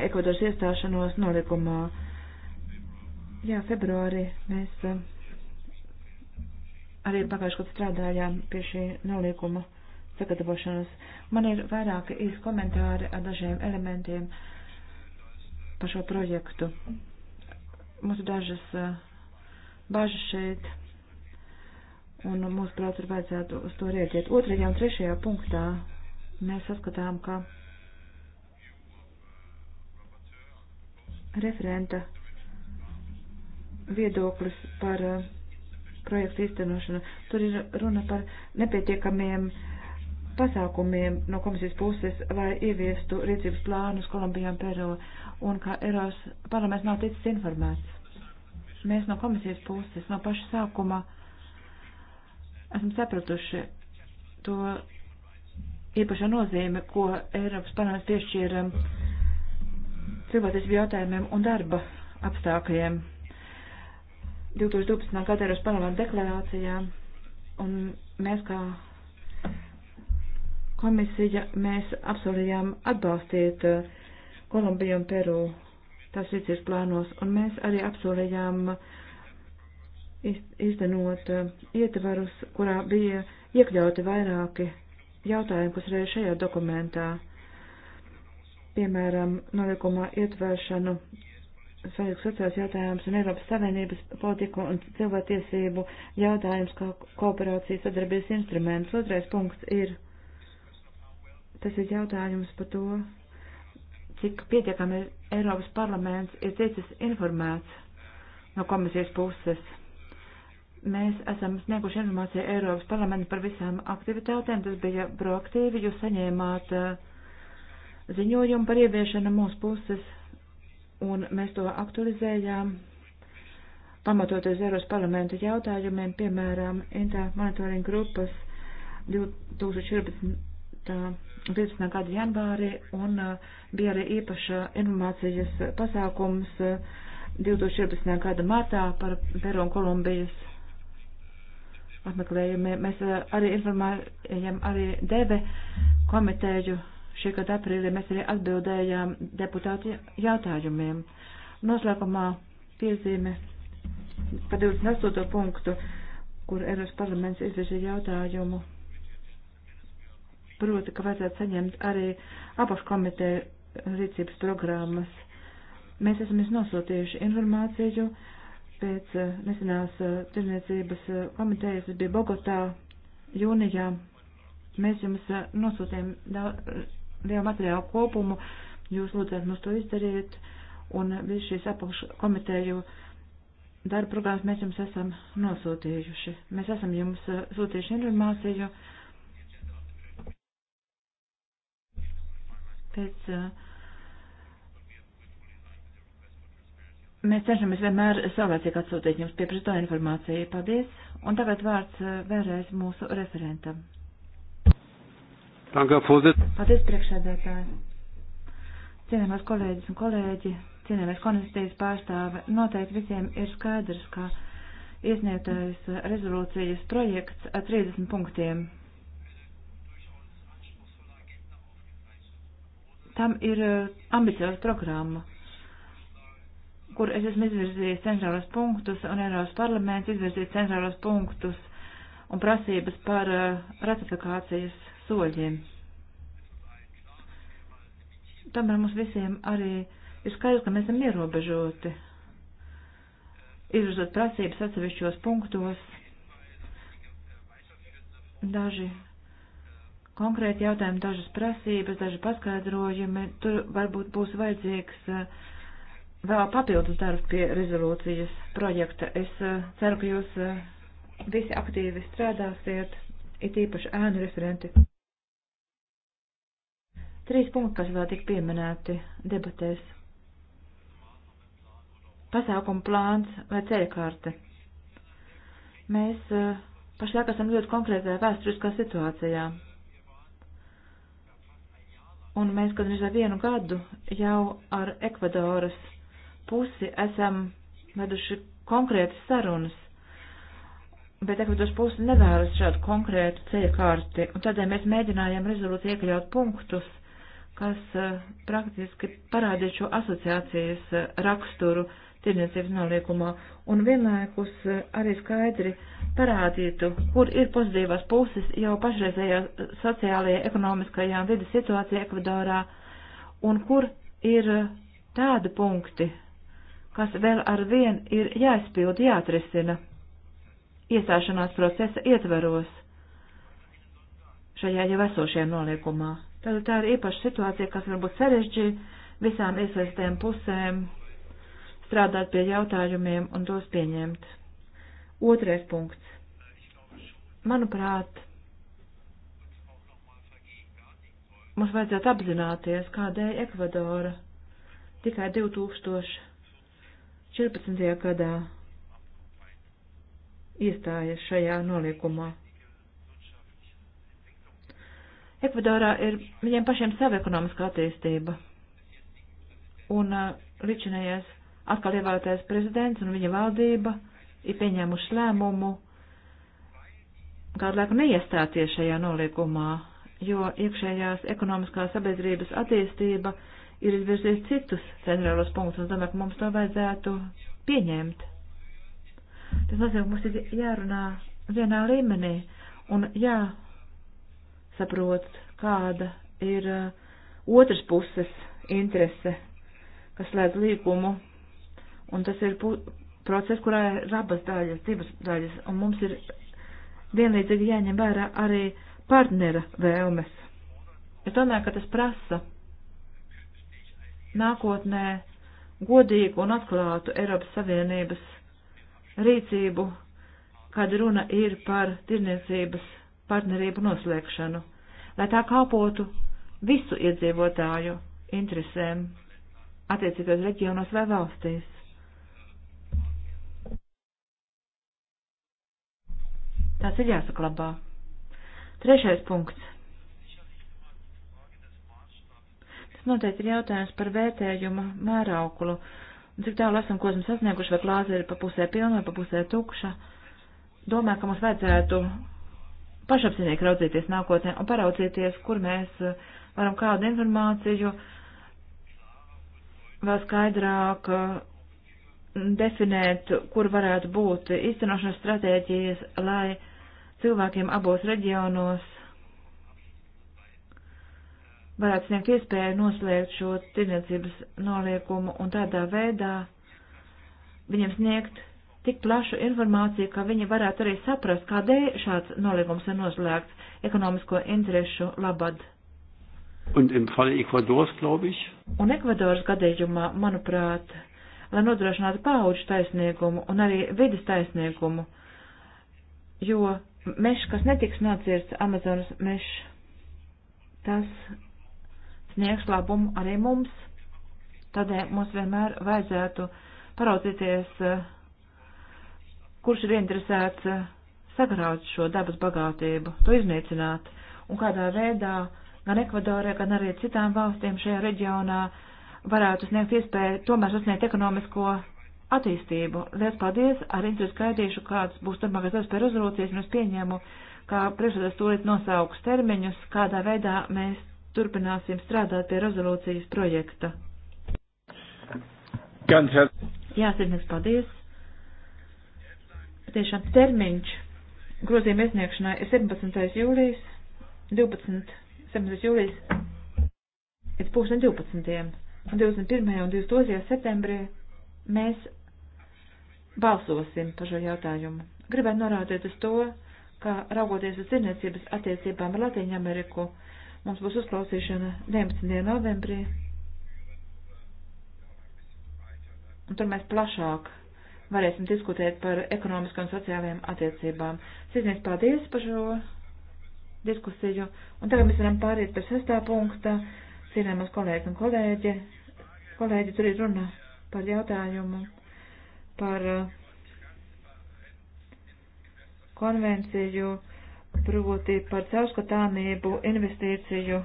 Ekvadoras iestāšanos nolikumā. Jā, februāri mēs eh, arī pagājuši, kad strādājām pie šī nolikuma sagatavošanas. Man ir vairāki īsti komentāri ar dažiem elementiem par šo projektu. Mums ir dažas eh, bažas šeit, un mūsu prāt ir vajadzētu uz to rēģēt. Otrajā un trešajā punktā mēs saskatām, ka referenta viedoklis par uh, projektu īstenošanu. Tur ir runa par nepietiekamiem pasākumiem no komisijas puses, lai ieviestu rīcības plānus Kolumbijā un Peru, un ka Eiropas parlaments nav ticis informēts. Mēs no komisijas puses, no paša sākuma, esam sapratuši to īpašo nozīmi, ko Eiropas parlaments piešķīra. Um, cilvēktiesību jautājumiem un darba apstākļiem. 2012. gada Eiropas parlamenta deklarācijā un mēs kā komisija, mēs apsolījām atbalstīt uh, Kolumbiju un Peru tās rīcības plānos un mēs arī apsolījām uh, izdenot uh, ietvarus, kurā bija iekļauti vairāki jautājumi, kas arī šajā dokumentā piemēram, noliekumā ietveršanu svarīgs sociāls jautājums un Eiropas Savienības politiku un cilvēktiesību jautājums kā kooperācijas sadarbības instruments. Otrais punkts ir, tas ir jautājums par to, cik pietiekami Eiropas parlaments ir ticis informēts no komisijas puses. Mēs esam snieguši informāciju Eiropas parlamentu par visām aktivitātēm, tas bija proaktīvi, jūs saņēmāt uh, ziņojumu par ieviešanu mūsu puses, un mēs to aktualizējām, pamatoties Eiros parlamenta jautājumiem, piemēram, Intā monitoringa grupas 2014. 15. gada janvārī, un uh, bija arī īpaša informācijas pasākums 2014. Uh, gada martā par Peru un Kolumbijas apmeklējumiem. Mēs uh, arī informējam arī deve komiteju Šī gada aprīlī mēs arī atbildējām deputātu jautājumiem. Noslēgumā piezīme par 28. punktu, kur Eiropas parlaments izvirzīja jautājumu. Proti, ka vajadzētu saņemt arī apakškomiteju rīcības programmas. Mēs esam nosūtījuši informāciju pēc eh, nesenās eh, tirniecības eh, komitejas, tas bija Bogotā, jūnijā. Mēs jums nosūtījām daudz biomateriālu kopumu. Jūs lūdzat mums to izdarīt, un visu šīs apakškomiteju darba programmas mēs jums esam nosūtījuši. Mēs esam jums eh, sūtījuši informāciju. Pēc, eh, mēs cenšamies vienmēr saulēcīgi atsūtīt jums pieprasītā informācija. Paldies! Un tagad vārds eh, vēlreiz mūsu referentam. Paldies, priekšsēdētāji. Cienījamās kolēģis un kolēģi, cienījamās konstitūcijas pārstāve, noteikti visiem ir skaidrs, ka iesniegtais rezolūcijas projekts ar 30 punktiem. Tam ir eh, ambiciozs programma, kur es esmu izvirzījis centrālos punktus un Eiropas parlaments izvirzījis centrālos punktus un prasības par eh, ratifikācijas soļiem. Tomēr mums visiem arī ir skaidrs, ka mēs esam ierobežoti. Izrozot prasības atsevišķos punktos, daži konkrēti jautājumi, dažas prasības, daži paskaidrojumi, tur varbūt būs vajadzīgs eh, vēl papildus darbs pie rezolūcijas projekta. Es eh, ceru, ka jūs eh, visi aktīvi strādāsiet, it īpaši ēnu referenti. Trīs punkti, kas vēl tik pieminēti debatēs. Pasākuma plāns vai ceļkārte. Mēs eh, pašlaik esam ļoti konkrētā vēsturiskā situācijā. Un mēs gandrīz ar vienu gadu jau ar Ekvadoras pusi esam veduši konkrētas sarunas, bet Ekvadoras pusi nevēlas šādu konkrētu ceļkārti, un tādēļ mēs mēģinājām rezolūciju iekļaut punktus, kas e, praktiski parādīja šo asociācijas e, raksturu tirdzniecības noliekumā un vienlaikus e, arī skaidri parādītu, kur ir pozitīvās puses jau pašreizējā sociālajā, ekonomiskajā un vidas situācijā Ekvadorā un kur ir tādi punkti, kas vēl ar vien ir jāizpild, jāatrisina iestāšanās procesa ietveros šajā jau esošajā noliekumā. Tātad tā ir īpaša situācija, kas varbūt sarežģīja visām iesaistēm pusēm strādāt pie jautājumiem un tos pieņemt. Otrais punkts. Manuprāt, mums vajadzētu apzināties, kādēļ Ekvadora tikai 2014. gadā iestājas šajā noliekumā. Ekvadorā ir viņiem pašiem sava ekonomiskā attīstība. Un uh, ličinējies atkal ievēlētais prezidents un viņa valdība ir pieņēmuši lēmumu kādu laiku neiestāties šajā noliekumā, jo iekšējās ekonomiskā sabiedrības attīstība ir izvirzījis citus centrālos punktus, un domāju, ka mums to vajadzētu pieņemt. Tas nozīmē, ka mums ir jārunā vienā līmenī un jā jāsaprot, kāda ir uh, otras puses interese, kas slēdz līgumu, un tas ir process, kurā ir abas daļas, divas daļas, un mums ir vienlīdzīgi jāņem vērā arī partnera vēlmes. Es domāju, ka tas prasa nākotnē godīgu un atklātu Eiropas Savienības rīcību, kad runa ir par tirniecības partnerību noslēgšanu, lai tā kalpotu visu iedzīvotāju interesēm attiecīgos reģionos vai valstīs. Tās ir jāsaklabā. Trešais punkts. Tas noteikti ir jautājums par vērtējumu mērauklu. Un cik tālu esam, ko esam sasnieguši, vai klāze ir pa pusē pilna vai pa pusē tukša. Domāju, ka mums vajadzētu pašapziņīgi raudzīties nākotnē un paraudzīties, kur mēs eh, varam kādu informāciju vēl skaidrāk eh, definēt, kur varētu būt īstenošanas stratēģijas, lai cilvēkiem abos reģionos varētu sniegt iespēju noslēgt šo tirniecības noliekumu un tādā veidā viņiem sniegt tik plašu informāciju, ka viņi varētu arī saprast, kādēļ šāds nolīgums ir noslēgts ekonomisko interesu labad. Un, Ekvadors, un Ekvadoras gadījumā, manuprāt, lai nodrošinātu pauģu taisnīgumu un arī vidas taisnīgumu, jo mešs, kas netiks nocirsts Amazonas mešs, tas sniegs labumu arī mums. Tādēļ mums vienmēr vajadzētu paraudzīties uh, kurš ir interesēts eh, sagraut šo dabas bagātību, to iznīcināt, un kādā veidā gan Ekvadorē, gan arī citām valstīm šajā reģionā varētu sniegt iespēju tomēr sasniegt ekonomisko attīstību. Liels paldies, ar interesi gaidīšu, kāds būs turpmākais darbs par rezolūcijas, un es pieņēmu, kā priekšsēdētājs tūlīt nosauks termiņus, kādā veidā mēs turpināsim strādāt pie rezolūcijas projekta. Gan, Jā, sirdnieks, paldies! Patiešām termiņš grozījuma iesniegšanai ir 17. jūlijas, 12. 17. jūlijas līdz 2012. un 21. un 22. septembrī mēs balsosim par šo jautājumu. Gribētu norādīt uz to, ka raugoties uz tirniecības attiecībām ar Latviju Ameriku, mums būs uzklausīšana 19. novembrī. Un tur mēs plašāk varēsim diskutēt par ekonomiskām un sociālajām attiecībām. Sīsnieks paldies par šo diskusiju. Un tagad mēs varam pāriet pie sestā punkta. Cienējamas kolēģi un kolēģi. Kolēģi, tur ir runa par jautājumu par uh, konvenciju, proti par caurskatāmību investīciju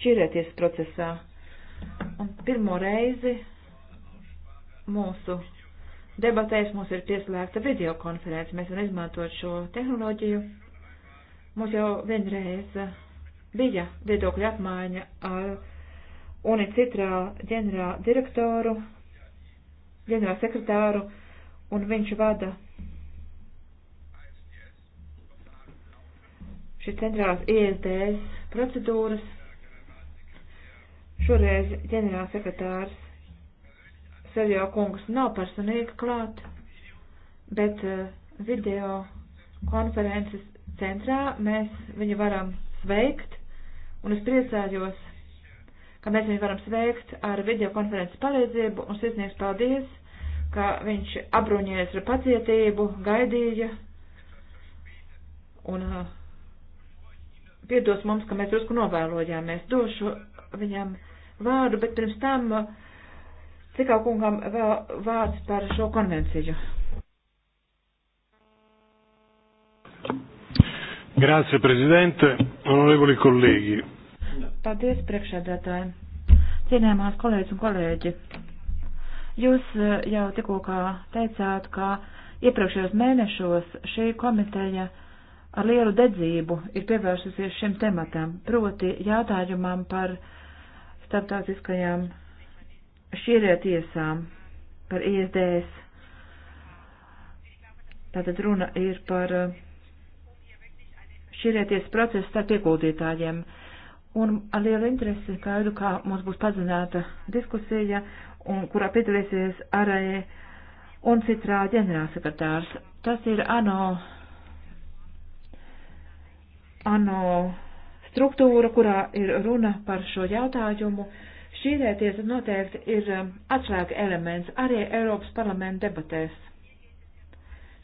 šķirēties procesā. Un pirmo reizi mūsu Debatēs mums ir pieslēgta videokonference, mēs varam izmantot šo tehnoloģiju. Mums jau vienreiz eh, bija viedokļa apmaiņa ar UNICITRA ģenerāla direktoru, ģenerāla sekretāru, un viņš vada šīs centrālās ISDS procedūras. Šoreiz ģenerālsekretārs Sev jau kungs nav personīgi klāt, bet eh, video konferences centrā mēs viņu varam sveikt, un es priecājos, ka mēs viņu varam sveikt ar video konferences palīdzību, un sirsnīgs paldies, ka viņš apbruņojies ar pacietību, gaidīja, un eh, piedos mums, ka mēs drusku novēlojāmies. Došu viņam vārdu, bet pirms tam uh, Cikā kungam vēl vārds par šo konvenciju. Grazie, prezidente, onorevoli kolēģi. Paldies, priekšsēdētāji. Cienējamās kolēģis un kolēģi. Jūs eh, jau tikko teicāt, ka iepriekšējos mēnešos šī komiteja ar lielu dedzību ir pievērsusies šim tematam, proti jautājumam par starptautiskajām šīrē tiesām par ISDS. Tātad runa ir par eh, šķirēties procesu starp ieguldītājiem. Un ar lielu interesi gaidu, kā mums būs padzināta diskusija, un kurā piedalīsies arī un citrā ģenerālsekretārs. Tas ir ANO, ANO struktūra, kurā ir runa par šo jautājumu. Uh, Šī ideja noteikti ir um, atslēga elements arī Eiropas parlamenta debatēs.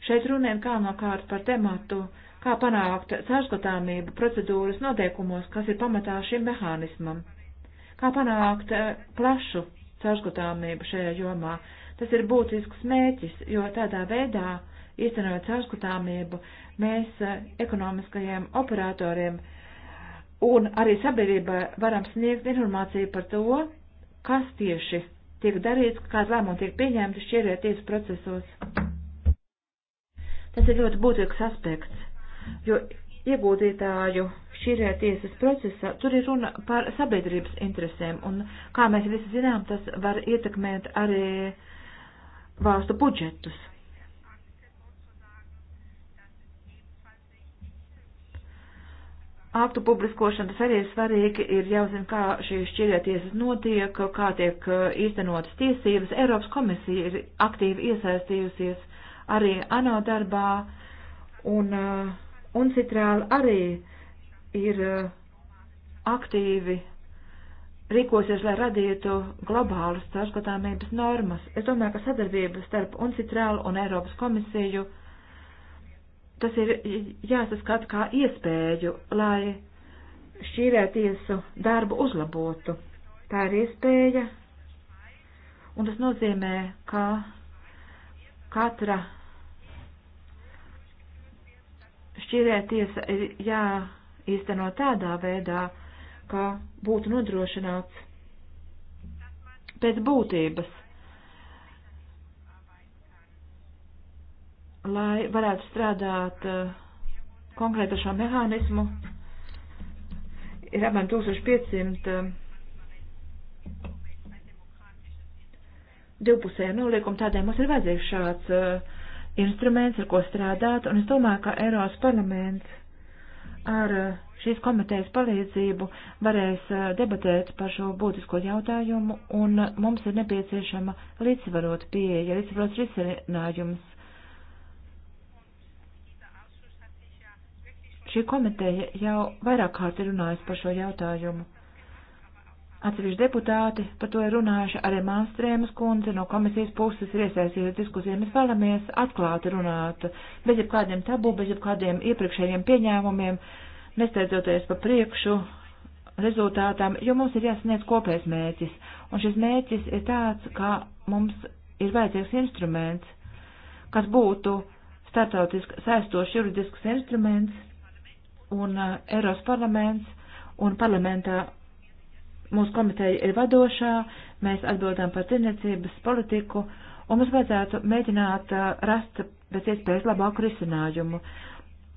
Šeit runājam galvenokārt par tematu, kā panākt sārskatāmību procedūras noteikumos, kas ir pamatā šim mehānismam. Kā panākt uh, plašu sārskatāmību šajā jomā. Tas ir būtisks mēķis, jo tādā veidā, īstenojot sārskatāmību, mēs uh, ekonomiskajiem operatoriem un arī sabiedrībai varam sniegt informāciju par to, kas tieši tiek darīts, kāds lēmumi tiek pieņemti šķieriet tiesu procesos. Tas ir ļoti būtisks aspekts, jo iegūtītāju šķieriet tiesas procesā, tur ir runa par sabiedrības interesēm, un kā mēs visi zinām, tas var ietekmēt arī valstu budžetus. aktu publiskošanas arī svarīgi ir jāzina, kā šīs šķirētiesas notiek, kā tiek uh, īstenotas tiesības. Eiropas komisija ir aktīvi iesaistījusies arī ANO darbā un, uh, un citrāli arī ir uh, aktīvi rīkosies, lai radītu globālas caurskatāmības normas. Es domāju, ka sadarbība starp UNCITRAL un Eiropas komisiju uh, tas ir jāsaskat kā iespēju, lai šķīrētiesu darbu uzlabotu. Tā ir iespēja, un tas nozīmē, ka katra šķīrētiesa ir jāīsteno tādā veidā, ka būtu nodrošināts pēc būtības lai varētu strādāt eh, konkrēt ar šo mehānismu. Ir apmēram 1500 eh, divpusēju noliekumu, tādēļ mums ir vajadzīgs šāds eh, instruments, ar ko strādāt, un es domāju, ka Eiropas parlaments ar šīs komitejas palīdzību varēs debatēt par šo būtisko jautājumu, un mums ir nepieciešama līdzsvarot pieeja, līdzsvarots risinājums Šī komiteja jau vairāk kārt ir runājusi par šo jautājumu. Atsevišķi deputāti par to ir runājuši, arī Mānstrēmas kundze no komisijas puses ir iesaistījusi diskusijām. Mēs vēlamies atklāti runāt, bez jebkādiem tabu, bez jebkādiem iepriekšējiem pieņēmumiem, nesteidzoties pa priekšu rezultātām, jo mums ir jāsniedz kopējs mērķis. Un šis mērķis ir tāds, ka mums ir vajadzīgs instruments, kas būtu starptautiski saistošs juridisks instruments, un uh, Eiros parlaments un parlamentā mūsu komiteja ir vadošā, mēs atbildām par tirniecības politiku, un mums vajadzētu mēģināt uh, rast pēc iespējas labāku risinājumu.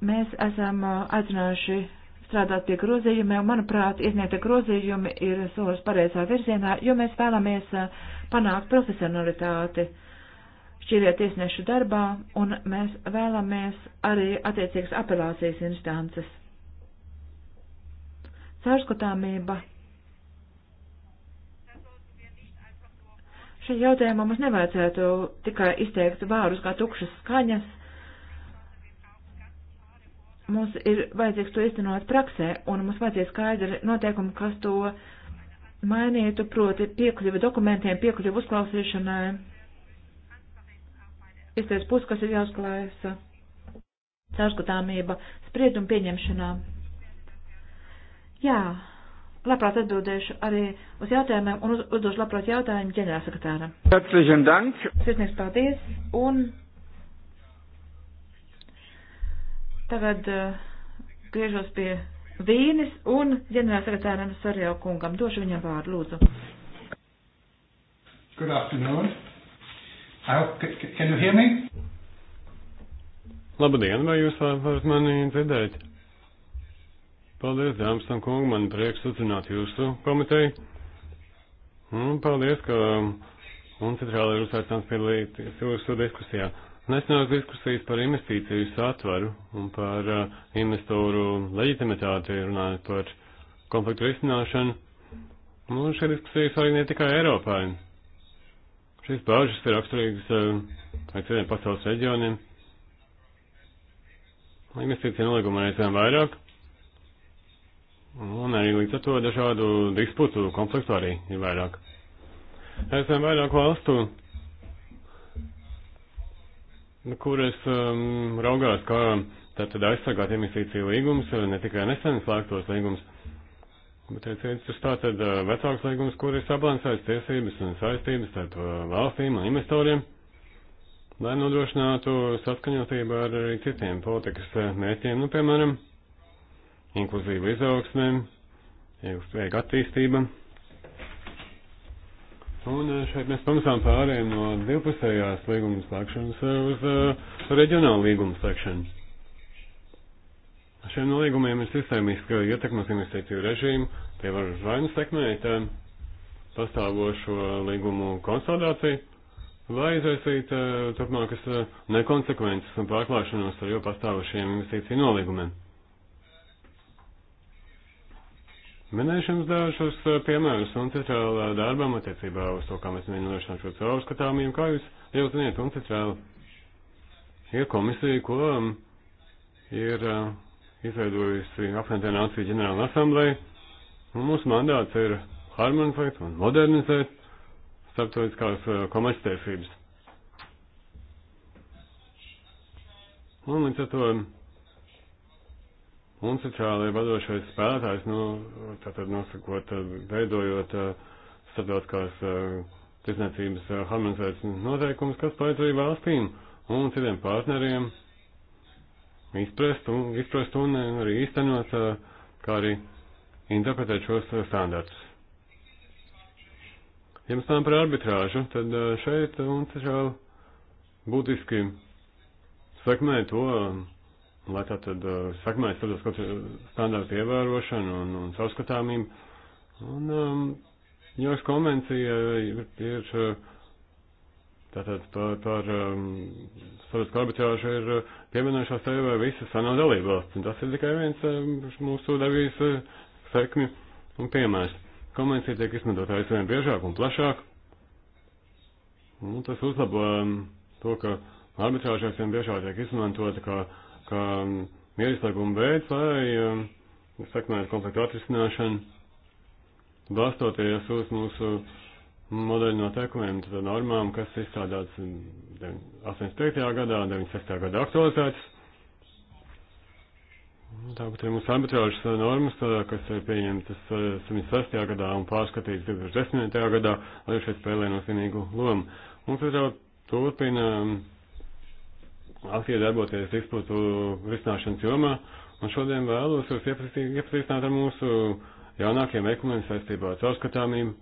Mēs esam uh, aicinājuši strādāt pie grozījumiem, manuprāt, iesniegta grozījumi ir solis pareizā virzienā, jo mēs vēlamies uh, panākt profesionalitāti šķiriet tiesnešu darbā, un mēs vēlamies arī attiecīgas apelācijas instances. Sārskatāmība. Šī jautājuma mums nevajadzētu tikai izteikt vārus kā tukšas skaņas. Mums ir vajadzīgs to iztenot praksē, un mums vajadzīgi skaidri noteikumi, kas to mainītu, proti piekļuvi dokumentiem, piekļuvi uzklausīšanai. Izties puses, kas ir jāuzklājas. Sārskatāmība spriedumu pieņemšanā. Jā, labprāt atbildēšu arī uz jautājumiem un uz, uzdošu labprāt jautājumu ģenerālsekretāram. Herzlichen Dank! Sirsnīgs paldies! Un tagad uh, griežos pie Vīnes un ģenerālsekretāram Sarjau kungam. Došu viņam vārdu, lūdzu. Good afternoon. I hope, can you hear me? Labdien, vai jūs varat mani dzirdēt? Paldies, dāmas un kungi, man prieks uzrunāt jūsu komiteju. Un paldies, ka un centrāli ir uzveicināts piedalīties jūsu diskusijā. Nesenās diskusijas par investīciju satvaru un par uh, investoru leģitimitāti runājot par konfliktu risināšanu. Nu, šie diskusijas arī ne tikai Eiropā. Šīs bāžas ir raksturīgas uh, arī citiem pasaules reģioniem. Investīcija nolīguma reizēm vairāk. Un arī līdz ar to dažādu disputu konfliktu arī ir vairāk. Esam vairāk valstu, kuras um, raugās, kā tātad aizsargāt investīciju līgumus, ne tikai nesen slēgtos līgumus, bet ir citus tātad uh, vecāks līgumus, kur ir sabalansēts tiesības un saistības starp uh, valstīm un investoriem, lai nodrošinātu saskaņotību ar arī citiem politikas uh, mērķiem, nu, piemēram, inkluzīva izaugsmē, ilgspējīga attīstība. Un eh, šeit mēs pamazām pārējām no divpusējās līguma slēgšanas eh, uz uh, reģionālu līgumu slēgšanu. Šiem nolīgumiem ir sistēmiska ietekme uz investīciju režīmu, tie var vai nu sekmēt uh, pastāvošo līgumu konsolidāciju, vai izraisīt uh, turpmākas nekonsekvences un pārklāšanos ar jau pastāvošiem investīciju nolīgumiem. Minēšanas dažus eh, piemērus un citrāla darbam attiecībā uz to, kā mēs mēģinām šo caurskatāmību, kā jūs jau ziniet, un citrāla ir komisija, ko ir eh, izveidojusi apvienotā nācija ģenerāla asamblēja, un mūsu mandāts ir harmonizēt un modernizēt starptautiskās eh, komerctiesības. Un līdz ar to Un centrāli vadošais spēlētājs, nu, tātad nosakot, eh, veidojot eh, starptautiskās eh, tirsniecības harmonizētas noteikumus, kas palīdz arī valstīm un citiem partneriem izprast un, izprast un arī īstenot, kā arī interpretēt šos standartus. Ja mēs runājam par arbitrāžu, tad šeit un centrāli būtiski sakmē to lai tā tad uh, sakmēs starptautiskos standārtu ievērošanu un, un savskatāmību. Un um, Ņujorkas konvencija ir, ir uh, tātad par, par um, starptautisku arbitrāžu ir uh, pieminējušās tev visas ANO dalībvalsts, un tas ir tikai viens um, mūsu devīs uh, sekmi un piemērs. Konvencija tiek izmantota aizvien biežāk un plašāk, un tas uzlabo um, to, ka arbitrāžu aizvien biežāk tiek izmantota kā kā um, mierīslēguma veids, lai um, sekmētu konfliktu atrisināšanu, balstoties uz mūsu modeļu noteikumiem, tad normām, kas izstrādāts 85. Um, gadā, 96. gadā aktualizētas. Tāpat ir mūsu arbitrāžas normas, kas ir pieņemtas 76. Uh, gadā un pārskatītas 2010. gadā, lai šeit spēlē nozīmīgu lomu. Mums ir jau turpina aktīvi darboties eksportu risināšanas jomā, un šodien vēlos jūs iepazīstināt ar mūsu jaunākiem veikumiem saistībā ar caurskatāmību.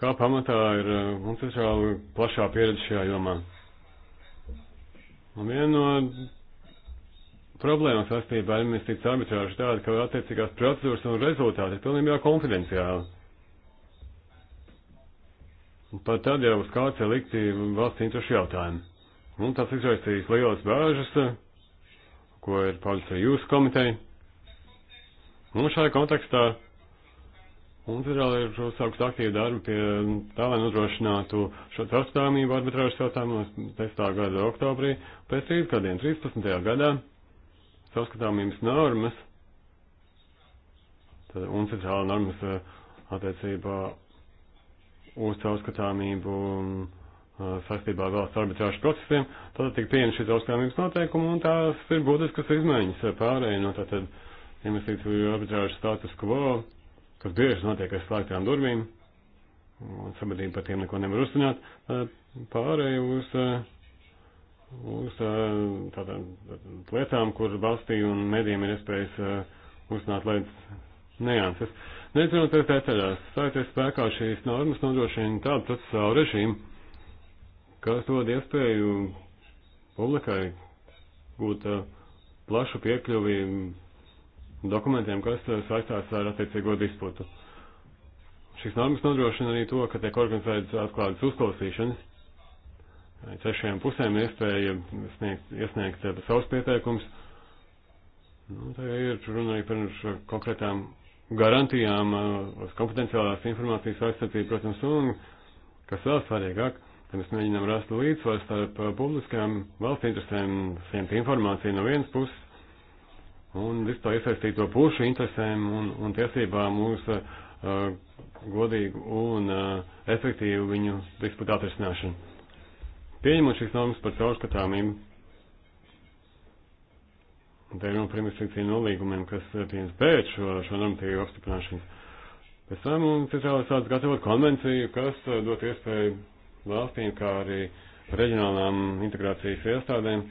Kā pamatā ir eh, mums izrāli plašā pieredze šajā jomā. Un viena no problēmām saistībā ar investīciju arbitrāžu tāda, ka attiecīgās procedūras un rezultāti ir pilnībā konfidenciāli. Pat tad jau uz kāds ir likti valsts interešu jautājumi. Un tas izraisīs lielas bāžas, ko ir paudusi jūsu komiteja. Un šajā kontekstā mums ir jau uzsākts aktīvi darbi pie tā, lai nodrošinātu šo caurskatāmību arbitrāžas jautājumos 10. gada oktobrī, pēc 3 gadiem 13. gadā caurskatāmības normas tad, un centrāla normas eh, attiecībā uz caurskatāmību um, uh, saistībā ar valsts arbitrāžu procesiem, tad tika pieņemta šī caurskatāmības noteikuma un tās ir būtiskas izmaiņas uh, pārējai no tātad investīciju arbitrāžu status quo, kas bieži notiek ar slēgtām durvīm, un sabiedrība par tiem neko nevar uzzināt, uh, pārēju uz, uz tādām lietām, kur valstī un medijiem ir iespējas uzzināt līdz neanses. Neizrunāties detaļās, stāties spēkā šīs normas nodrošina tādu procesālu režīmu, kas dod iespēju publikai gūt uh, plašu piekļuvi dokumentiem, kas uh, saistās ar attiecīgo disputu. Šīs normas nodrošina arī to, ka tiek organizētas atklātas uzklausīšanas. Cešajām pusēm iespēja sniegt, iesniegt eh, savus pieteikumus. Nu, tā ir runa arī par konkrētām garantijām, eh, uz kompetenciālās informācijas aizsardzību, protams, un, kas vēl svarīgāk, tad mēs mēģinām rast līdzsvaru starp eh, publiskajām valsts interesēm, saņemt informāciju no vienas puses un vispār iesaistīto pušu interesēm un, un tiesībām uz uh, godīgu un uh, efektīvu viņu disputātu risināšanu. Pieņemot šīs normas par caurskatāmību, Te ir runa par investīciju nolīgumiem, kas eh, pieņems pēc šo, šo normatīvu apstiprināšanas. Pēc tam mums ir jāsāc gatavot konvenciju, kas eh, dot iespēju valstīm, kā arī reģionālām integrācijas iestādēm,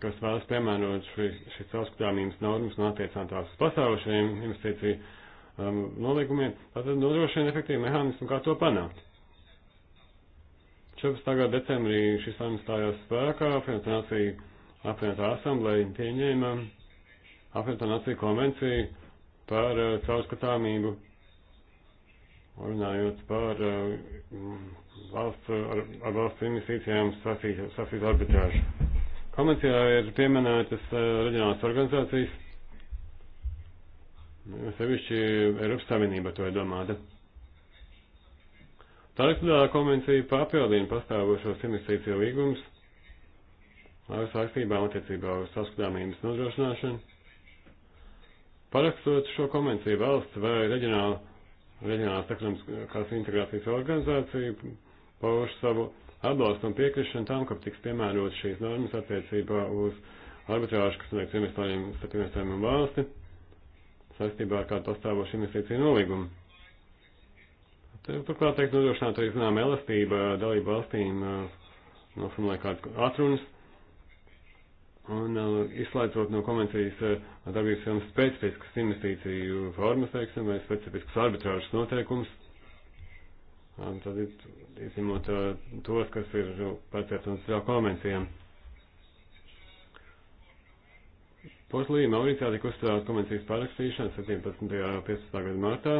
kas vēlas piemērot šīs šī caurskatāmības normas un attiecināt tās uz pasaules šiem investīciju um, nolīgumiem, tātad nodrošina efektīvu mehānismu, kā to panākt. 14. gada decembrī šis saimnes stājās spēkā, finansācija apvienotā asamblēja pieņēma apvienotā nācija konvenciju par uh, caurskatāmību, runājot par uh, valsts, ar, ar valsts investīcijām sasīt arbitrāžu. Konvencijā ir pieminētas uh, reģionālās organizācijas, nu, sevišķi Eiropas Savienība to ir domāta. Tariflā konvencija papildina pastāvošos investīciju līgumus, ar saistībām attiecībā uz saskatāmības nodrošināšanu. Parakstot šo konvenciju valsts vai reģionāla, reģionālās ekonomiskās integrācijas organizācija pauž savu atbalstu un piekrišanu tam, ka tiks piemērot šīs normas attiecībā uz arbitrāžu, kas notiek investāriem starp investāriem un valsti, saistībā ar kādu pastāvošu investīciju nolīgumu. Turklāt, teikt, nodrošināt arī, zinām, elastība dalību valstīm, noformulēt kādas atrunas, Un uh, izslēdzot no konvencijas uh, darbības jomas specifiskas investīciju formas, teiksim, vai specifiskas arbitrāžas noteikums, um, tad izņemot uh, tos, kas ir pēc un sociāla konvencijām. Portlī Maurīcijā tika uzstāvēta konvencijas parakstīšana 17. un 15. gada martā.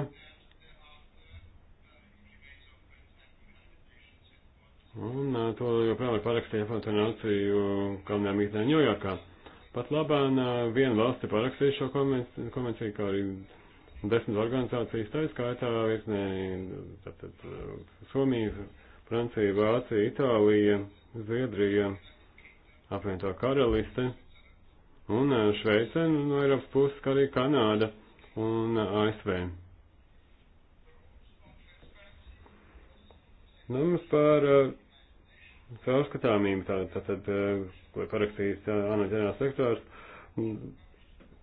Un to joprojām ir parakstīja Fantanāciju kalnām mītnē Ņujorkā. Pat labāk viena valsts ir parakstījusi šo konvenciju, konvenciju, kā arī desmit organizācijas, tā skaitā virknē Somija, Francija, Vācija, Itālija, Zviedrija, apvienotā karaliste un Šveice no Eiropas puses, kā arī Kanāda un ASV. Mums nu, par caurskatāmību, eh, tā, tātad, ko eh, parakstījis ANO ģenerāls sektors, mm,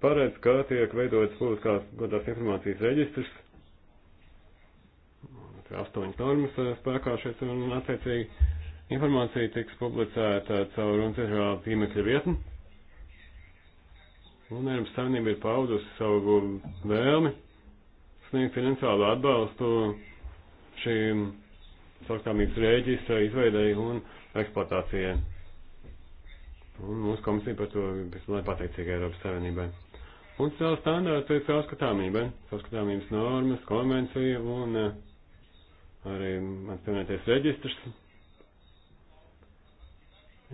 paredz, ka tiek veidotas publiskās godās informācijas reģistrs, astoņas normas eh, spēkā šeit un attiecīgi informācija tiks publicēta caur un centrālā tīmekļa vietni. Un Eiropas Savienība ir paudusi savu vēlmi sniegt finansiālu atbalstu šīm saukstāmības rēģistra izveidēji un eksploatācijai. Un mūsu komisija par to vismaz pateicīga Eiropas Savienībai. Un cēl standārts ir sauskatāmība, sauskatāmības normas, konvencija un arī mans pieminētais reģistrs.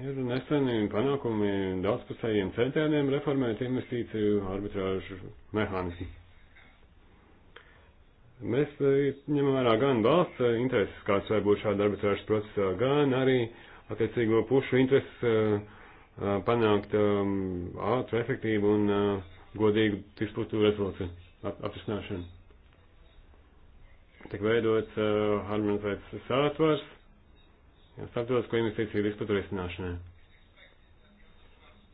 Ir neseni panākumi daudzpusējiem centieniem reformēt investīciju arbitrāžu mehānismu. Mēs e, ņemam vērā gan valsts e, intereses, kāds var būt šāda arbitrāžas procesā, gan arī attiecīgo pušu intereses e, panākt ātru, efektīvu un godīgu disputu rezolūciju aprisināšanu. Tiek veidots harmonizēts sātvars, starptautisko investīciju disputu risināšanai.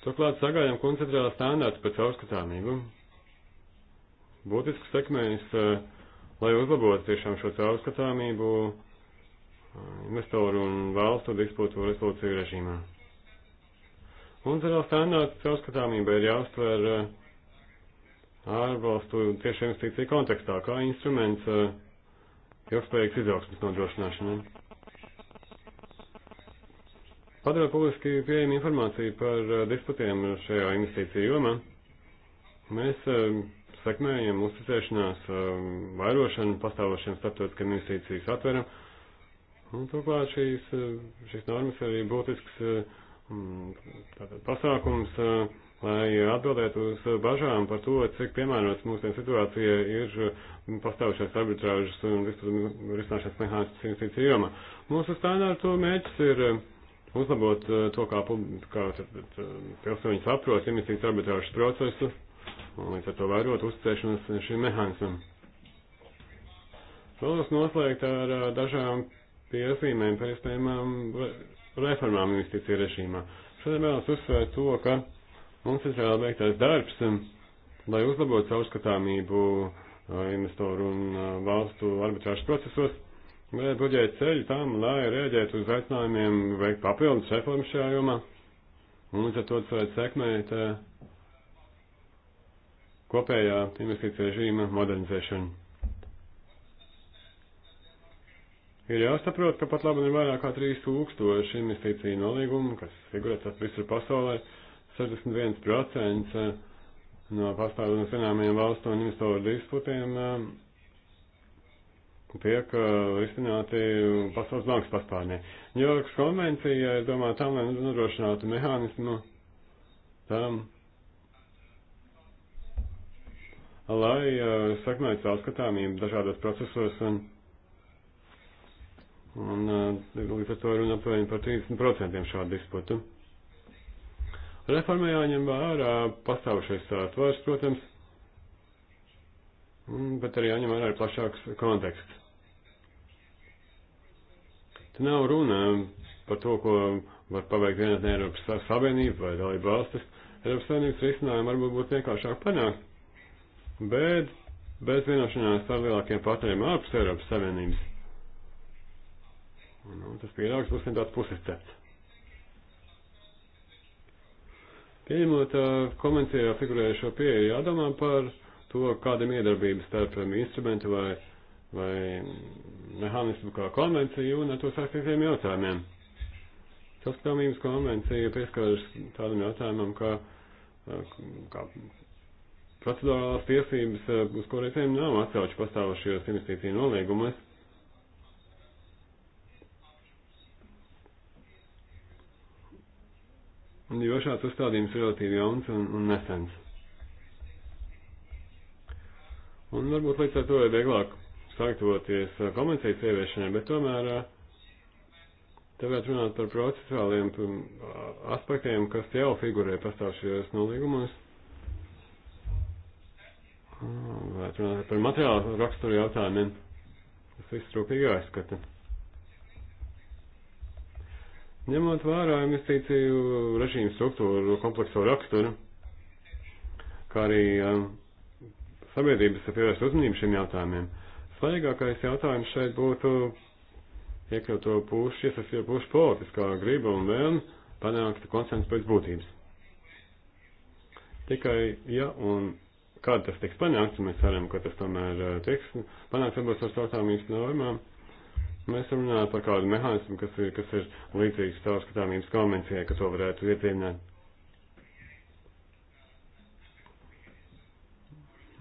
Turklāt sagaidām koncentrēlā standārtu par caurskatāmību. Būtiski sekmējas uh, lai uzlabotu tiešām šo caurskatāmību investoru un valstu disputu rezolūciju režīmā. Un zaļā standārta caurskatāmība ir jāuztver eh, ārvalstu tieši investīciju kontekstā, kā instruments eh, ilgspējīgas izaugsmas nodrošināšanai. Padarot publiski pieejami informāciju par eh, disputiem šajā investīciju jomā, mēs sekmējiem, uzticēšanās, um, vairošanu, pastāvošiem starptautiskiem investīcijas atveram. Un turklāt šīs, uh, šīs normas arī būtisks uh, um, tātad, pasākums, uh, lai atbildētu uz bažām par to, cik piemērots mūsdienu situācija ir pastāvušais arbitrāžas un risināšanas mehānismas investīcija jomā. Mūsu standārtu mērķis ir uzlabot to, kā, kā pilsoņi saprot investīciju arbitrāžas procesu un līdz ar to vērot uzticēšanos šim mehānismam. Vēlos noslēgt ar dažām piezīmēm par iespējamām reformām investīciju režīmā. Šodien vēlos uzsvērt to, ka mums ir vēl veiktais darbs, lai uzlabotu caurskatāmību investoru un valstu arbitrāžu procesos, bet budžēta ceļu tam, lai rēģētu uz aicinājumiem veikt papildus reformas šajā jomā. Un līdz ar to tas varētu sekmēt uh, kopējā investīcija režīma modernizēšanu. Ir jāsaprot, ka pat labi ir vairāk kā 3000 investīciju nolīgumu, kas figurētas visur pasaulē, 61% eh, no pastāvju un zināmiem valstu un investoru disputiem eh, tiek eh, risināti pasaules bankas paspārnē. Ņujorkas konvencija ir domāta tam, lai nodrošinātu mehānismu tam, lai uh, sekmētu caurskatāmību dažādos procesos un, un uh, līdz ar to runa apmēram par 30% šādu disputu. Reformē jāņem vērā pastāvušais sātvars, protams, bet arī jāņem vērā plašāks konteksts. Te nav runa par to, ko var paveikt vienatnē Eiropas Savienība vai dalība valstis. Eiropas Savienības risinājumu varbūt būtu vienkāršāk panākt bet bez vienošanās ar lielākiem partneriem ārpus Eiropas Savienības. Nu, tas pieļauks būs tāds pusrecepts. Pieņemot konvencijā figurējušo pieeju, jādomā par to, kādam iedarbības starp instrumentu vai, vai mehānismu kā konvenciju un ar to saistītiem jautājumiem. Saskatāmības konvencija pieskaras tādam jautājumam, kā, kā Procedurālās tiesības, eh, uz ko reizēm nav atcauču pastāvošajos investīciju noliegumus. Jo šāds uzstādījums ir relatīvi jauns un, un nesens. Un varbūt līdz ar to ir vieglāk sagatavoties eh, konvencijas ieviešanai, bet tomēr eh, tagad runāt par procesuāliem aspektiem, kas jau figurē pastāvšajos nolīgumos. Vai runāt par materiālu raksturu jautājumiem? Tas viss rūpīgi jāizskata. Ņemot vērā investīciju režīmu struktūru, komplekso raksturu, kā arī um, sabiedrības pievērst uzmanību šiem jautājumiem, svarīgākais jautājums šeit būtu iekļaut to pušu, iesaistīt pušu politiskā griba un vēlme panākt konsensus pēc būtības. Tikai ja un kā tas tiks panākts, un mēs ceram, ka tas tomēr eh, tiks panākts atbilstoši caurskatāmības normām. Mēs runājam par kādu mehānismu, kas ir, kas ir līdzīgs caurskatāmības konvencijai, ka to varētu iedzīvināt.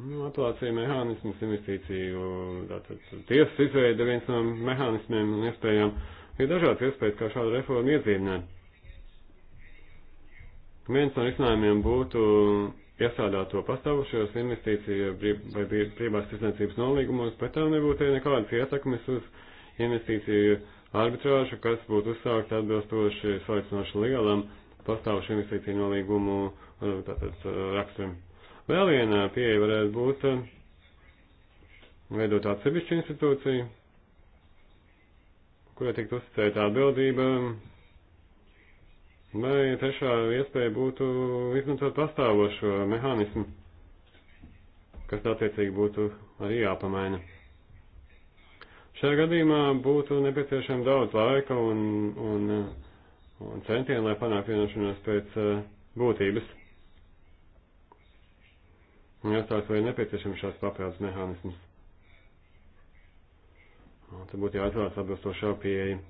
Nu, apelācija mehānisms, investīciju, tātad tiesas izveida viens no mehānismiem un iespējām. Ir dažādas iespējas, kā šādu reformu iedzīvināt. Viens no risinājumiem būtu iesādāto pastāvošajos investīciju vai brīvās tirsniecības nolīgumos, bet tam nebūtu nekādas ietekmes uz investīciju arbitrāžu, kas būtu uzsākt atbilstoši salīdzinoši lielam pastāvošu investīciju nolīgumu uh, tātad, uh, raksturim. Vēl viena pieeja varētu būt uh, veidot atsevišķu institūciju, kurai tiktu uzticēta atbildība Vai trešā iespēja būtu izmantot pastāvošo mehānismu, kas attiecīgi būtu arī jāpamaina. Šajā gadījumā būtu nepieciešama daudz laika un, un, un centienu, lai panāktu vienošanos pēc eh, būtības. Jāstāsta, vai ir nepieciešams šāds papildus mehānisms. Te būtu jāizvēlas atbilstošā pieeja.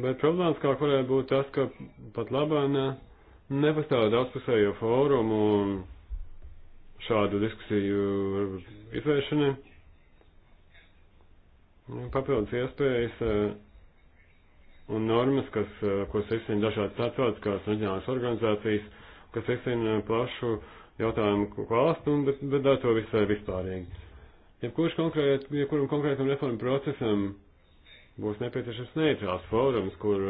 Bet problēmas kā varētu būt tas, ka pat labā ne, nepastāv daudzpusējo fórumu šādu diskusiju izvēršanai. Papildus iespējas eh, un normas, kas, eh, ko secina dažādas atsaucas, reģionālās organizācijas, kas secina eh, plašu jautājumu klāstu, bet, bet dara to visai vispārīgi. Jebkurš konkrēt, jebkuram konkrētam reformu procesam būs nepieciešams neitrāls fórums, kur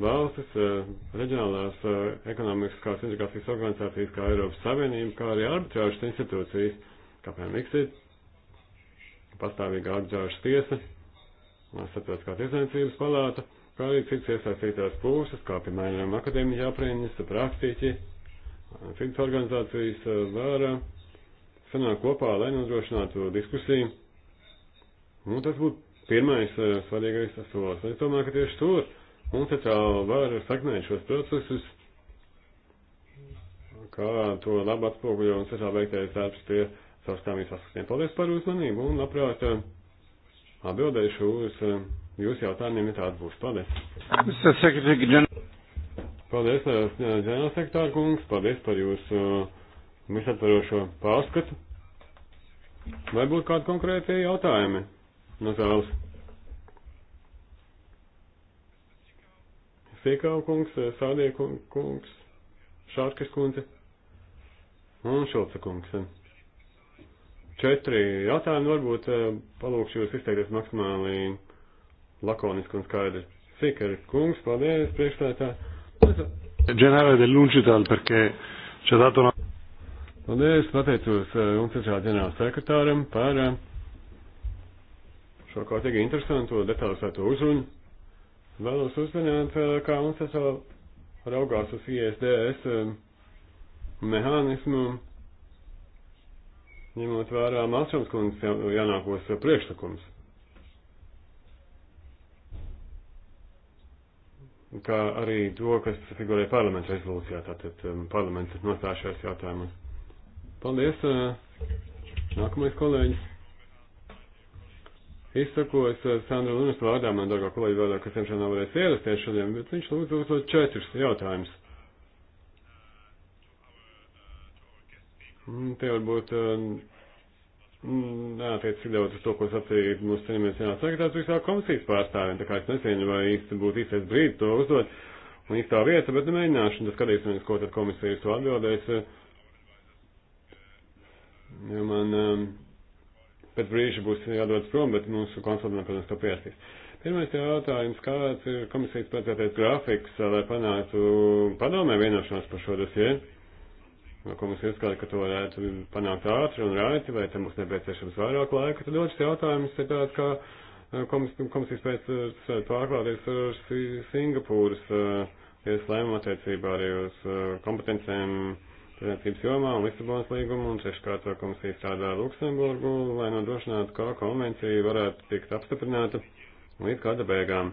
valstis, eh, reģionālās eh, ekonomiskās integrācijas organizācijas, kā Eiropas Savienība, kā arī arbitrāžas institūcijas, kā piemēram ICIT, pastāvīga arbitrāžas tiesa, starptautiskā tiesniecības palāta, kā arī citas iesaistītās puses, kā piemēram akadēmiķa aprieņas, praktiķi, citas organizācijas eh, vērā sanāk kopā, lai nodrošinātu diskusiju. Un nu, tas būtu pirmais eh, svarīgais solis. Es domāju, ka tieši tur mums atkal var saknēt šos procesus, kā to labi atspoguļo un sešā veiktais darbs pie savstāvības saskatiem. Paldies par uzmanību un labprāt eh, atbildēšu uz eh, jūsu jautājumiem, ja tāds būs. Paldies! Paldies, ģenerālsektāra kungs, paldies par jūsu visatvarošo pārskatu. Vai būtu kādi konkrēti jautājumi? no zāles. Sīkau kungs, Sādie kungs, Šārkas kundze un Šulca kungs. Četri jautājumi varbūt eh, palūkšu jūs izteikties maksimāli lakoniski un skaidri. Sīkari kungs, paldies, priekšstādā. Ģenerāli de Lunčitāli, perché c'è dato una... Paldies, pateicos eh, jums, ģenerāls sekretāram, par uh, šo kārtīgi interesantu detalizēto uzrunu. Vēlos uzzināt, eh, kā mums tas vēl raugās uz ISDS eh, mehānismu, ņemot vērā Malčams kundzes jānākos eh, priekšlikums. kā arī to, kas figurē parlamenta rezolūcijā, tātad parlaments ir nostājušies jautājumus. Paldies! Nākamais kolēģis. Izsakos eh, Sandra Lunas vārdā, man dārgā kolēģi vārdā, kas viņam šodien nevarēs ierasties šodien, bet viņš lūdzu uzdot četrus jautājumus. Mm, Tie varbūt eh, mm, neatiec tik daudz uz to, ko sacīja mūsu ceļamies vienā sekretārs visā komisijas pārstāvjiem, tā kā es nezinu, vai īsti būtu īstais brīdis to uzdot un īstā vieta, bet mēģināšu, un tad skatīsimies, ko tad komisija uz to atbildēs. Jo man um, pēc brīža būs jādodas prom, bet mūsu konsultanti, protams, to pierakstīs. Pirmais jautājums, kāds ir komisijas paredzētais grafiks, lai panāktu padomē vienošanos par šo dosie? No ko mums ieskata, ka to varētu panākt ātri un raiti, vai tam būs nepieciešams vairāk laika? Tad otrs jautājums ir tāds, kā eh, komisijas pēc pārklāties ar Singapūras eh, tieslēmu attiecībā arī uz eh, kompetencijām tirdzniecības jomā un Lisabonas līgumu, un treškārt vēl komisija strādā Luksemburgu, lai nodrošinātu, kā konvencija varētu tikt apstiprināta līdz kāda beigām.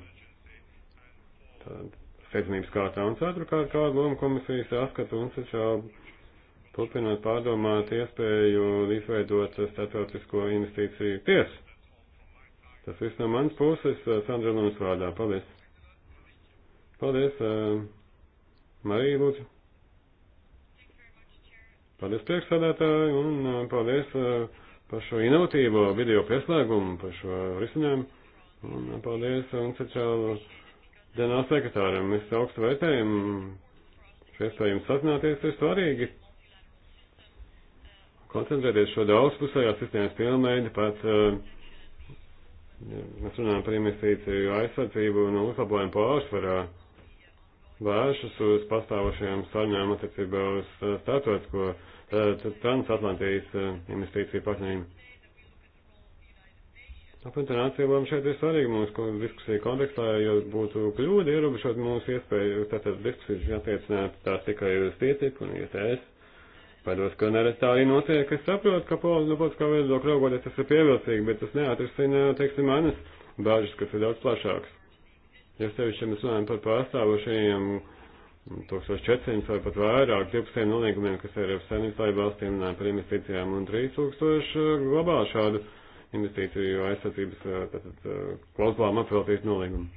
Tad steidzamības kārtā un ceturkārt kādu lomu komisijas atskatu un sociālu turpinot pārdomāt iespēju izveidot starptautisko investīciju tiesu. Tas viss no manas puses, Sandra Lunas vārdā. Paldies. Paldies, eh, Marija Lūdzu. Paldies priekšsādātāji un uh, paldies uh, par šo inovatīvo video pieslēgumu, par šo risinājumu. Un uh, paldies un cečālu dienās sekretāram. Mēs augstu vērtējam. Šeit ar jums sazināties ir svarīgi. Koncentrēties šo daudzpusējā sistēmas pilnveidi pat. Mēs runājam par investīciju aizsardzību un uzlabojumu pārsvarā. Pa vēršas uz pastāvošajām sarunām attiecībā uz uh, starptautisko uh, transatlantijas uh, investīciju partneriem. Apvienotā nācija loma šeit ir svarīga mūsu diskusiju kontekstā, jo būtu kļūda ierobežot mūsu iespēju, tātad diskusijas attiecināt tās tikai uz TTIP un ITS. Pēdējos, ka neredz tā arī notiek, es saprotu, ka poli, nu, pats kā viedokļu raugoties, tas ir pievilcīgi, bet tas neatrisina, teiksim, manas bāžas, kas ir daudz plašākas. Ja sevišķi mēs runājam par pārstāvošajiem 1400 vai pat vairāk 12 noliegumiem, kas ir senizlaiba valstīm, runājam par investīcijām un 3000 uh, glabā šādu investīciju aizsardzības uh, tātad, uh, klauzulām atvēltīs noliegumu.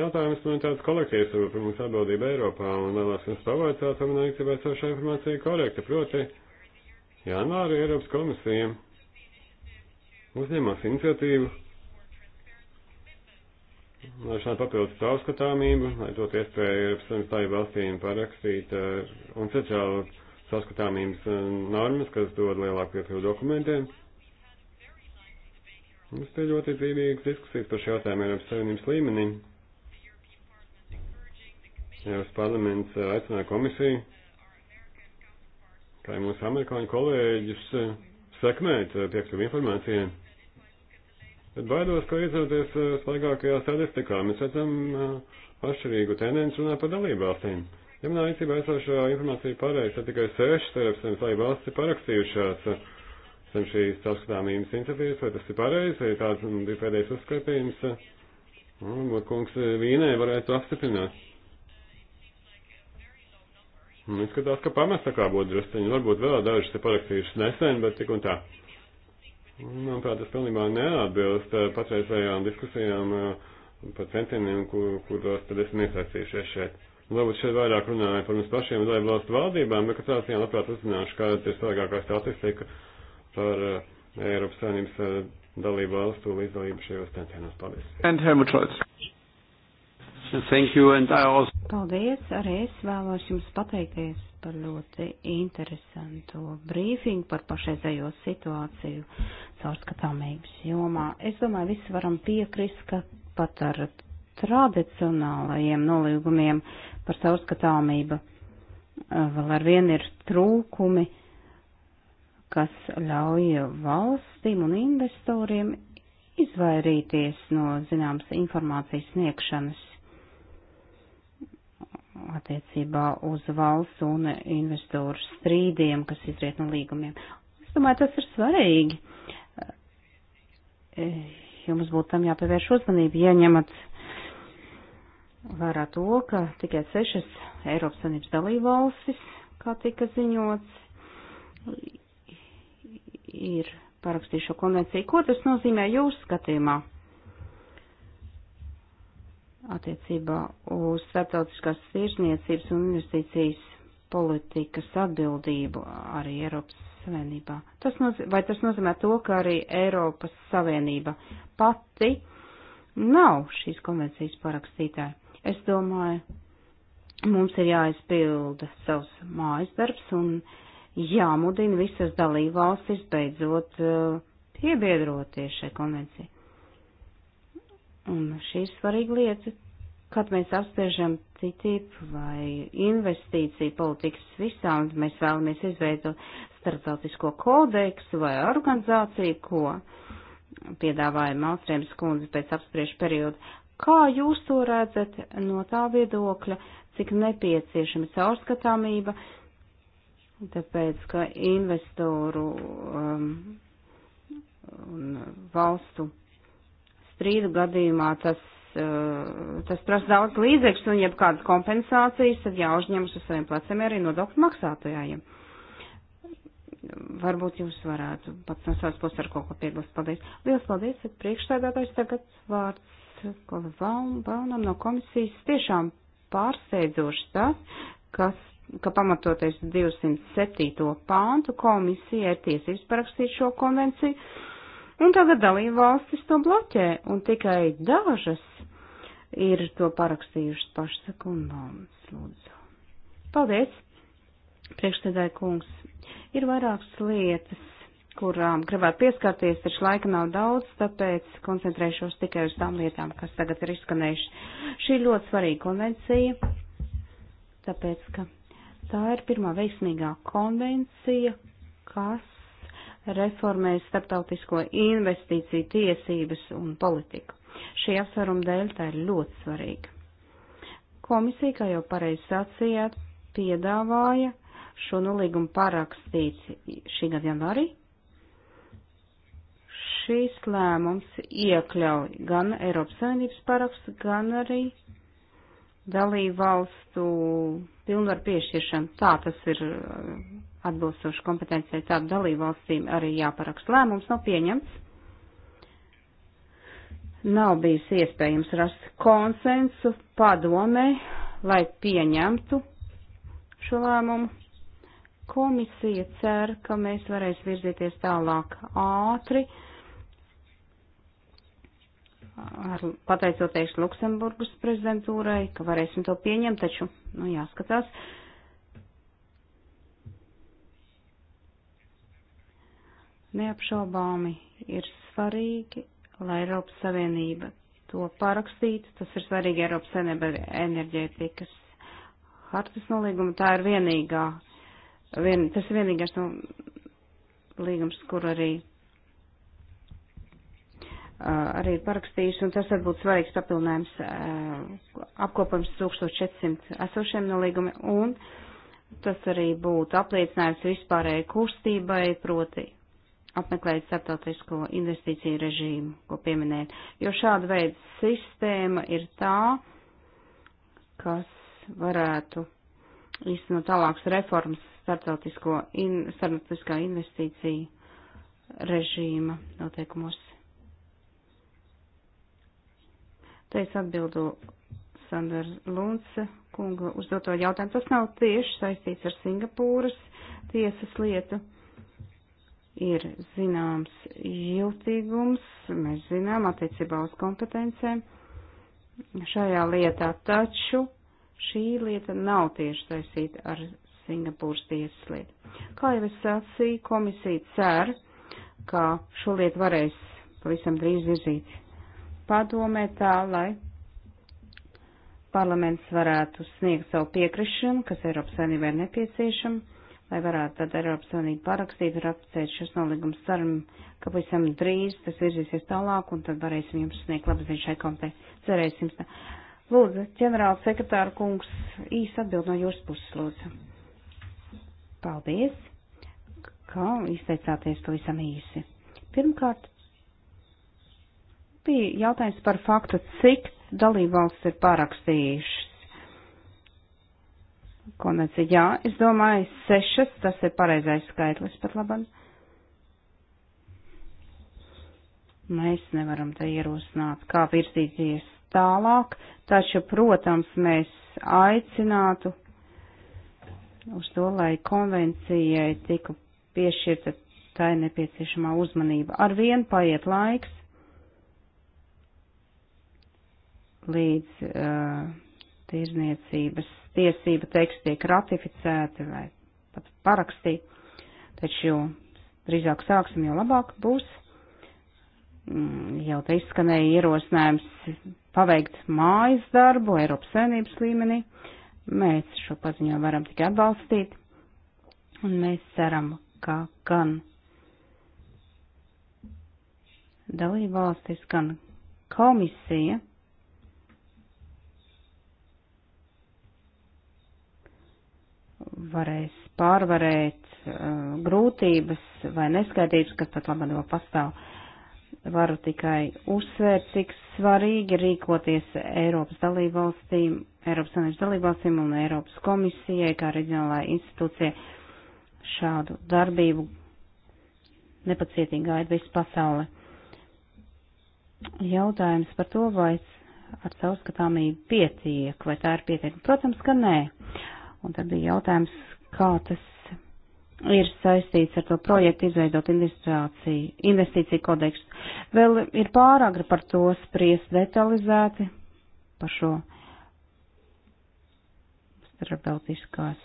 Jautājums no tādas kolektīvas, par mums atbildība Eiropā, un vēlās jums pavaicāt, un arī gribētu savu šo informāciju korekti. Proti, janvāri Eiropas komisija uzņēmās iniciatīvu, lai šādu papildus caurskatāmību, lai dot iespēju Eiropas Savienības tāju valstīm parakstīt un eh, sociālu caurskatāmības eh, normas, kas dod lielāku piekļuvu dokumentiem. Mums te ļoti dzīvīgas diskusijas par šo jautājumu Eiropas Savienības līmenī. Eiropas parlaments eh, aicināja komisiju, kā arī mūsu amerikāņu kolēģus, uh, sekmēt eh, piekļuvi informācijai. Bet baidos, ka iedzoties eh, svaigākajā statistikā, mēs redzam eh, atšķirīgu tendenci runāt par dalībvalstīm. Ja manā rīcībā esošā informācija ir pareiza, tikai sešas starp saviem dalībvalstis ir parakstījušās zem šīs caurskatāmības iniciatīvas, vai tas ir pareizi, vai tāds mm, bija pēdējais uzskatījums. Un, kungs Vīnē varētu apstiprināt. Un nu, izskatās, ka pamestā kā būtu drusciņi. Varbūt vēl dažas ir parakstījušas nesen, bet tik un tā. Manuprāt, tas pilnībā neatbilst eh, patreizējām diskusijām eh, par centieniem, kur, kuros tad esmu iesaistījušies šeit. Varbūt šeit vairāk runājam par mums pašiem, lai valstu valdībām, bet katrā ziņā labprāt uzzināšu, kāda ir svarīgākā statistika par uh, Eiropas Savienības uh, dalību valstu līdzdalību šajos centienos. Paldies. And Helmut Scholz. Thank you and I also. Paldies, arī es vēlos jums pateikties par ļoti interesantu brīfingu par pašreizējo situāciju caurskatāmības jomā. Es domāju, visi varam piekrist, ka pat ar tradicionālajiem nolīgumiem par caurskatāmību eh, vēl ar vienu ir trūkumi, kas ļauj valstīm un investoriem izvairīties no zināmas informācijas sniegšanas attiecībā uz valsts un investoru strīdiem, kas izriet no līgumiem. Es domāju, tas ir svarīgi. Eh, Jums būtu tam jāpievērš uzmanība, ja ņemat vērā to, ka tikai sešas Eiropas Savienības dalībvalstis, kā tika ziņots, ir parakstījušo konvenciju. Ko tas nozīmē jūsu skatījumā? attiecībā uz starptautiskās tirzniecības un investīcijas politikas atbildību arī Eiropas Savienībā. Tas nozīm, vai tas nozīmē to, ka arī Eiropas Savienība pati nav šīs konvencijas parakstītāja? Es domāju, mums ir jāizpilda savs mājas darbs un jāmudina visas dalībvalstis beidzot eh, piebiedroties šai konvencijai. Un šī ir svarīga lieta, kad mēs apspriežam TTIP vai investīciju politikas visā, un mēs vēlamies izveidot starptautisko kodeksu vai organizāciju, ko piedāvāja Malstrēmas kundze pēc apspriešu perioda. Kā jūs to redzat no tā viedokļa, cik nepieciešama caurskatāmība, tāpēc, ka investoru um, un valstu strīdu gadījumā tas, uh, tas prasa daudz līdzekļus un jebkādas kompensācijas, tad jāuzņemas uz saviem pleciem arī nodokļu maksātājiem. Varbūt jūs varētu pats no savas puses ar kaut ko piebilst. Paldies. Lielas paldies, priekšstādātājs tagad vārds Kolvam Baunam no komisijas. Tiešām pārsteidzoši tas, kas ka pamatoties 207. pāntu komisija ir tiesības parakstīt šo konvenciju, Un tagad dalība valstis to bloķē, un tikai dažas ir to parakstījušas pašsekundomas, lūdzu. Paldies, priekšstādāja kungs. Ir vairākas lietas, kurām gribētu pieskarties, taču laika nav daudz, tāpēc koncentrēšos tikai uz tām lietām, kas tagad ir izskanējušas. Šī ir ļoti svarīga konvencija, tāpēc, ka tā ir pirmā veiksmīgā konvencija, kas reformēs starptautisko investīciju tiesības un politiku. Šī apsvaruma dēļ tā ir ļoti svarīga. Komisija, kā jau pareizi sacījāt, piedāvāja šo nolīgumu parakstīt šī gada janvārī. Šīs lēmums iekļauj gan Eiropas Savienības parakstu, gan arī dalību valstu pilnvaru piešķiršanu. Tā tas ir atbilstoši kompetencijai tādu dalību valstīm arī jāparakst lēmums nav pieņemts. Nav bijis iespējams rast konsensu padomē, lai pieņemtu šo lēmumu. Komisija cer, ka mēs varēs virzīties tālāk ātri, ar, pateicoties Luksemburgas prezidentūrai, ka varēsim to pieņemt, taču, nu, jāskatās, uh, neapšaubāmi ir svarīgi, lai Eiropas Savienība to parakstītu. Tas ir svarīgi Eiropas enerģētikas hartas nolīguma. Tā ir vienīgā, vien, tas ir vienīgais no līgums, kur arī, uh, arī ir parakstījuši, un tas var būt svarīgs papilnājums uh, apkopams 1400 esošiem nolīgumiem, un tas arī būtu apliecinājums vispārējai kustībai, proti apmeklēt starptautisko investīciju režīmu, ko pieminēt, jo šāda veida sistēma ir tā, kas varētu īstenot tālākas reformas starptautisko in, starptautiskā investīcija režīma noteikumos. Te es atbildu Sandra Lunce kunga uzdoto jautājumu. Tas nav tieši saistīts ar Singapūras tiesas lietu ir zināms jūtīgums, mēs zinām attiecībā uz kompetencēm šajā lietā, taču šī lieta nav tieši saistīta ar Singapūras tiesas lietu. Kā jau es sacīju, komisija cer, ka šo lietu varēs pavisam drīz virzīt padomē tā, lai parlaments varētu sniegt savu piekrišanu, kas Eiropas saimnībā ir nepieciešama lai varētu tad Eiropas Savienība parakstīt un ratificēt šos nolīgumus. Ceram, ka pavisam drīz tas virzīsies tālāk un tad varēsim jums sniegt labziņu šai komitē. Cerēsim. Lūdzu, ģenerāla sekretāra kungs, īsi atbild no jūsu puses, lūdzu. Paldies, ka izteicāties pavisam īsi. Pirmkārt, bija jautājums par faktu, cik dalībvalsts ir pārakstījušas konvencija. Jā, es domāju, sešas, tas ir pareizais skaitlis pat labam. Mēs nevaram te ierosināt, kā virzīties tālāk, taču, protams, mēs aicinātu uz to, lai konvencijai tika piešķirta tai nepieciešamā uzmanība. Ar vienu paiet laiks līdz uh, tirzniecības tiesība teksti tiek ratificēti vai pat parakstīti, taču drīzāk sāksim, jo labāk būs. Mm, jau te izskanēja ierosinājums paveikt mājas darbu Eiropas saimnības līmenī. Mēs šo paziņojumu varam tikai atbalstīt, un mēs ceram, ka gan dalībvalstis, gan komisija varēs pārvarēt uh, grūtības vai neskaidrības, kas pat labāk vēl pastāv. Varu tikai uzsvērt, cik svarīgi rīkoties Eiropas dalībvalstīm, Eiropas Savienības dalībvalstīm un Eiropas komisijai, kā reģionālajai institūcijai šādu darbību nepacietīgi gaida visu pasauli. Jautājums par to, vai ar caurskatāmību pietiek, vai tā ir pietiekama? Protams, ka nē. Uh, Un tad bija jautājums, kā tas ir saistīts ar to projektu izveidot investīciju kodeksu. Vēl ir pāragri par to spriest detalizēti par šo starptautiskās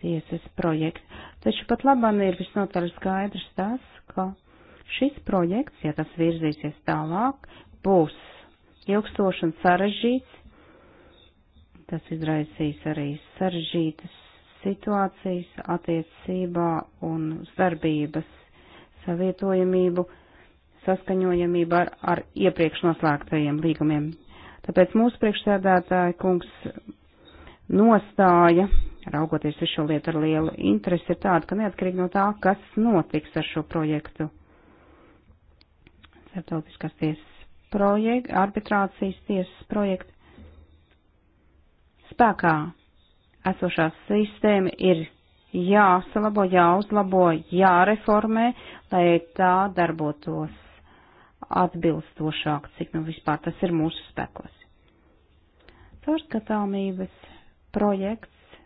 tiesas projektu. Taču pat labam ir visnotaļ skaidrs tas, ka šis projekts, ja tas virzīsies tālāk, būs ilgstoši un sarežģīts, Tas izraisīs arī sarežģītas situācijas attiecībā un starpības savietojamību, saskaņojamību ar, ar iepriekš noslēgtajiem līgumiem. Tāpēc mūsu priekšsēdētāja kungs nostāja, raugoties uz šo lietu ar lielu interesi, ir tāda, ka neatkarīgi no tā, kas notiks ar šo projektu, starptautiskās tiesas projektu, arbitrācijas tiesas projektu, Spēkā esošā sistēma ir jāsalabo, jāuzlabo, jāreformē, lai tā darbotos atbilstošāk, cik nu vispār tas ir mūsu spēkos. Caurskatāmības projekts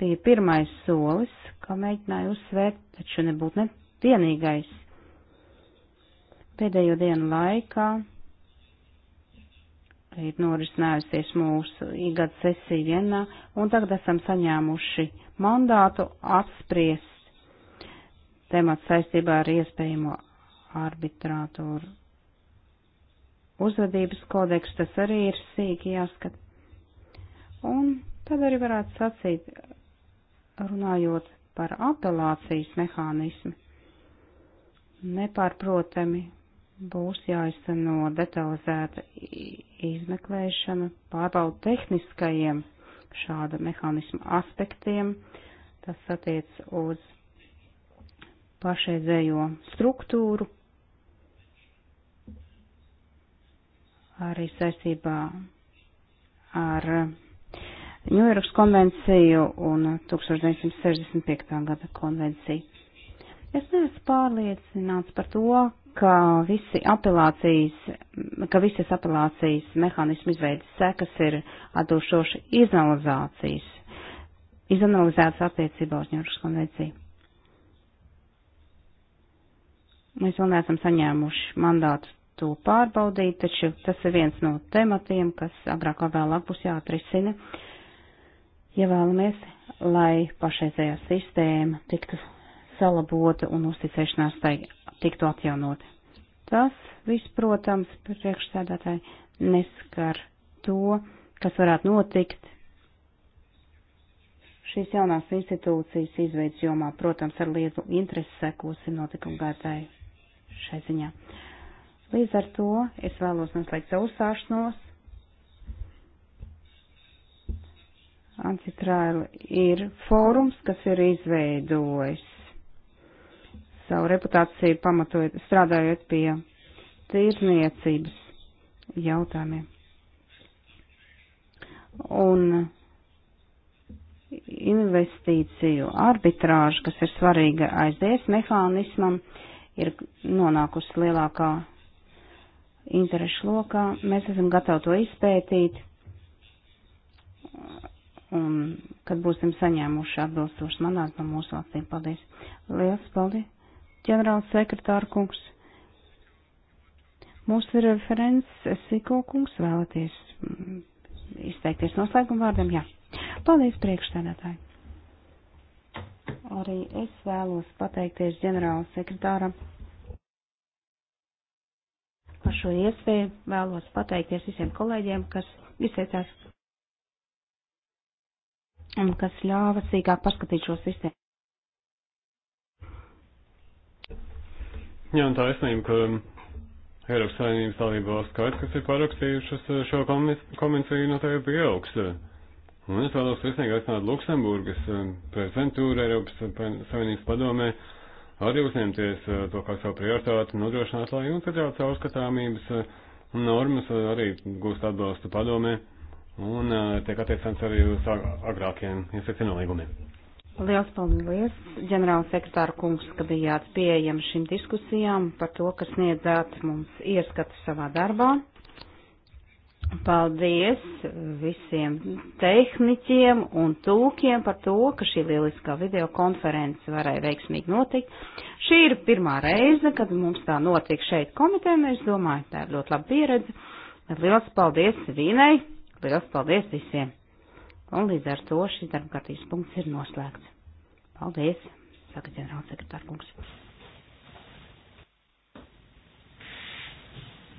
bija pirmais solis, kā mēģināju uzsvērt, taču nebūtu ne vienīgais. Pēdējo dienu laikā ir norisinājusies mūsu igada sesija vienā, un tagad esam saņēmuši mandātu apspriest temats saistībā ar iespējamo arbitrātoru uzvedības kodeksu, tas arī ir sīki jāskat. Un tad arī varētu sacīt, runājot par apelācijas mehānismu, nepārprotami būs jāizsano detalizēta izmeklēšana, pārbauda tehniskajiem šāda mehānisma aspektiem. Tas attiec uz pašreizējo struktūru, arī saistībā ar Ņujorkas konvenciju un 1965. gada konvenciju. Es neesmu pārliecināts par to, ka visi apelācijas, ka visas apelācijas mehānismu izveidas sekas ir atbilstoši izanalizācijas, izanalizētas attiecībā uz Ņūršas konvenciju. Mēs vēl neesam saņēmuši mandātu to pārbaudīt, taču tas ir viens no tematiem, kas agrāk vai vēlāk būs jāatrisina, ja vēlamies, lai pašreizējā sistēma tiktu salabota un uzticēšanās tai tiktu atjaunoti. Tas viss, protams, priekšsēdētāji neskar to, kas varētu notikt šīs jaunās institūcijas izveids jomā. Protams, ar lielu interesi sekosim notikumu gaitai šai ziņā. Līdz ar to es vēlos noslēgt savu sāšanos. Ancitrāli ir fórums, kas ir izveidojis savu reputāciju pamatojot, strādājot pie tirniecības jautājumiem. Un investīciju arbitrāža, kas ir svarīga aizdēs mehānismam, ir nonākusi lielākā interešu lokā. Mēs esam gatavi to izpētīt, un kad būsim saņēmuši atbilstošas mandātus no mūsu valstīm. Paldies! Liels paldies! ģenerāls sekretāra kungs. Mūsu ir referents Siko kungs vēlaties mm, izteikties noslēguma vārdam. Jā. Paldies priekšstādātāji. Arī es vēlos pateikties ģenerāla sekretāram par šo iespēju. Vēlos pateikties visiem kolēģiem, kas izteicās un kas ļāva sīkāk paskatīt šo sistēmu. Jā, un taisnība, ka Eiropas Savienības dalību valsts skaits, kas ir parakstījušas eh, šo konvenciju, noteikti pieaugs. Un es vēlos sirsnīgi aicināt Luksemburgas eh, prezidentūru Eiropas Savienības padomē arī uzņemties eh, to kā savu prioritāti, nodrošināt, lai un federāls caurskatāmības normas arī gūst atbalstu padomē un tiek attiecināts arī uz agrākiem inspekciju nolīgumiem. Liels paldies, ģenerāla sekretāra kungs, ka bijāt pieejami šīm diskusijām par to, ka sniedzāt mums ieskatu savā darbā. Paldies visiem tehniķiem un tūkiem par to, ka šī lieliskā videokonference varēja veiksmīgi notikt. Šī ir pirmā reize, kad mums tā notiek šeit komitē, un es domāju, tā ir ļoti laba pieredze. Liels paldies Vīnai, liels paldies visiem! Un līdz ar to šis darbkārtības punkts ir noslēgts. Paldies, saka ģenerālsekretārkungs.